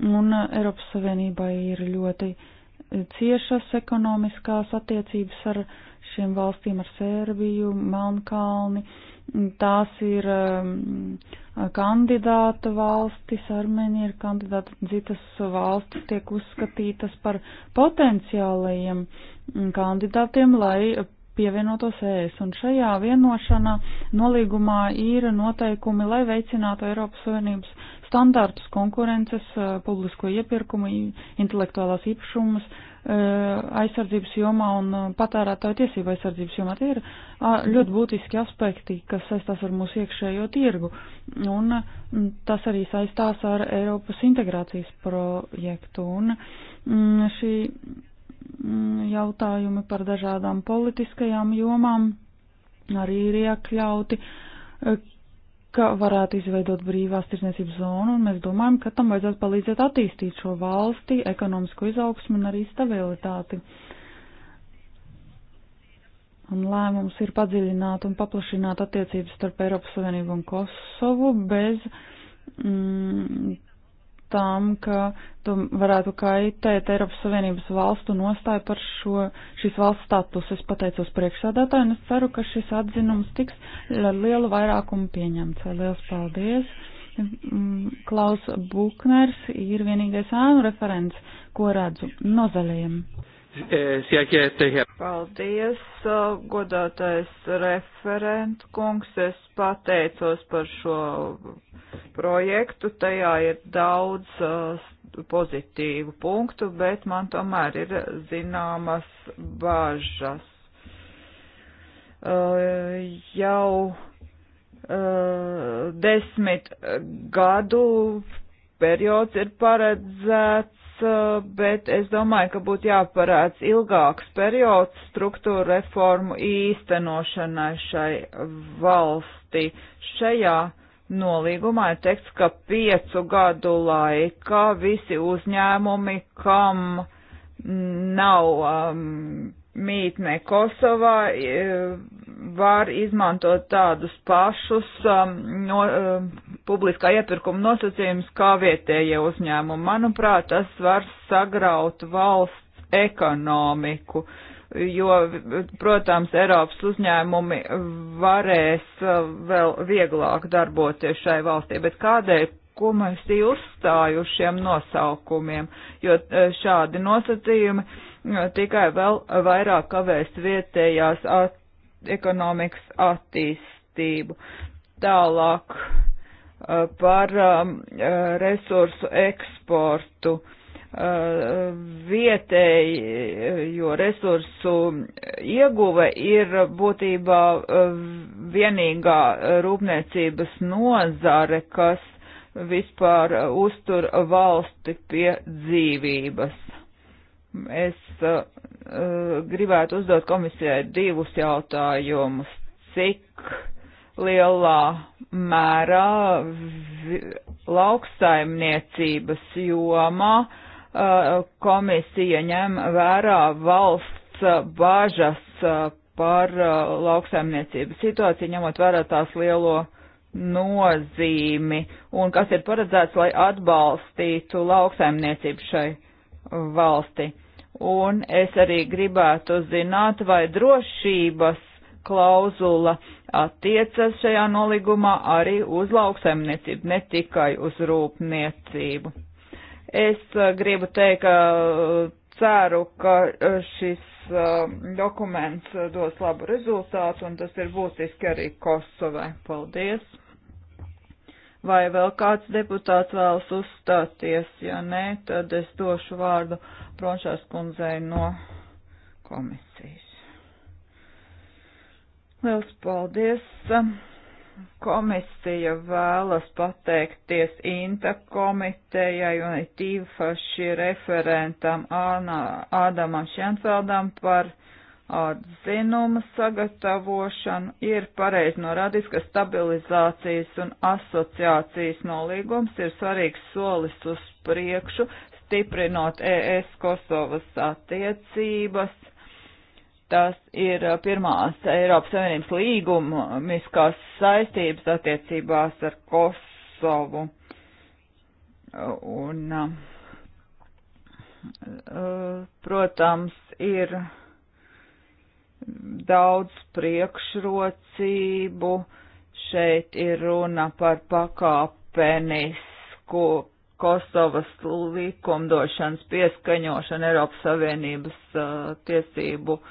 Un uh, Eiropas Savienībai ir ļoti uh, ciešas ekonomiskās attiecības ar šiem valstīm, ar Sērbiju, Melnkalni. Tās ir um, kandidāta valstis, Armēnija ir kandidāta, citas valstis tiek uzskatītas par potenciālajiem mm, kandidātiem, lai pievienotos ES. Un šajā vienošanā nolīgumā ir noteikumi, lai veicinātu Eiropas Savienības standārtus konkurences, eh, publisko iepirkumu, intelektuālās īpašumas eh, aizsardzības jomā un eh, patērētāju tiesību aizsardzības jomā. Tie ir ļoti būtiski aspekti, kas saistās ar mūsu iekšējo tirgu. Un tas arī saistās ar Eiropas integrācijas projektu. Un šī Mm, jautājumi par dažādām politiskajām jomām arī ir iekļauti, e, ka varētu izveidot brīvās tirsniecības zonu, un mēs domājam, ka tam vajadzētu palīdzēt attīstīt šo valsti, ekonomisko izaugsmu un arī stabilitāti. Un lēmums ir padziļināt un paplašināt attiecības starp Eiropas Savienību un Kosovu bez mm, tam, ka tu varētu kaitēt Eiropas Savienības valstu nostāju par šo, šīs valsts statusu. Es pateicos priekšsādātāju un es ceru, ka šis atzinums tiks ar lielu vairākumu pieņemts. Lielas paldies! Mm, Klaus Bukners ir vienīgais ēnu referents, ko redzu no zaļajiem sehr geehrter Herr. Paldies, godātais referent kungs. Es pateicos par šo projektu. Tajā ir daudz pozitīvu punktu, bet man tomēr ir zināmas bažas. Jau desmit gadu periods ir paredzēts Uh, bet es domāju, ka būtu jāparāds ilgāks periods struktūra reformu īstenošanai šai valstī. Šajā nolīgumā ir teikts, ka piecu gadu laikā visi uzņēmumi, kam nav um, mītne Kosovā, var izmantot tādus pašus um, no, um, publiskā iepirkuma nosacījums kā vietējie uzņēmumi. Manuprāt, tas var sagraut valsts ekonomiku, jo, protams, Eiropas uzņēmumi varēs eh, vēl vieglāk darboties šai valstī, bet kādēļ ko mēs uzstāju šiem nosaukumiem, jo eh, šādi nosacījumi eh, tikai vēl vairāk kavēs vietējās at ekonomikas attīstību. Tālāk Eh, par eh, eh, resursu eksportu vietējo resursu ieguve ir būtībā vienīgā rūpniecības nozare, kas vispār uztur valsti pie dzīvības. Es uh, gribētu uzdot komisijai divus jautājumus. Cik uh, lielā mērā lauksaimniecības jomā uh, komisija ņem vērā valsts bažas uh, par uh, lauksaimniecības situāciju, ņemot vērā tās lielo nozīmi un kas ir paredzēts, lai atbalstītu lauksaimniecību šai valsti. Un es arī gribētu zināt, vai drošības klauzula attiecas šajā nolīgumā arī uz lauksaimniecību, ne tikai uz rūpniecību. Es eh, gribu teikt, ka eh, ceru, ka eh, šis dokuments dos labu rezultātu, un tas ir būtiski arī Kosovai. Paldies! Vai vēl kāds deputāts vēlas uzstāties? Ja nē, tad es došu vārdu Bronšās kundzei no komisijas. Liels paldies! Komisija vēlas pateikties Inta komitejai un tīpaši referentam Ānā, Ādamam Šenfeldam par atzinumu sagatavošanu. Ir pareizi norādīts, ka stabilizācijas un asociācijas nolīgums ir svarīgs solis uz priekšu, stiprinot ES Kosovas attiecības Tas ir uh, pirmās Eiropas Savienības līgumiskās saistības attiecībās ar Kosovu. Un, uh, protams, ir daudz priekšrocību. Šeit ir runa par pakāpenisku Kosovas likumdošanas pieskaņošanu Eiropas Savienības uh, tiesību uh,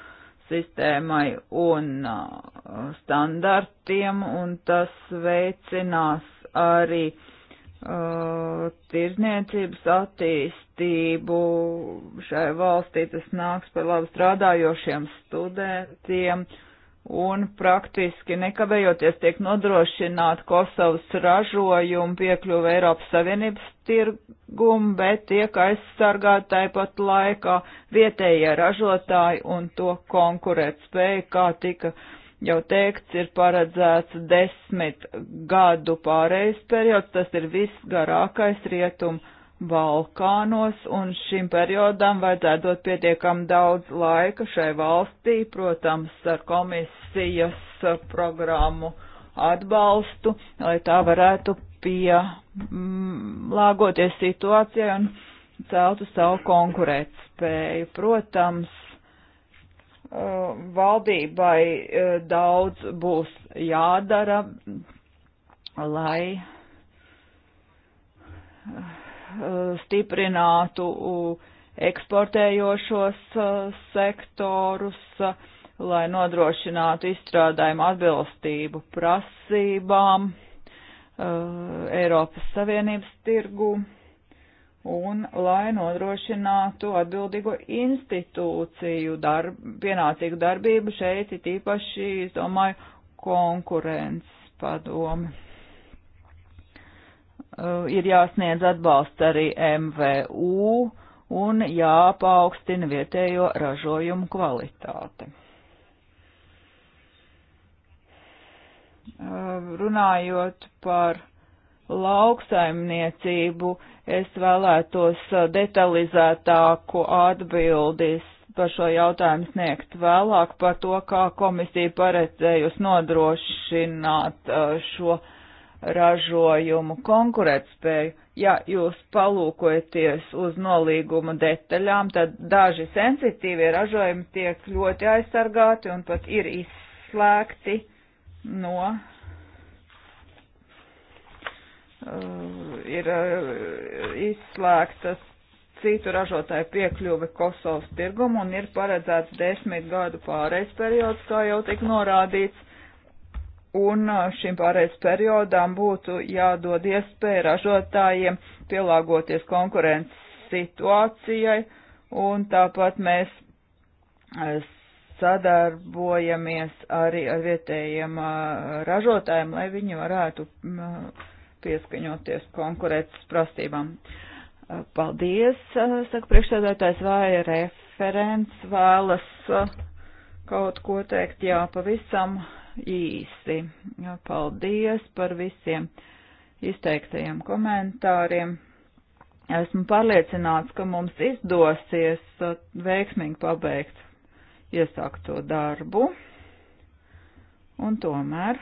sistēmai un uh, standartiem, un tas veicinās arī uh, tirzniecības attīstību šai valstī. Tas nāks par labu strādājošiem studentiem. Uh, un praktiski nekavējoties tiek nodrošināta Kosovas ražojuma piekļuva Eiropas Savienības tirgumu, bet tiek aizsargāta tāpat laikā vietējie ražotāji un to konkurētspēja, kā tika jau teikts, ir paredzēts desmit gadu pārējais periods, tas ir visgarākais rietumu Balkānos, un šim periodam vajadzētu dot pietiekam daudz laika šai valstī, protams, ar komisijas programmu atbalstu, lai tā varētu pielāgoties situācijai un celtu savu konkurētspēju. Protams, valdībai daudz būs jādara, lai Eh, stiprinātu eksportējošos eh, sektorus, eh, lai nodrošinātu izstrādājumu atbilstību prasībām Eiropas Savienības tirgu un lai nodrošinātu atbildīgo institūciju darb, pienācīgu darbību šeit, it īpaši, es domāju, konkurences padomi. Uh, ir jāsniedz atbalsts arī MVU un jāpaukstina vietējo ražojumu kvalitāte. Uh, runājot par lauksaimniecību, es vēlētos detalizētāku atbildis par šo jautājumu sniegt vēlāk par to, kā komisija paredzējusi nodrošināt uh, šo jautājumu ražojumu konkurētspēju. Ja jūs palūkojaties uz nolīguma detaļām, tad daži sensitīvie ražojumi tiek ļoti aizsargāti un pat ir izslēgti no. Uh, ir uh, izslēgtas citu ražotāju piekļuve Kosovas tirgumu un ir paredzēts desmit gadu pārejas periods, kā jau tika norādīts un šim pārējais periodām būtu jādod iespēja ražotājiem pielāgoties konkurences situācijai, un tāpat mēs sadarbojamies arī ar vietējiem ražotājiem, lai viņi varētu pieskaņoties konkurences prasībām. Paldies, saka priekšsēdētājs, vai referents vēlas kaut ko teikt, jā, pavisam īsi. Paldies par visiem izteiktajiem komentāriem. Esmu pārliecināts, ka mums izdosies uh, veiksmīgi pabeigt iesākto darbu. Un tomēr,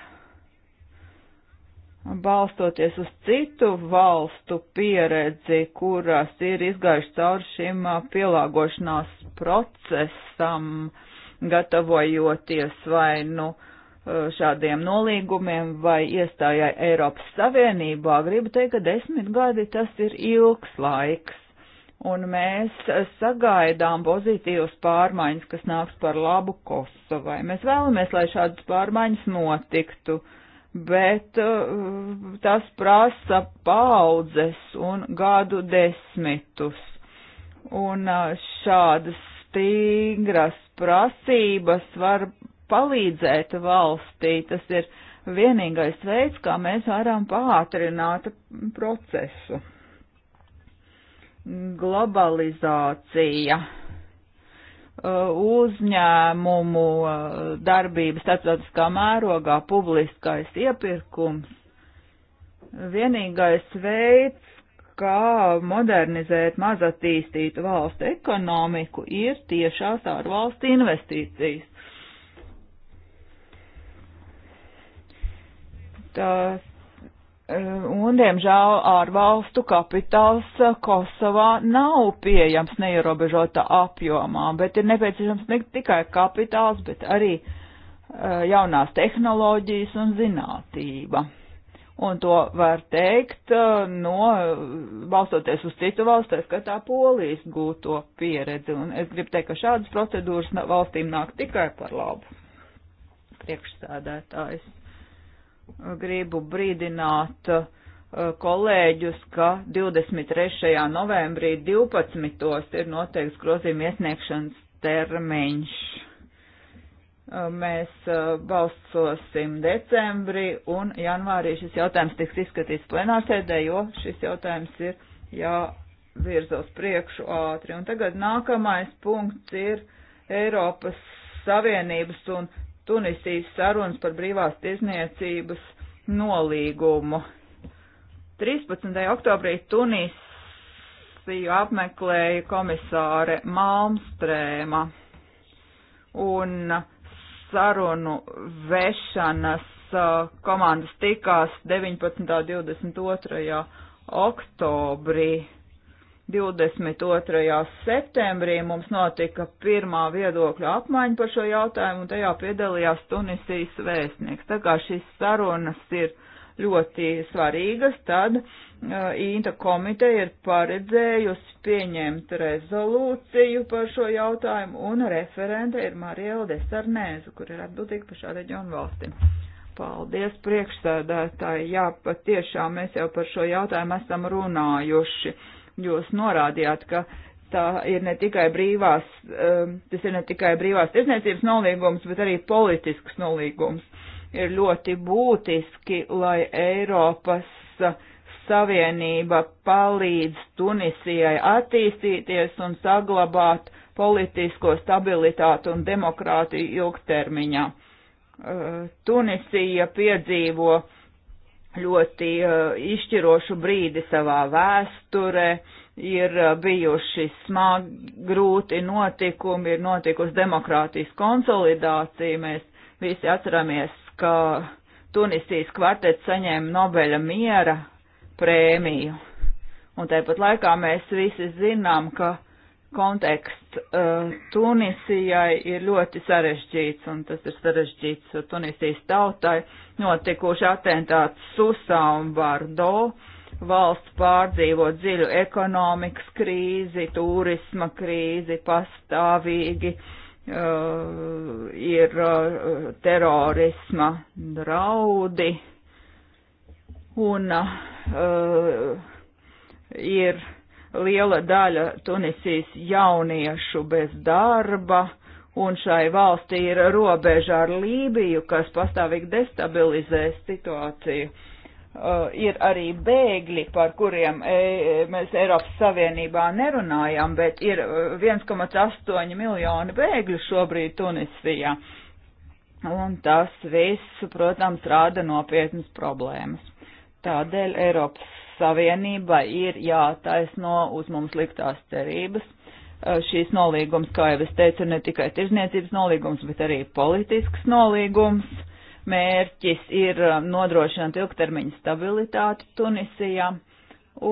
balstoties uz citu valstu pieredzi, kuras ir izgājuši cauri šim uh, pielāgošanās procesam, gatavojoties vai nu. No Eh, šādiem nolīgumiem vai iestājai Eiropas Savienībā, gribu teikt, ka desmit gadi tas ir ilgs laiks. Un mēs sagaidām pozitīvas pārmaiņas, kas nāks par labu Kosovai. Mēs vēlamies, lai šādas pārmaiņas notiktu, bet uh, tas prasa paudzes un gadu desmitus. Un uh, šādas stingras prasības var palīdzēt valstī. Tas ir vienīgais veids, kā mēs varam pātrināt procesu. Globalizācija uh, uzņēmumu uh, darbības starptautiskā mērogā, publiskais iepirkums. Vienīgais veids, kā modernizēt mazatīstītu valstu ekonomiku, ir tiešās ārvalstu investīcijas. tās, uh, un, diemžēl, ārvalstu kapitāls uh, Kosovā nav pieejams neierobežotā apjomā, bet ir nepieciešams ne tikai kapitāls, bet arī uh, jaunās tehnoloģijas un zinātība. Un to var teikt, uh, no, balstoties uz citu valstu, skatā polijas gūto pieredzi. Un es gribu teikt, ka šādas procedūras valstīm nāk tikai par labu. Priekšstādētājs gribu brīdināt uh, kolēģus, ka 23. novembrī 12. ir noteikts grozījuma iesniegšanas termiņš. Uh, mēs uh, balsosim decembrī un janvārī šis jautājums tiks izskatīts plenārsēdē, jo šis jautājums ir jāvirza uz priekšu ātri. Un tagad nākamais punkts ir Eiropas Savienības un Tunisijas sarunas par brīvās tirzniecības nolīgumu. 13. oktobrī Tunisiju apmeklēja komisāre Malmstrēma un sarunu vešanas komandas tikās 19. un 22. oktobrī 22. septembrī mums notika pirmā viedokļa apmaiņa par šo jautājumu, un tajā piedalījās Tunisijas vēstnieks. Tā kā šīs sarunas ir ļoti svarīgas, tad uh, Inta komiteja ir paredzējusi pieņemt rezolūciju par šo jautājumu, un referente ir Mariela Desarnēza, kur ir atbildīga par šā reģionu valstīm. Paldies, priekšsēdētāji. Jā, pat tiešām mēs jau par šo jautājumu esam runājuši. Uh, jūs norādījāt, ka tā ir ne tikai brīvās, um, tas ir ne tikai brīvās tiesniecības nolīgums, bet arī politisks nolīgums. Ir ļoti būtiski, lai Eiropas uh, Savienība palīdz Tunisijai attīstīties un saglabāt politisko stabilitātu un demokrātiju ilgtermiņā. Uh, Tunisija piedzīvo ļoti uh, izšķirošu brīdi savā vēsturē, ir uh, bijuši smagi, grūti notikumi, ir notikusi demokrātijas konsolidācija. Mēs visi atceramies, ka Tunisijas kvartets saņēma Nobeļa miera prēmiju. Un tāpat laikā mēs visi zinām, ka konteksts uh, Tunisijai ir ļoti sarežģīts, un tas ir sarežģīts Tunisijas tautai. Uh, notikuši atentāti Susā un Bardo. Valsts pārdzīvo dziļu ekonomikas krīzi, turisma krīzi pastāvīgi. Uh, ir uh, terorisma draudi un uh, ir liela daļa Tunisijas jauniešu bez darba, un šai valstī ir robeža ar Lībiju, kas pastāvīgi destabilizē situāciju. Uh, ir arī bēgļi, par kuriem e, mēs Eiropas Savienībā nerunājam, bet ir 1,8 uh, miljoni bēgļu šobrīd Tunisijā. Un tas viss, protams, rada nopietnas problēmas. Tādēļ Eiropas Savienība ir jātaisno uz mums liktās cerības šīs nolīgums, kā jau es teicu, ne tikai tirzniecības nolīgums, bet arī politisks nolīgums. Mērķis ir nodrošināt ilgtermiņa stabilitāti Tunisijā.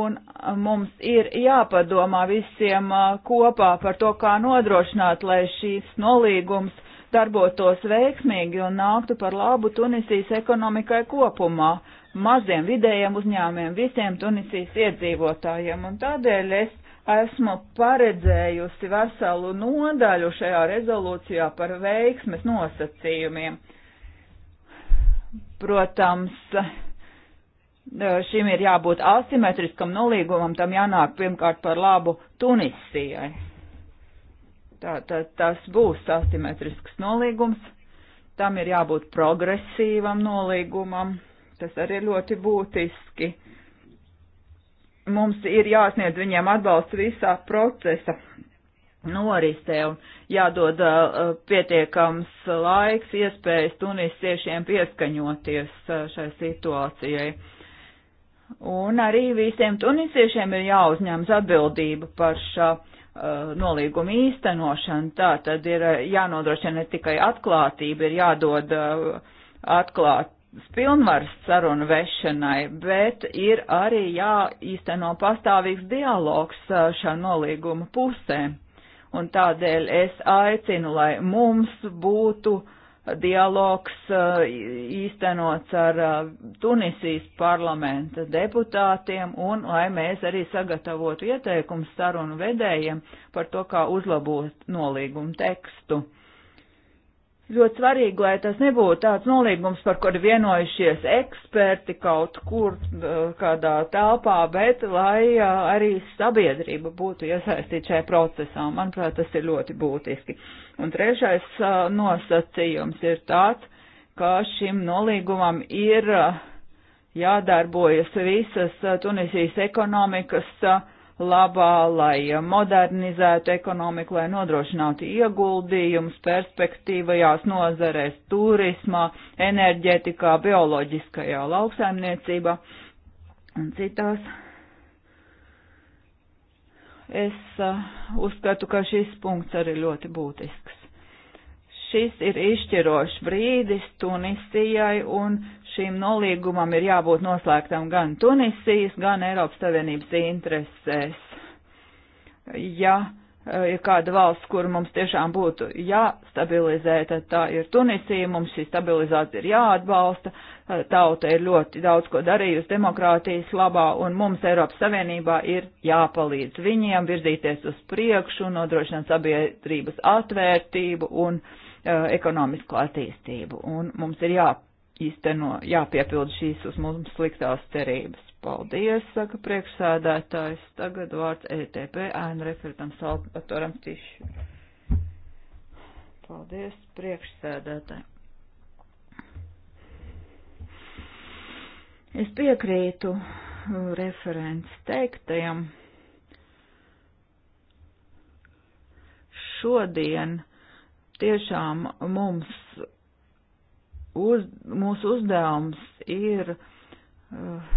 Un mums ir jāpadomā visiem kopā par to, kā nodrošināt, lai šīs nolīgums darbotos veiksmīgi un nāktu par labu Tunisijas ekonomikai kopumā, maziem vidējiem uzņēmumiem, visiem Tunisijas iedzīvotājiem. Un tādēļ es esmu paredzējusi veselu nodaļu šajā rezolūcijā par veiksmes nosacījumiem. Protams, šim ir jābūt asimetriskam nolīgumam, tam jānāk pirmkārt par labu Tunisijai. Tā, tā, tas būs asimetrisks nolīgums, tam ir jābūt progresīvam nolīgumam, tas arī ir ļoti būtiski mums ir jāsniedz viņiem atbalsts visā procesa noristē un jādod uh, uh pietiekams laiks, iespējas tunisiešiem pieskaņoties uh, šai situācijai. Un arī visiem tunisiešiem ir jāuzņems atbildība par šā uh, nolīguma īstenošanu. Tā tad ir uh, jānodrošina ne tikai atklātība, ir jādod uh, atklāt pilnvars sarunu vešanai, bet ir arī jāīsteno pastāvīgs dialogs šā nolīguma pusē. Un tādēļ es aicinu, lai mums būtu dialogs īstenots ar Tunisijas parlamenta deputātiem un lai mēs arī sagatavotu ieteikumus sarunu vedējiem par to, kā uzlabot nolīgumu tekstu ļoti svarīgi, lai tas nebūtu tāds nolīgums, par kuru vienojušies eksperti kaut kur eh, kādā telpā, bet lai eh, arī sabiedrība būtu iesaistīta šajā procesā. Manuprāt, tas ir ļoti būtiski. Un trešais eh, nosacījums ir tāds, ka šim nolīgumam ir jādarbojas visas Tunisijas ekonomikas uh, labā, lai modernizētu ekonomiku, lai nodrošinātu ieguldījumus perspektīvajās nozarēs turismā, enerģetikā, bioloģiskajā lauksaimniecībā un citās. Es uh, uzskatu, ka šis punkts arī ļoti būtisks. Šis ir izšķirošs brīdis Tunisijai un šīm nolīgumam ir jābūt noslēgtam gan Tunisijas, gan Eiropas Savienības interesēs. Ja eh, ir kāda valsts, kur mums tiešām būtu jāstabilizē, tad tā ir Tunisija, mums šī stabilizācija ir jāatbalsta, eh, tauta ir ļoti daudz ko darījusi demokrātijas labā, un mums Eiropas Savienībā ir jāpalīdz viņiem virzīties uz priekšu, nodrošināt sabiedrības atvērtību un uh, ekonomisko attīstību, un mums ir jāpalīdz īsteno, jāpiepild šīs uz mums sliktās cerības. Paldies, saka priekšsēdētājs. Tagad vārds ETP ēnu referentam Salvatoram Tišu. Paldies, priekšsēdētāji. Es piekrītu uh, referents teiktajam. Šodien tiešām mums uz, mūsu uzdevums ir uh,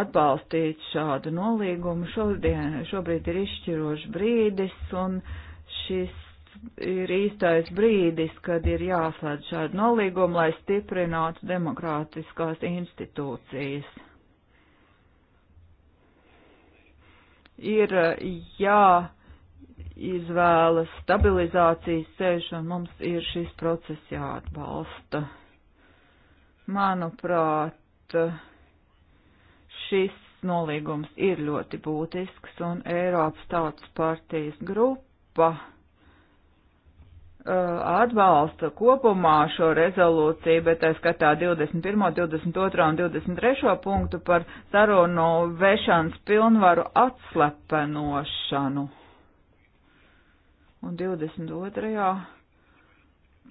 atbalstīt šādu nolīgumu. Šodien, šobrīd ir izšķirošs brīdis, un šis ir īstais brīdis, kad ir jāslēdz šādu nolīgumu, lai stiprinātu demokrātiskās institūcijas. Ir uh, jā. Uh, izvēlas stabilizācijas ceļš, un mums ir šis process jāatbalsta. Manuprāt, šis nolīgums ir ļoti būtisks, un Eiropas tautas partijas grupa uh, atbalsta kopumā šo rezolūciju, bet tā skatā 21., 22. un 23. punktu par sarunu vešanas pilnvaru atslepenošanu un 22.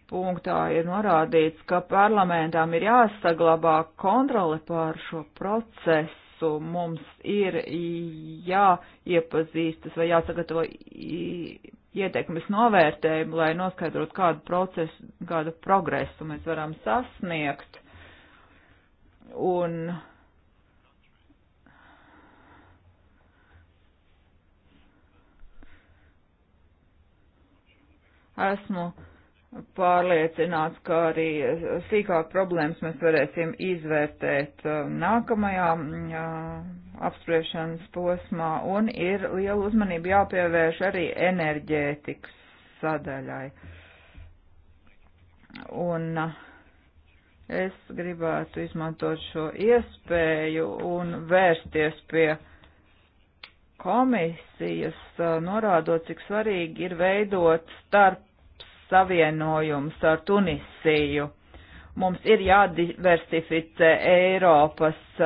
punktā ir norādīts, ka parlamentām ir jāsaglabā kontrole pār šo procesu, mums ir jāiepazīstas vai jāsagatavo ietekmes novērtējumu, lai noskaidrotu, kādu procesu, kādu progresu mēs varam sasniegt. Un Esmu pārliecināts, ka arī sīkāk problēmas mēs varēsim izvērtēt um, nākamajā mm, apspriešanas posmā un ir liela uzmanība jāpievērš arī enerģētikas sadaļai. Un uh, es gribētu izmantot šo iespēju un vērsties pie komisijas, uh, norādot, cik svarīgi ir veidot starp savienojums ar Tunisiju. Mums ir jādiversificē Eiropas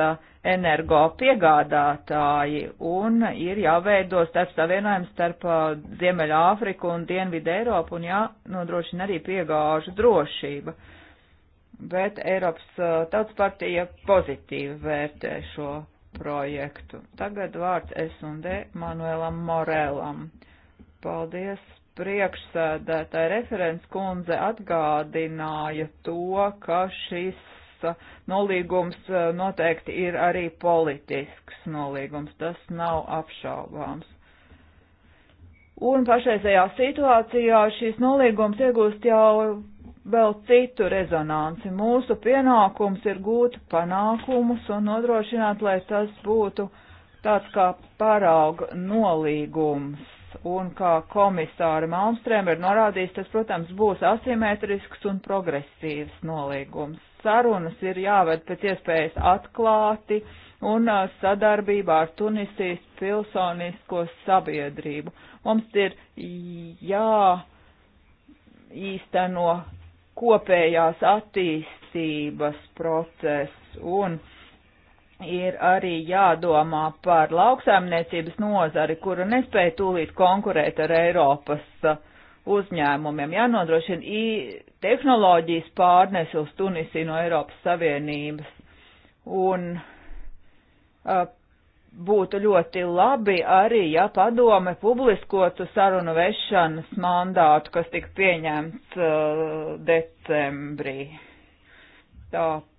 energo piegādātāji un ir jāveido starp savienojums starp Ziemeļa Āfriku un Dienvidu Eiropu un jānodrošina arī piegāžu drošība. Bet Eiropas Tautas partija pozitīvi vērtē šo projektu. Tagad vārds S&D Manuēlam Morelam. Paldies priekšsēdētāja referents kundze atgādināja to, ka šis uh, nolīgums uh, noteikti ir arī politisks nolīgums, tas nav apšaubāms. Un pašreizējā situācijā šīs nolīgums iegūst jau vēl citu rezonanci. Mūsu pienākums ir gūt panākumus un nodrošināt, lai tas būtu tāds kā parauga nolīgums un kā komisāra Malmstrēma ir norādījis, tas, protams, būs asimetrisks un progresīvs nolīgums. Sarunas ir jāved pēc iespējas atklāti un sadarbībā ar Tunisijas pilsonisko sabiedrību. Mums ir jāīsteno kopējās attīstības process un ir arī jādomā par lauksaimniecības nozari, kura nespēja tūlīt konkurēt ar Eiropas uh, uzņēmumiem. Jānodrošina tehnoloģijas pārnes uz Tunisiju no Eiropas Savienības. Un a, uh, būtu ļoti labi arī, ja padome publiskotu sarunu vešanas mandātu, kas tika pieņemts a, uh, decembrī. Tāpēc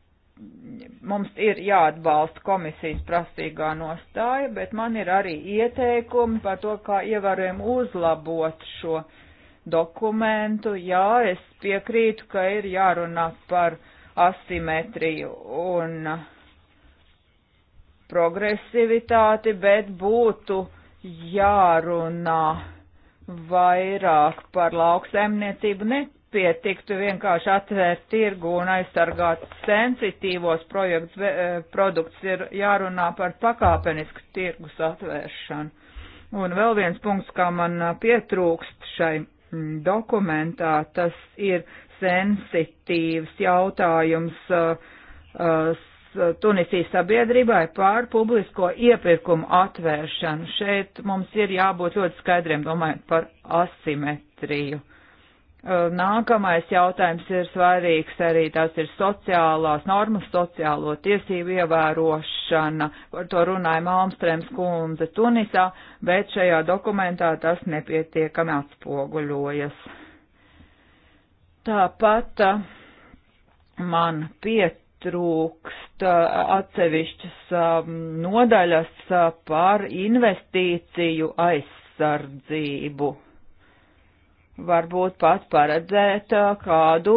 mums ir jāatbalsta komisijas prasīgā nostāja, bet man ir arī ieteikumi par to, kā ievērojam uzlabot šo dokumentu. Jā, es piekrītu, ka ir jārunā par asimetriju un progresivitāti, bet būtu jārunā vairāk par lauksaimniecību, ne nepietiktu vienkārši atvērt tirgu un aizsargāt sensitīvos projekts, e, produkts, ir jārunā par pakāpenisku tirgus atvēršanu. Un vēl viens punkts, kā man pietrūkst šai mm, dokumentā, tas ir sensitīvs jautājums uh, uh, Tunisijas sabiedrībai pār publisko iepirkumu atvēršanu. Šeit mums ir jābūt ļoti skaidriem domājot par asimetriju. Uh, Nākamais jautājums ir svarīgs arī tās ir sociālās normas, sociālo tiesību ievērošana. Par to runāja Malmstrēms kundze Tunisā, bet šajā dokumentā tas nepietiekami atspoguļojas. Tāpat man pietrūkst atsevišķas nodaļas par investīciju aizsardzību varbūt pat paredzēt kādu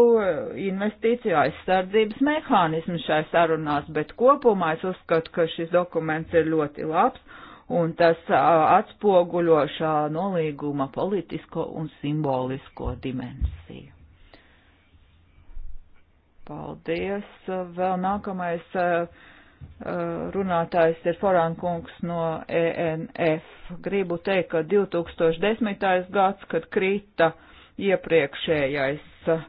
investīciju aizsardzības mehānismu šai sarunās, bet kopumā es uzskatu, ka šis dokuments ir ļoti labs un tas atspoguļo šā nolīguma politisko un simbolisko dimensiju. Paldies! Vēl nākamais. Uh, Eh, runātājs ir Forankungs no ENF. Gribu teikt, ka 2010. gads, kad krita iepriekšējais eh,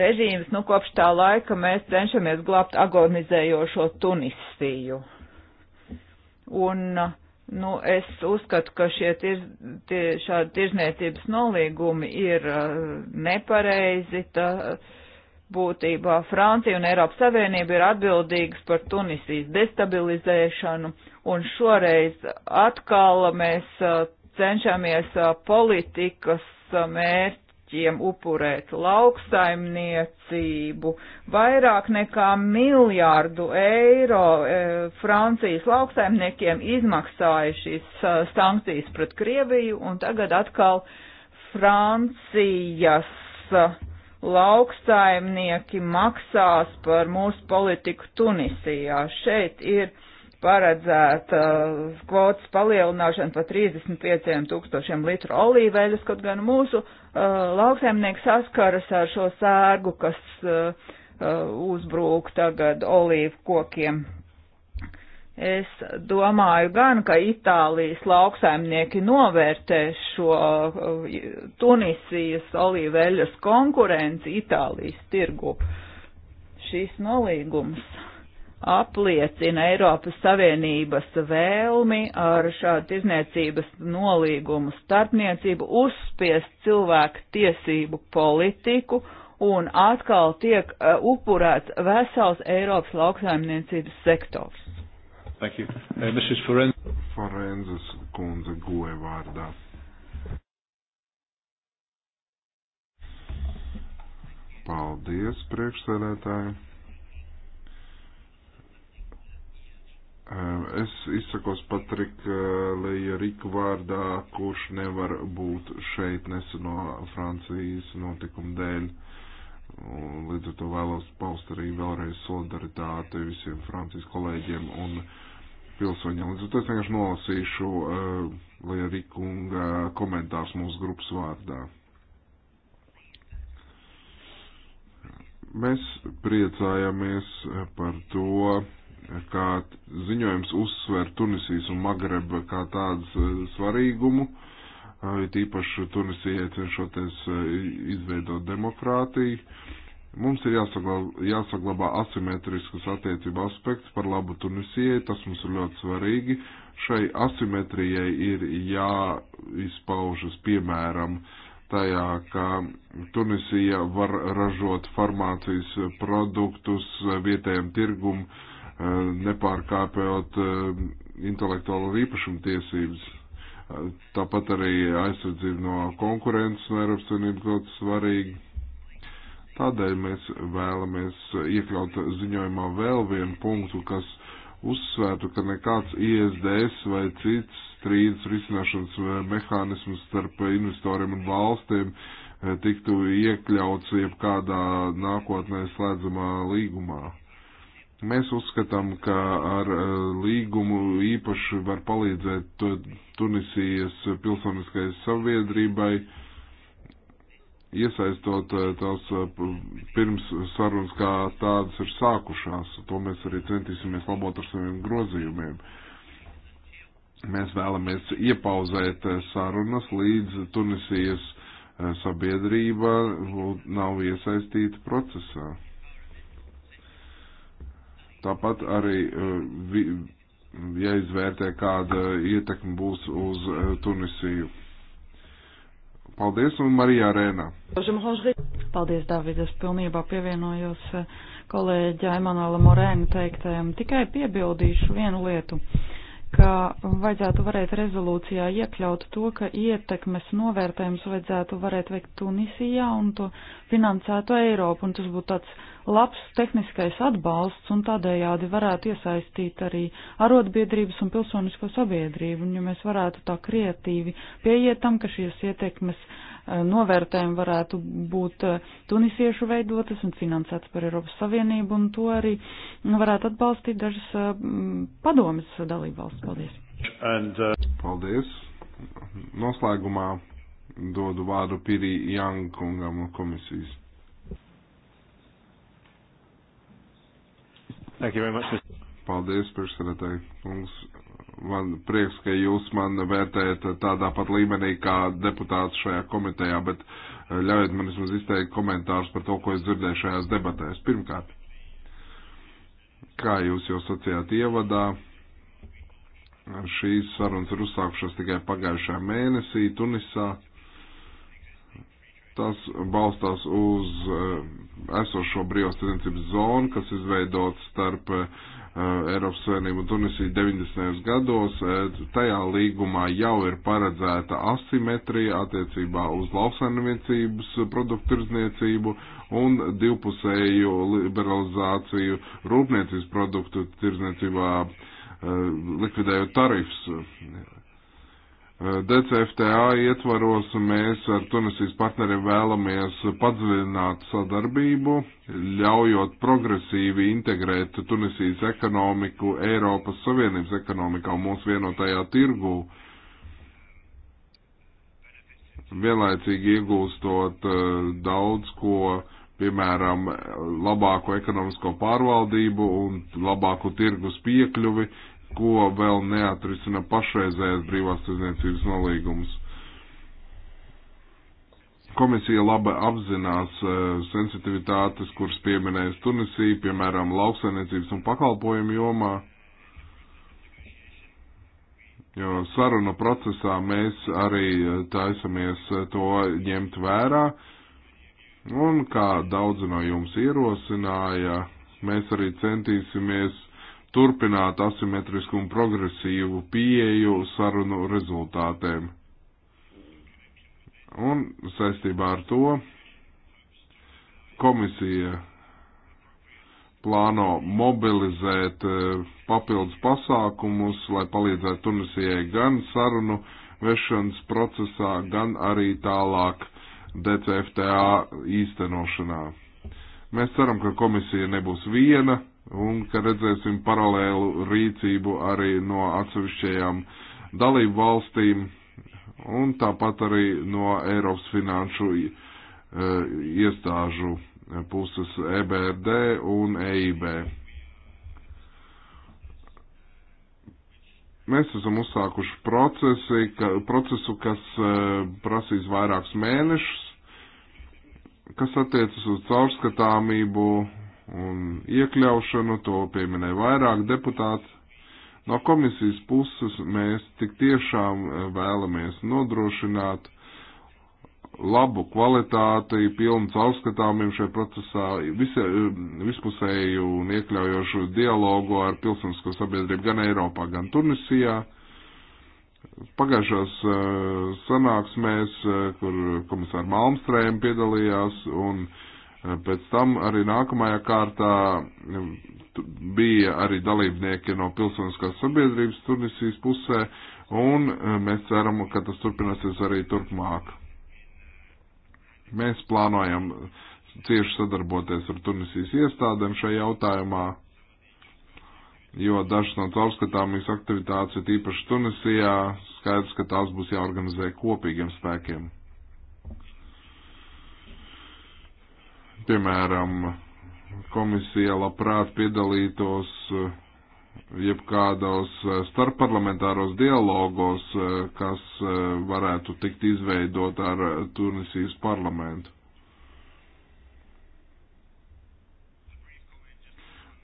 režīms, nu kopš tā laika mēs cenšamies glābt agonizējošo Tunisiju. Un, eh, nu, es uzskatu, ka šie tir, tie, šādi tirzniecības nolīgumi ir nepareizi. Tā, uh, būtībā Francija un Eiropas Savienība ir atbildīgas par Tunisijas destabilizēšanu, un šoreiz atkal mēs uh, cenšamies uh, politikas uh, mērķiem upurēt lauksaimniecību. Vairāk nekā miljārdu eiro Francijas lauksaimniekiem izmaksāja šīs sankcijas pret Krieviju, un tagad atkal Francijas uh, lauksaimnieki maksās par mūsu politiku Tunisijā. Šeit ir paredzēta uh, kvotas palielināšana pa 35 tūkstošiem litru olīveļas, kaut gan mūsu uh, lauksaimnieki saskaras ar šo sērgu, kas uh, uh uzbrūk tagad olīvu kokiem Es domāju gan, ka Itālijas lauksaimnieki novērtē šo uh, Tunisijas olīveļas konkurenci Itālijas tirgu. Šīs nolīgums apliecina Eiropas Savienības vēlmi ar šādu izniecības nolīgumu starpniecību uzspiest cilvēku tiesību politiku un atkal tiek uh, upurēts vesels Eiropas lauksaimniecības sektors. Thank you. Uh, Mrs. Forenzas. Forenzas kundze goja vārdā. Paldies, priekšsēdētāji. Uh, es izsakos Patrik uh, Leja Riku vārdā, kurš nevar būt šeit neseno Francijas notikumu dēļ. Līdz ar to vēlos paust arī vēlreiz solidaritāti visiem Francijas kolēģiem un uh, pilsoņiem. Līdz ar to es vienkārši nolasīšu uh, eh, Lierikunga komentārs mūsu grupas vārdā. Mēs priecājamies par to, kā ziņojums uzsver Tunisijas un Magreba kā tādas eh, svarīgumu, eh, it īpaši Tunisijai cenšoties izveidot demokrātiju Mums ir jāsaglabā, jāsaglabā asimetriskas attiecību aspekts par labu Tunisijai, tas mums ir ļoti svarīgi. Šai asimetrijai ir jāizpaužas, piemēram, tajā, ka Tunisija var ražot farmācijas produktus vietējiem tirgum, eh, nepārkāpjot eh, intelektuālo īpašumu tiesības. Eh, tāpat arī aizsardzība no konkurences no Eiropas Savienības ļoti svarīga Tādēļ mēs vēlamies iekļaut ziņojumā vēl vienu punktu, kas uzsvērtu, ka nekāds ISDS vai cits strīdus risināšanas mehānismus starp investoriem un valstīm eh, tiktu iekļauts jebkādā nākotnē slēdzamā līgumā. Mēs uzskatām, ka ar eh, līgumu īpaši var palīdzēt Tunisijas pilsoniskai saviedrībai uh, iesaistot eh, tās eh, pirms sarunas, kā tādas ir sākušās. To mēs arī centīsimies labot ar saviem grozījumiem. Mēs vēlamies iepauzēt eh, sarunas līdz Tunisijas sabiedrība nav iesaistīta procesā. Tāpat arī jāizvērtē, kāda ietekme būs uz Tunisiju Paldies, un Marijā Rēnā. Paldies, Dāvid, es pilnībā pievienojos eh, kolēģa Emanuela Morēna teiktajam. Tikai piebildīšu vienu lietu, ka vajadzētu varēt rezolūcijā iekļaut to, ka ietekmes novērtējums vajadzētu varēt veikt Tunisijā un to finansētu Eiropu, un tas būtu tāds labs tehniskais atbalsts un tādējādi varētu iesaistīt arī arotbiedrības un pilsonisko sabiedrību. Un ja mēs varētu tā kreatīvi pieiet tam, ka šīs ietekmes eh, novērtējumi varētu būt eh, tunisiešu veidotas un finansēts par Eiropas Savienību, un to arī nu, varētu atbalstīt dažas eh, padomas dalībvalsts. Paldies! And, uh... Paldies! Noslēgumā dodu vārdu Pirī Jankungam no komisijas. Thank you very much, Mr. Paldies, priekšsēdētāji. Mums man prieks, ka jūs man vērtējat tādā pat līmenī kā deputāts šajā komitejā, bet eh, ļaujiet man vismaz izteikt komentārus par to, ko es dzirdēju šajās debatēs. Pirmkārt, kā jūs jau sacījāt ievadā, šīs sarunas ir uzsākušās tikai pagājušajā mēnesī Tunisā. Tas balstās uz eh, esošo brīvās tirdzniecības zonu, kas izveidots starp eh, Eiropas Savienību un Tunisiju 90. gados. Eh, tajā līgumā jau ir paredzēta asimetrija attiecībā uz lauksaimniecības produktu tirdzniecību un divpusēju liberalizāciju rūpniecības produktu tirdzniecībā likvidējot tarifs Eh, DCFTA ietvaros mēs ar Tunisijas partneriem vēlamies padziļināt sadarbību, ļaujot progresīvi integrēt Tunisijas ekonomiku Eiropas Savienības ekonomikā un mūsu vienotajā tirgū, vienlaicīgi iegūstot eh, daudz ko, piemēram, labāko ekonomisko pārvaldību un labāku tirgus piekļuvi, ko vēl neatrisina pašreizējais brīvās tirdzniecības nolīgums. Komisija labi apzinās uh, sensitivitātes, kuras pieminējas Tunisija, piemēram, lauksainiecības un pakalpojumu jomā, jo saruna procesā mēs arī e, taisamies e, to ņemt vērā, un kā daudzi no jums ierosināja, mēs arī centīsimies turpināt asimetrisku un progresīvu pieeju sarunu rezultātēm. Un saistībā ar to komisija plāno mobilizēt e, papildus pasākumus, lai palīdzētu Tunisijai gan sarunu vešanas procesā, gan arī tālāk DCFTA īstenošanā. Mēs ceram, ka komisija nebūs viena, un ka redzēsim paralēlu rīcību arī no atsevišķajām dalību valstīm un tāpat arī no Eiropas finanšu eh, iestāžu puses EBRD un EIB. Mēs esam uzsākuši procesi, ka, procesu, kas eh, prasīs vairākus mēnešus, kas attiecas uz caurskatāmību un iekļaušanu, to pieminēja vairāk deputāti. No komisijas puses mēs tik tiešām eh, vēlamies nodrošināt labu kvalitāti, pilnu caurskatāmību šajā procesā, visi, eh, vispusēju un iekļaujošu dialogu ar pilsonisko sabiedrību gan Eiropā, gan Tunisijā. Pagājušās eh, sanāksmēs, kur komisāra Malmstrēma piedalījās un uh, Eh, pēc tam arī nākamajā kārtā eh, bija arī dalībnieki no pilsoniskās sabiedrības Tunisijas pusē, un eh, mēs ceram, ka tas turpināsies arī turpmāk. Mēs plānojam cieši sadarboties ar Tunisijas iestādēm šajā jautājumā, jo dažas no caurskatāmības aktivitātes, īpaši Tunisijā, skaidrs, ka tās būs jāorganizē kopīgiem spēkiem. Piemēram, komisija labprāt piedalītos eh, jebkādos eh, starpparlamentāros dialogos, eh, kas varētu tikt izveidot ar Tunisijas parlamentu.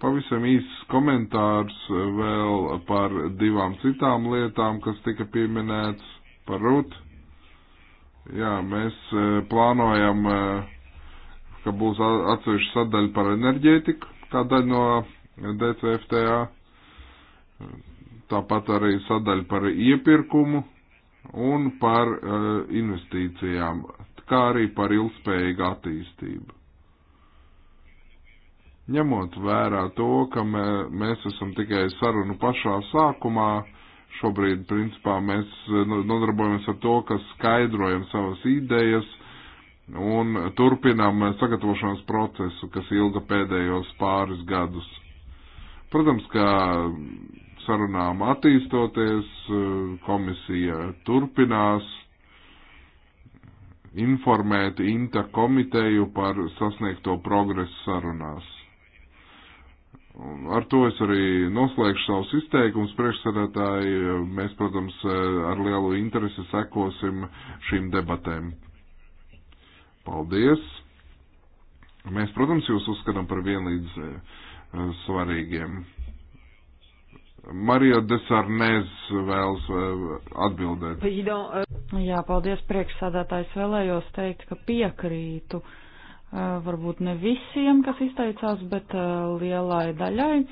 Pavisam īsts komentārs vēl par divām citām lietām, kas tika pieminēts par RUT. Jā, mēs plānojam uh, ka būs atsevišķa sadaļa par enerģētiku, kā daļa no DCFTA, tāpat arī sadaļa par iepirkumu un par uh, investīcijām, kā arī par ilgspējīgu attīstību. Ņemot vērā to, ka mē, mēs esam tikai sarunu pašā sākumā, šobrīd, principā, mēs e, nodarbojamies ar to, ka skaidrojam savas idejas, Nu, un turpinām sagatavošanās procesu, kas ilga pēdējos pāris gadus. Protams, ka sarunām attīstoties, komisija turpinās informēt INTA komiteju par sasniegto progresu sarunās. Ar to es arī noslēgšu savus izteikumus priekšsēdētāji. Mēs, protams, ar lielu interesi sekosim šīm debatēm. Paldies! Mēs, protams, jūs uzskatām par vienlīdz eh, svarīgiem. Marija Desarnēz vēlas eh, atbildēt. Euh- Jā, paldies priekšsādātājs. Vēlējos teikt, ka piekrītu euh, varbūt ne visiem, kas izteicās, bet euh, lielai daļai.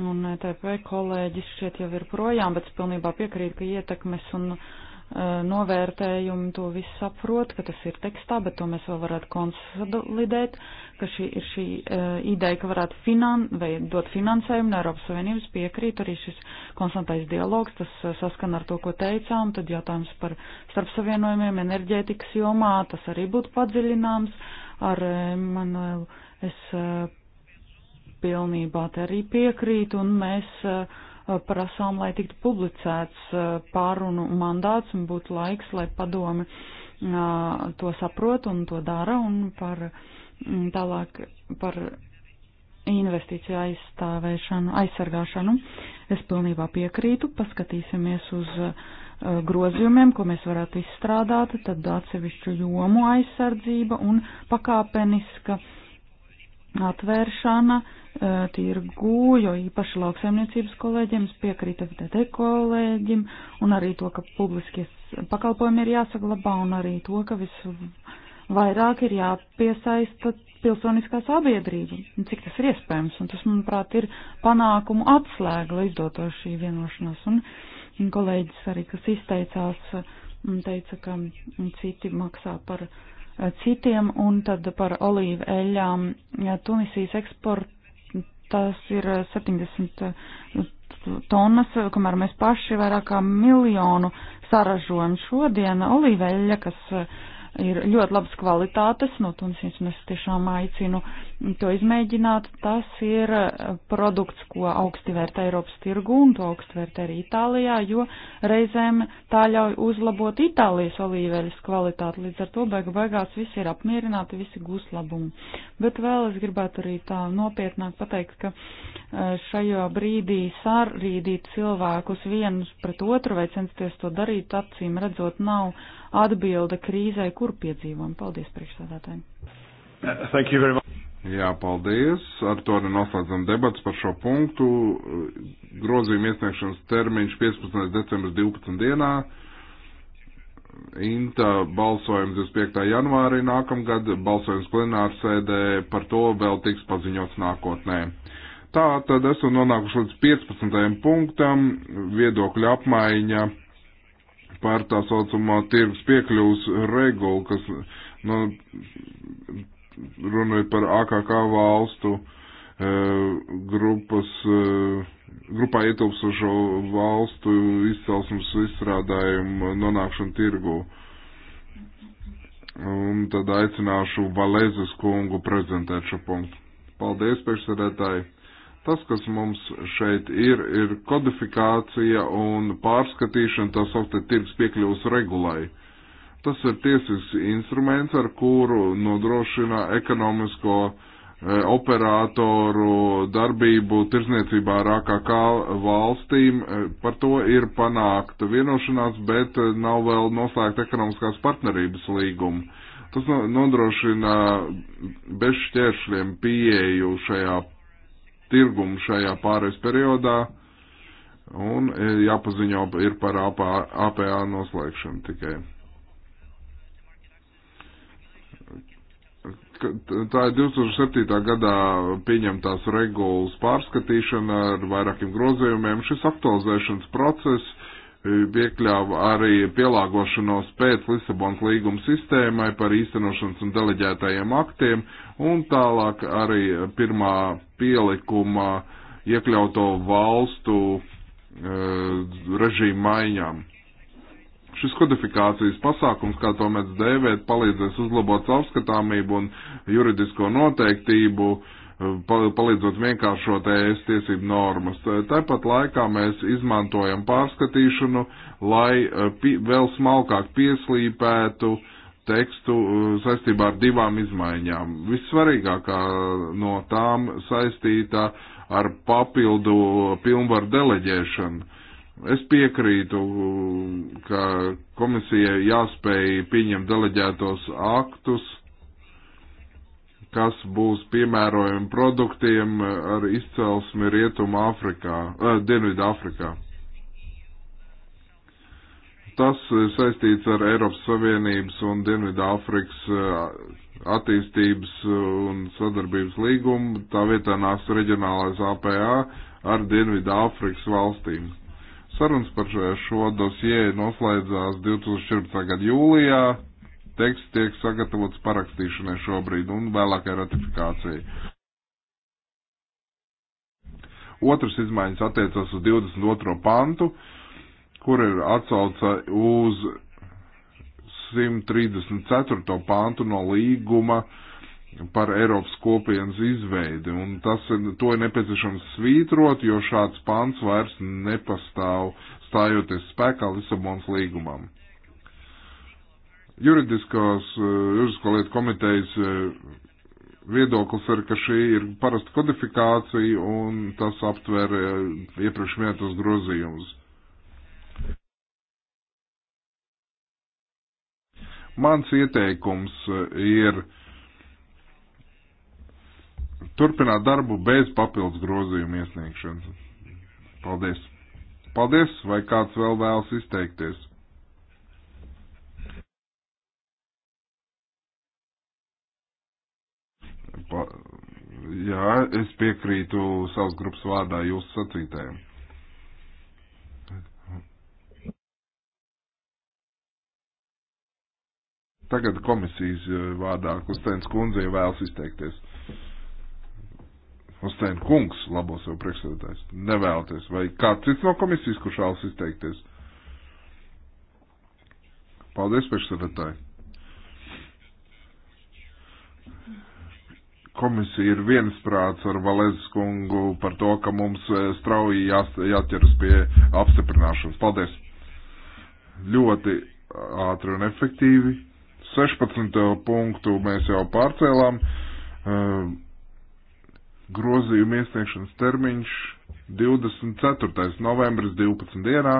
Un ETP eh, kolēģis šeit jau ir projām, bet es pilnībā piekrītu, ka ietekmes un uh, Eh, novērtējumi to visu saprot, ka tas ir tekstā, bet to mēs vēl varētu konsolidēt, ka šī ir šī eh, ideja, ka varētu finan, vai dot finansējumu no Eiropas Savienības piekrīt arī šis konstantais dialogs, tas eh, saskan ar to, ko teicām, tad jautājums par starpsavienojumiem enerģētikas jomā, tas arī būtu padziļināms ar Manuelu. Es pilnībā te arī piekrītu un mēs uh, Uh, prasām, lai tiktu publicēts uh, pārunu mandāts un būtu laiks, lai padomi uh, to saprot un to dara un par mm, tālāk par investīciju aizstāvēšanu, aizsargāšanu. Es pilnībā piekrītu, paskatīsimies uz grozījumiem, ko mēs varētu izstrādāt, tad atsevišķu jomu aizsardzība un pakāpeniska uh, atvēršana e, tirgū, jo īpaši lauksaimniecības kolēģiem, es piekrītu FDD kolēģim, un arī to, ka publiskie pakalpojumi ir jāsaglabā, un arī to, ka visvairāk ir jāpiesaista pilsoniskā sabiedrība, cik tas ir iespējams, un tas, manuprāt, ir panākumu atslēga, lai izdoto šī vienošanās, un kolēģis arī, kas izteicās, teica, ka citi maksā par uh, citiem, un tad par olīvu eļām Tunisijas eksportu tas ir 70 tonnas, kamēr mēs paši vairāk kā miljonu saražojam šodien olīveļa, kas ir ļoti labas kvalitātes no Tunisijas, un es tiešām aicinu to izmēģināt. Tas ir eh, produkts, ko augsti vērtē Eiropas tirgu, un to augsti vērtē arī Itālijā, jo reizēm tā ļauj uzlabot Itālijas olīveļas kvalitāti. Līdz ar to beigu beigās visi ir apmierināti, visi gūs labumu. Bet vēl es gribētu arī tā nopietnāk pateikt, ka eh, šajā brīdī sārīdīt cilvēkus vienus pret otru vai censties to darīt, acīm redzot, nav atbilde krīzē, kur piedzīvojam. Paldies priekšsādātājiem. Thank you very much. Jā, paldies. Ar to arī nu noslēdzam debats par šo punktu. Grozījuma iesniegšanas termiņš 15. decembris 12. dienā. Inta balsojums 25. janvārī nākamgad, balsojums plenāra sēdē, par to vēl tiks paziņots nākotnē. Tā tad esmu nonākuši līdz 15. punktam, viedokļa apmaiņa par tā saucamā tirgus piekļuvas regulu, kas nu, runāja par AKK valstu e, grupas, e, grupā ietilpsošo valstu izcelsmes izstrādājumu nonākšanu tirgu. Un tad aicināšu Valēzes kungu prezentēt šo punktu. Paldies, priekšsēdētāji! Tas, kas mums šeit ir, ir kodifikācija un pārskatīšana tā sauktā tirgus piekļuvas regulai. Tas ir tiesisks instruments, ar kuru nodrošina ekonomisko e, eh, operātoru darbību tirzniecībā ar AKK valstīm. Eh, par to ir panākta vienošanās, bet eh, nav vēl noslēgta ekonomiskās partnerības līguma. Tas nodrošina bezšķēršļiem pieeju šajā tirgumu šajā pārejas periodā un e, jāpaziņo ir par APA, APA noslēgšanu tikai. Tā ir 2007. gadā pieņemtās regulas pārskatīšana ar vairākiem grozījumiem. Šis aktualizēšanas process e, iekļāva arī pielāgošanos pēc Lisabonas līguma sistēmai par īstenošanas un deleģētajiem aktiem un tālāk arī pirmā pielikuma iekļauto valstu e, režīmu maiņām. Šis kodifikācijas pasākums, kā to mēs dēvēt, palīdzēs uzlabot savskatāmību un juridisko noteiktību, e, palīdzot vienkāršot ES tiesību normas. E, tāpat laikā mēs izmantojam pārskatīšanu, lai e, vēl smalkāk pieslīpētu uh, tekstu eh, saistībā ar divām izmaiņām. Vissvarīgākā no tām saistīta ar papildu pilnvaru deleģēšanu. Es piekrītu, eh, ka komisija jāspēj pieņemt deleģētos aktus, kas būs piemērojami produktiem ar izcelsmi Rietumu Afrikā, eh, Dienvidu Afrikā. Tas ir saistīts ar Eiropas Savienības un Dienvidāfrikas eh, attīstības eh, un sadarbības līgumu. Tā vietā nāks reģionālais APA ar Dienvidāfrikas valstīm. Sarunas par šo dosie noslēdzās 2014. gada jūlijā. Teksts tiek sagatavots parakstīšanai šobrīd un vēlākai ratifikācijai. Otrs izmaiņas attiecas uz 22. pantu. Uh, kur ir atsauca uz 134. pāntu no līguma par Eiropas kopienas izveidi. Un tas, to ir nepieciešams svītrot, jo šāds pāns vairs nepastāv stājoties spēkā Lisabons līgumam. Juridiskās, eh, juridisko lietu komitejas eh, viedoklis ir, ka šī ir parasta kodifikācija un tas aptver eh, iepriekš minētos grozījumus. Mans ieteikums eh, ir turpināt darbu bez papildus grozījumu iesniegšanas. Paldies! Paldies! Vai kāds vēl vēlas izteikties? Pa, jā, es piekrītu savas grupas vārdā jūsu sacītājiem. Tagad komisijas eh, vārdā Kustēns kundze jau vēlas izteikties. Kustēns kungs, labos jau priekšsēdētājs, nevēlaties. Vai kāds cits no komisijas, kurš vēlas izteikties? Paldies, priekšsēdētāji. Komisija ir viensprāts ar Valēzes kungu par to, ka mums eh, strauji jāķeras pie apstiprināšanas. Paldies! Ļoti ātri un efektīvi 16. punktu mēs jau pārcēlām. Ehm, grozījuma iesniegšanas termiņš 24. novembris 12. dienā.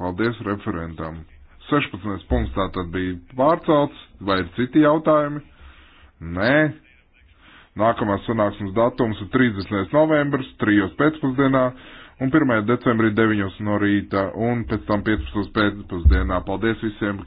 Paldies referentam. 16. punkts tātad bija pārcelts, vai ir citi jautājumi? Nē. Nākamās sanāksmes datums ir 30. novembris, 3. pēcpusdienā un 1. decembrī 9. no rīta un pēc tam 15. pēcpusdienā. Paldies visiem!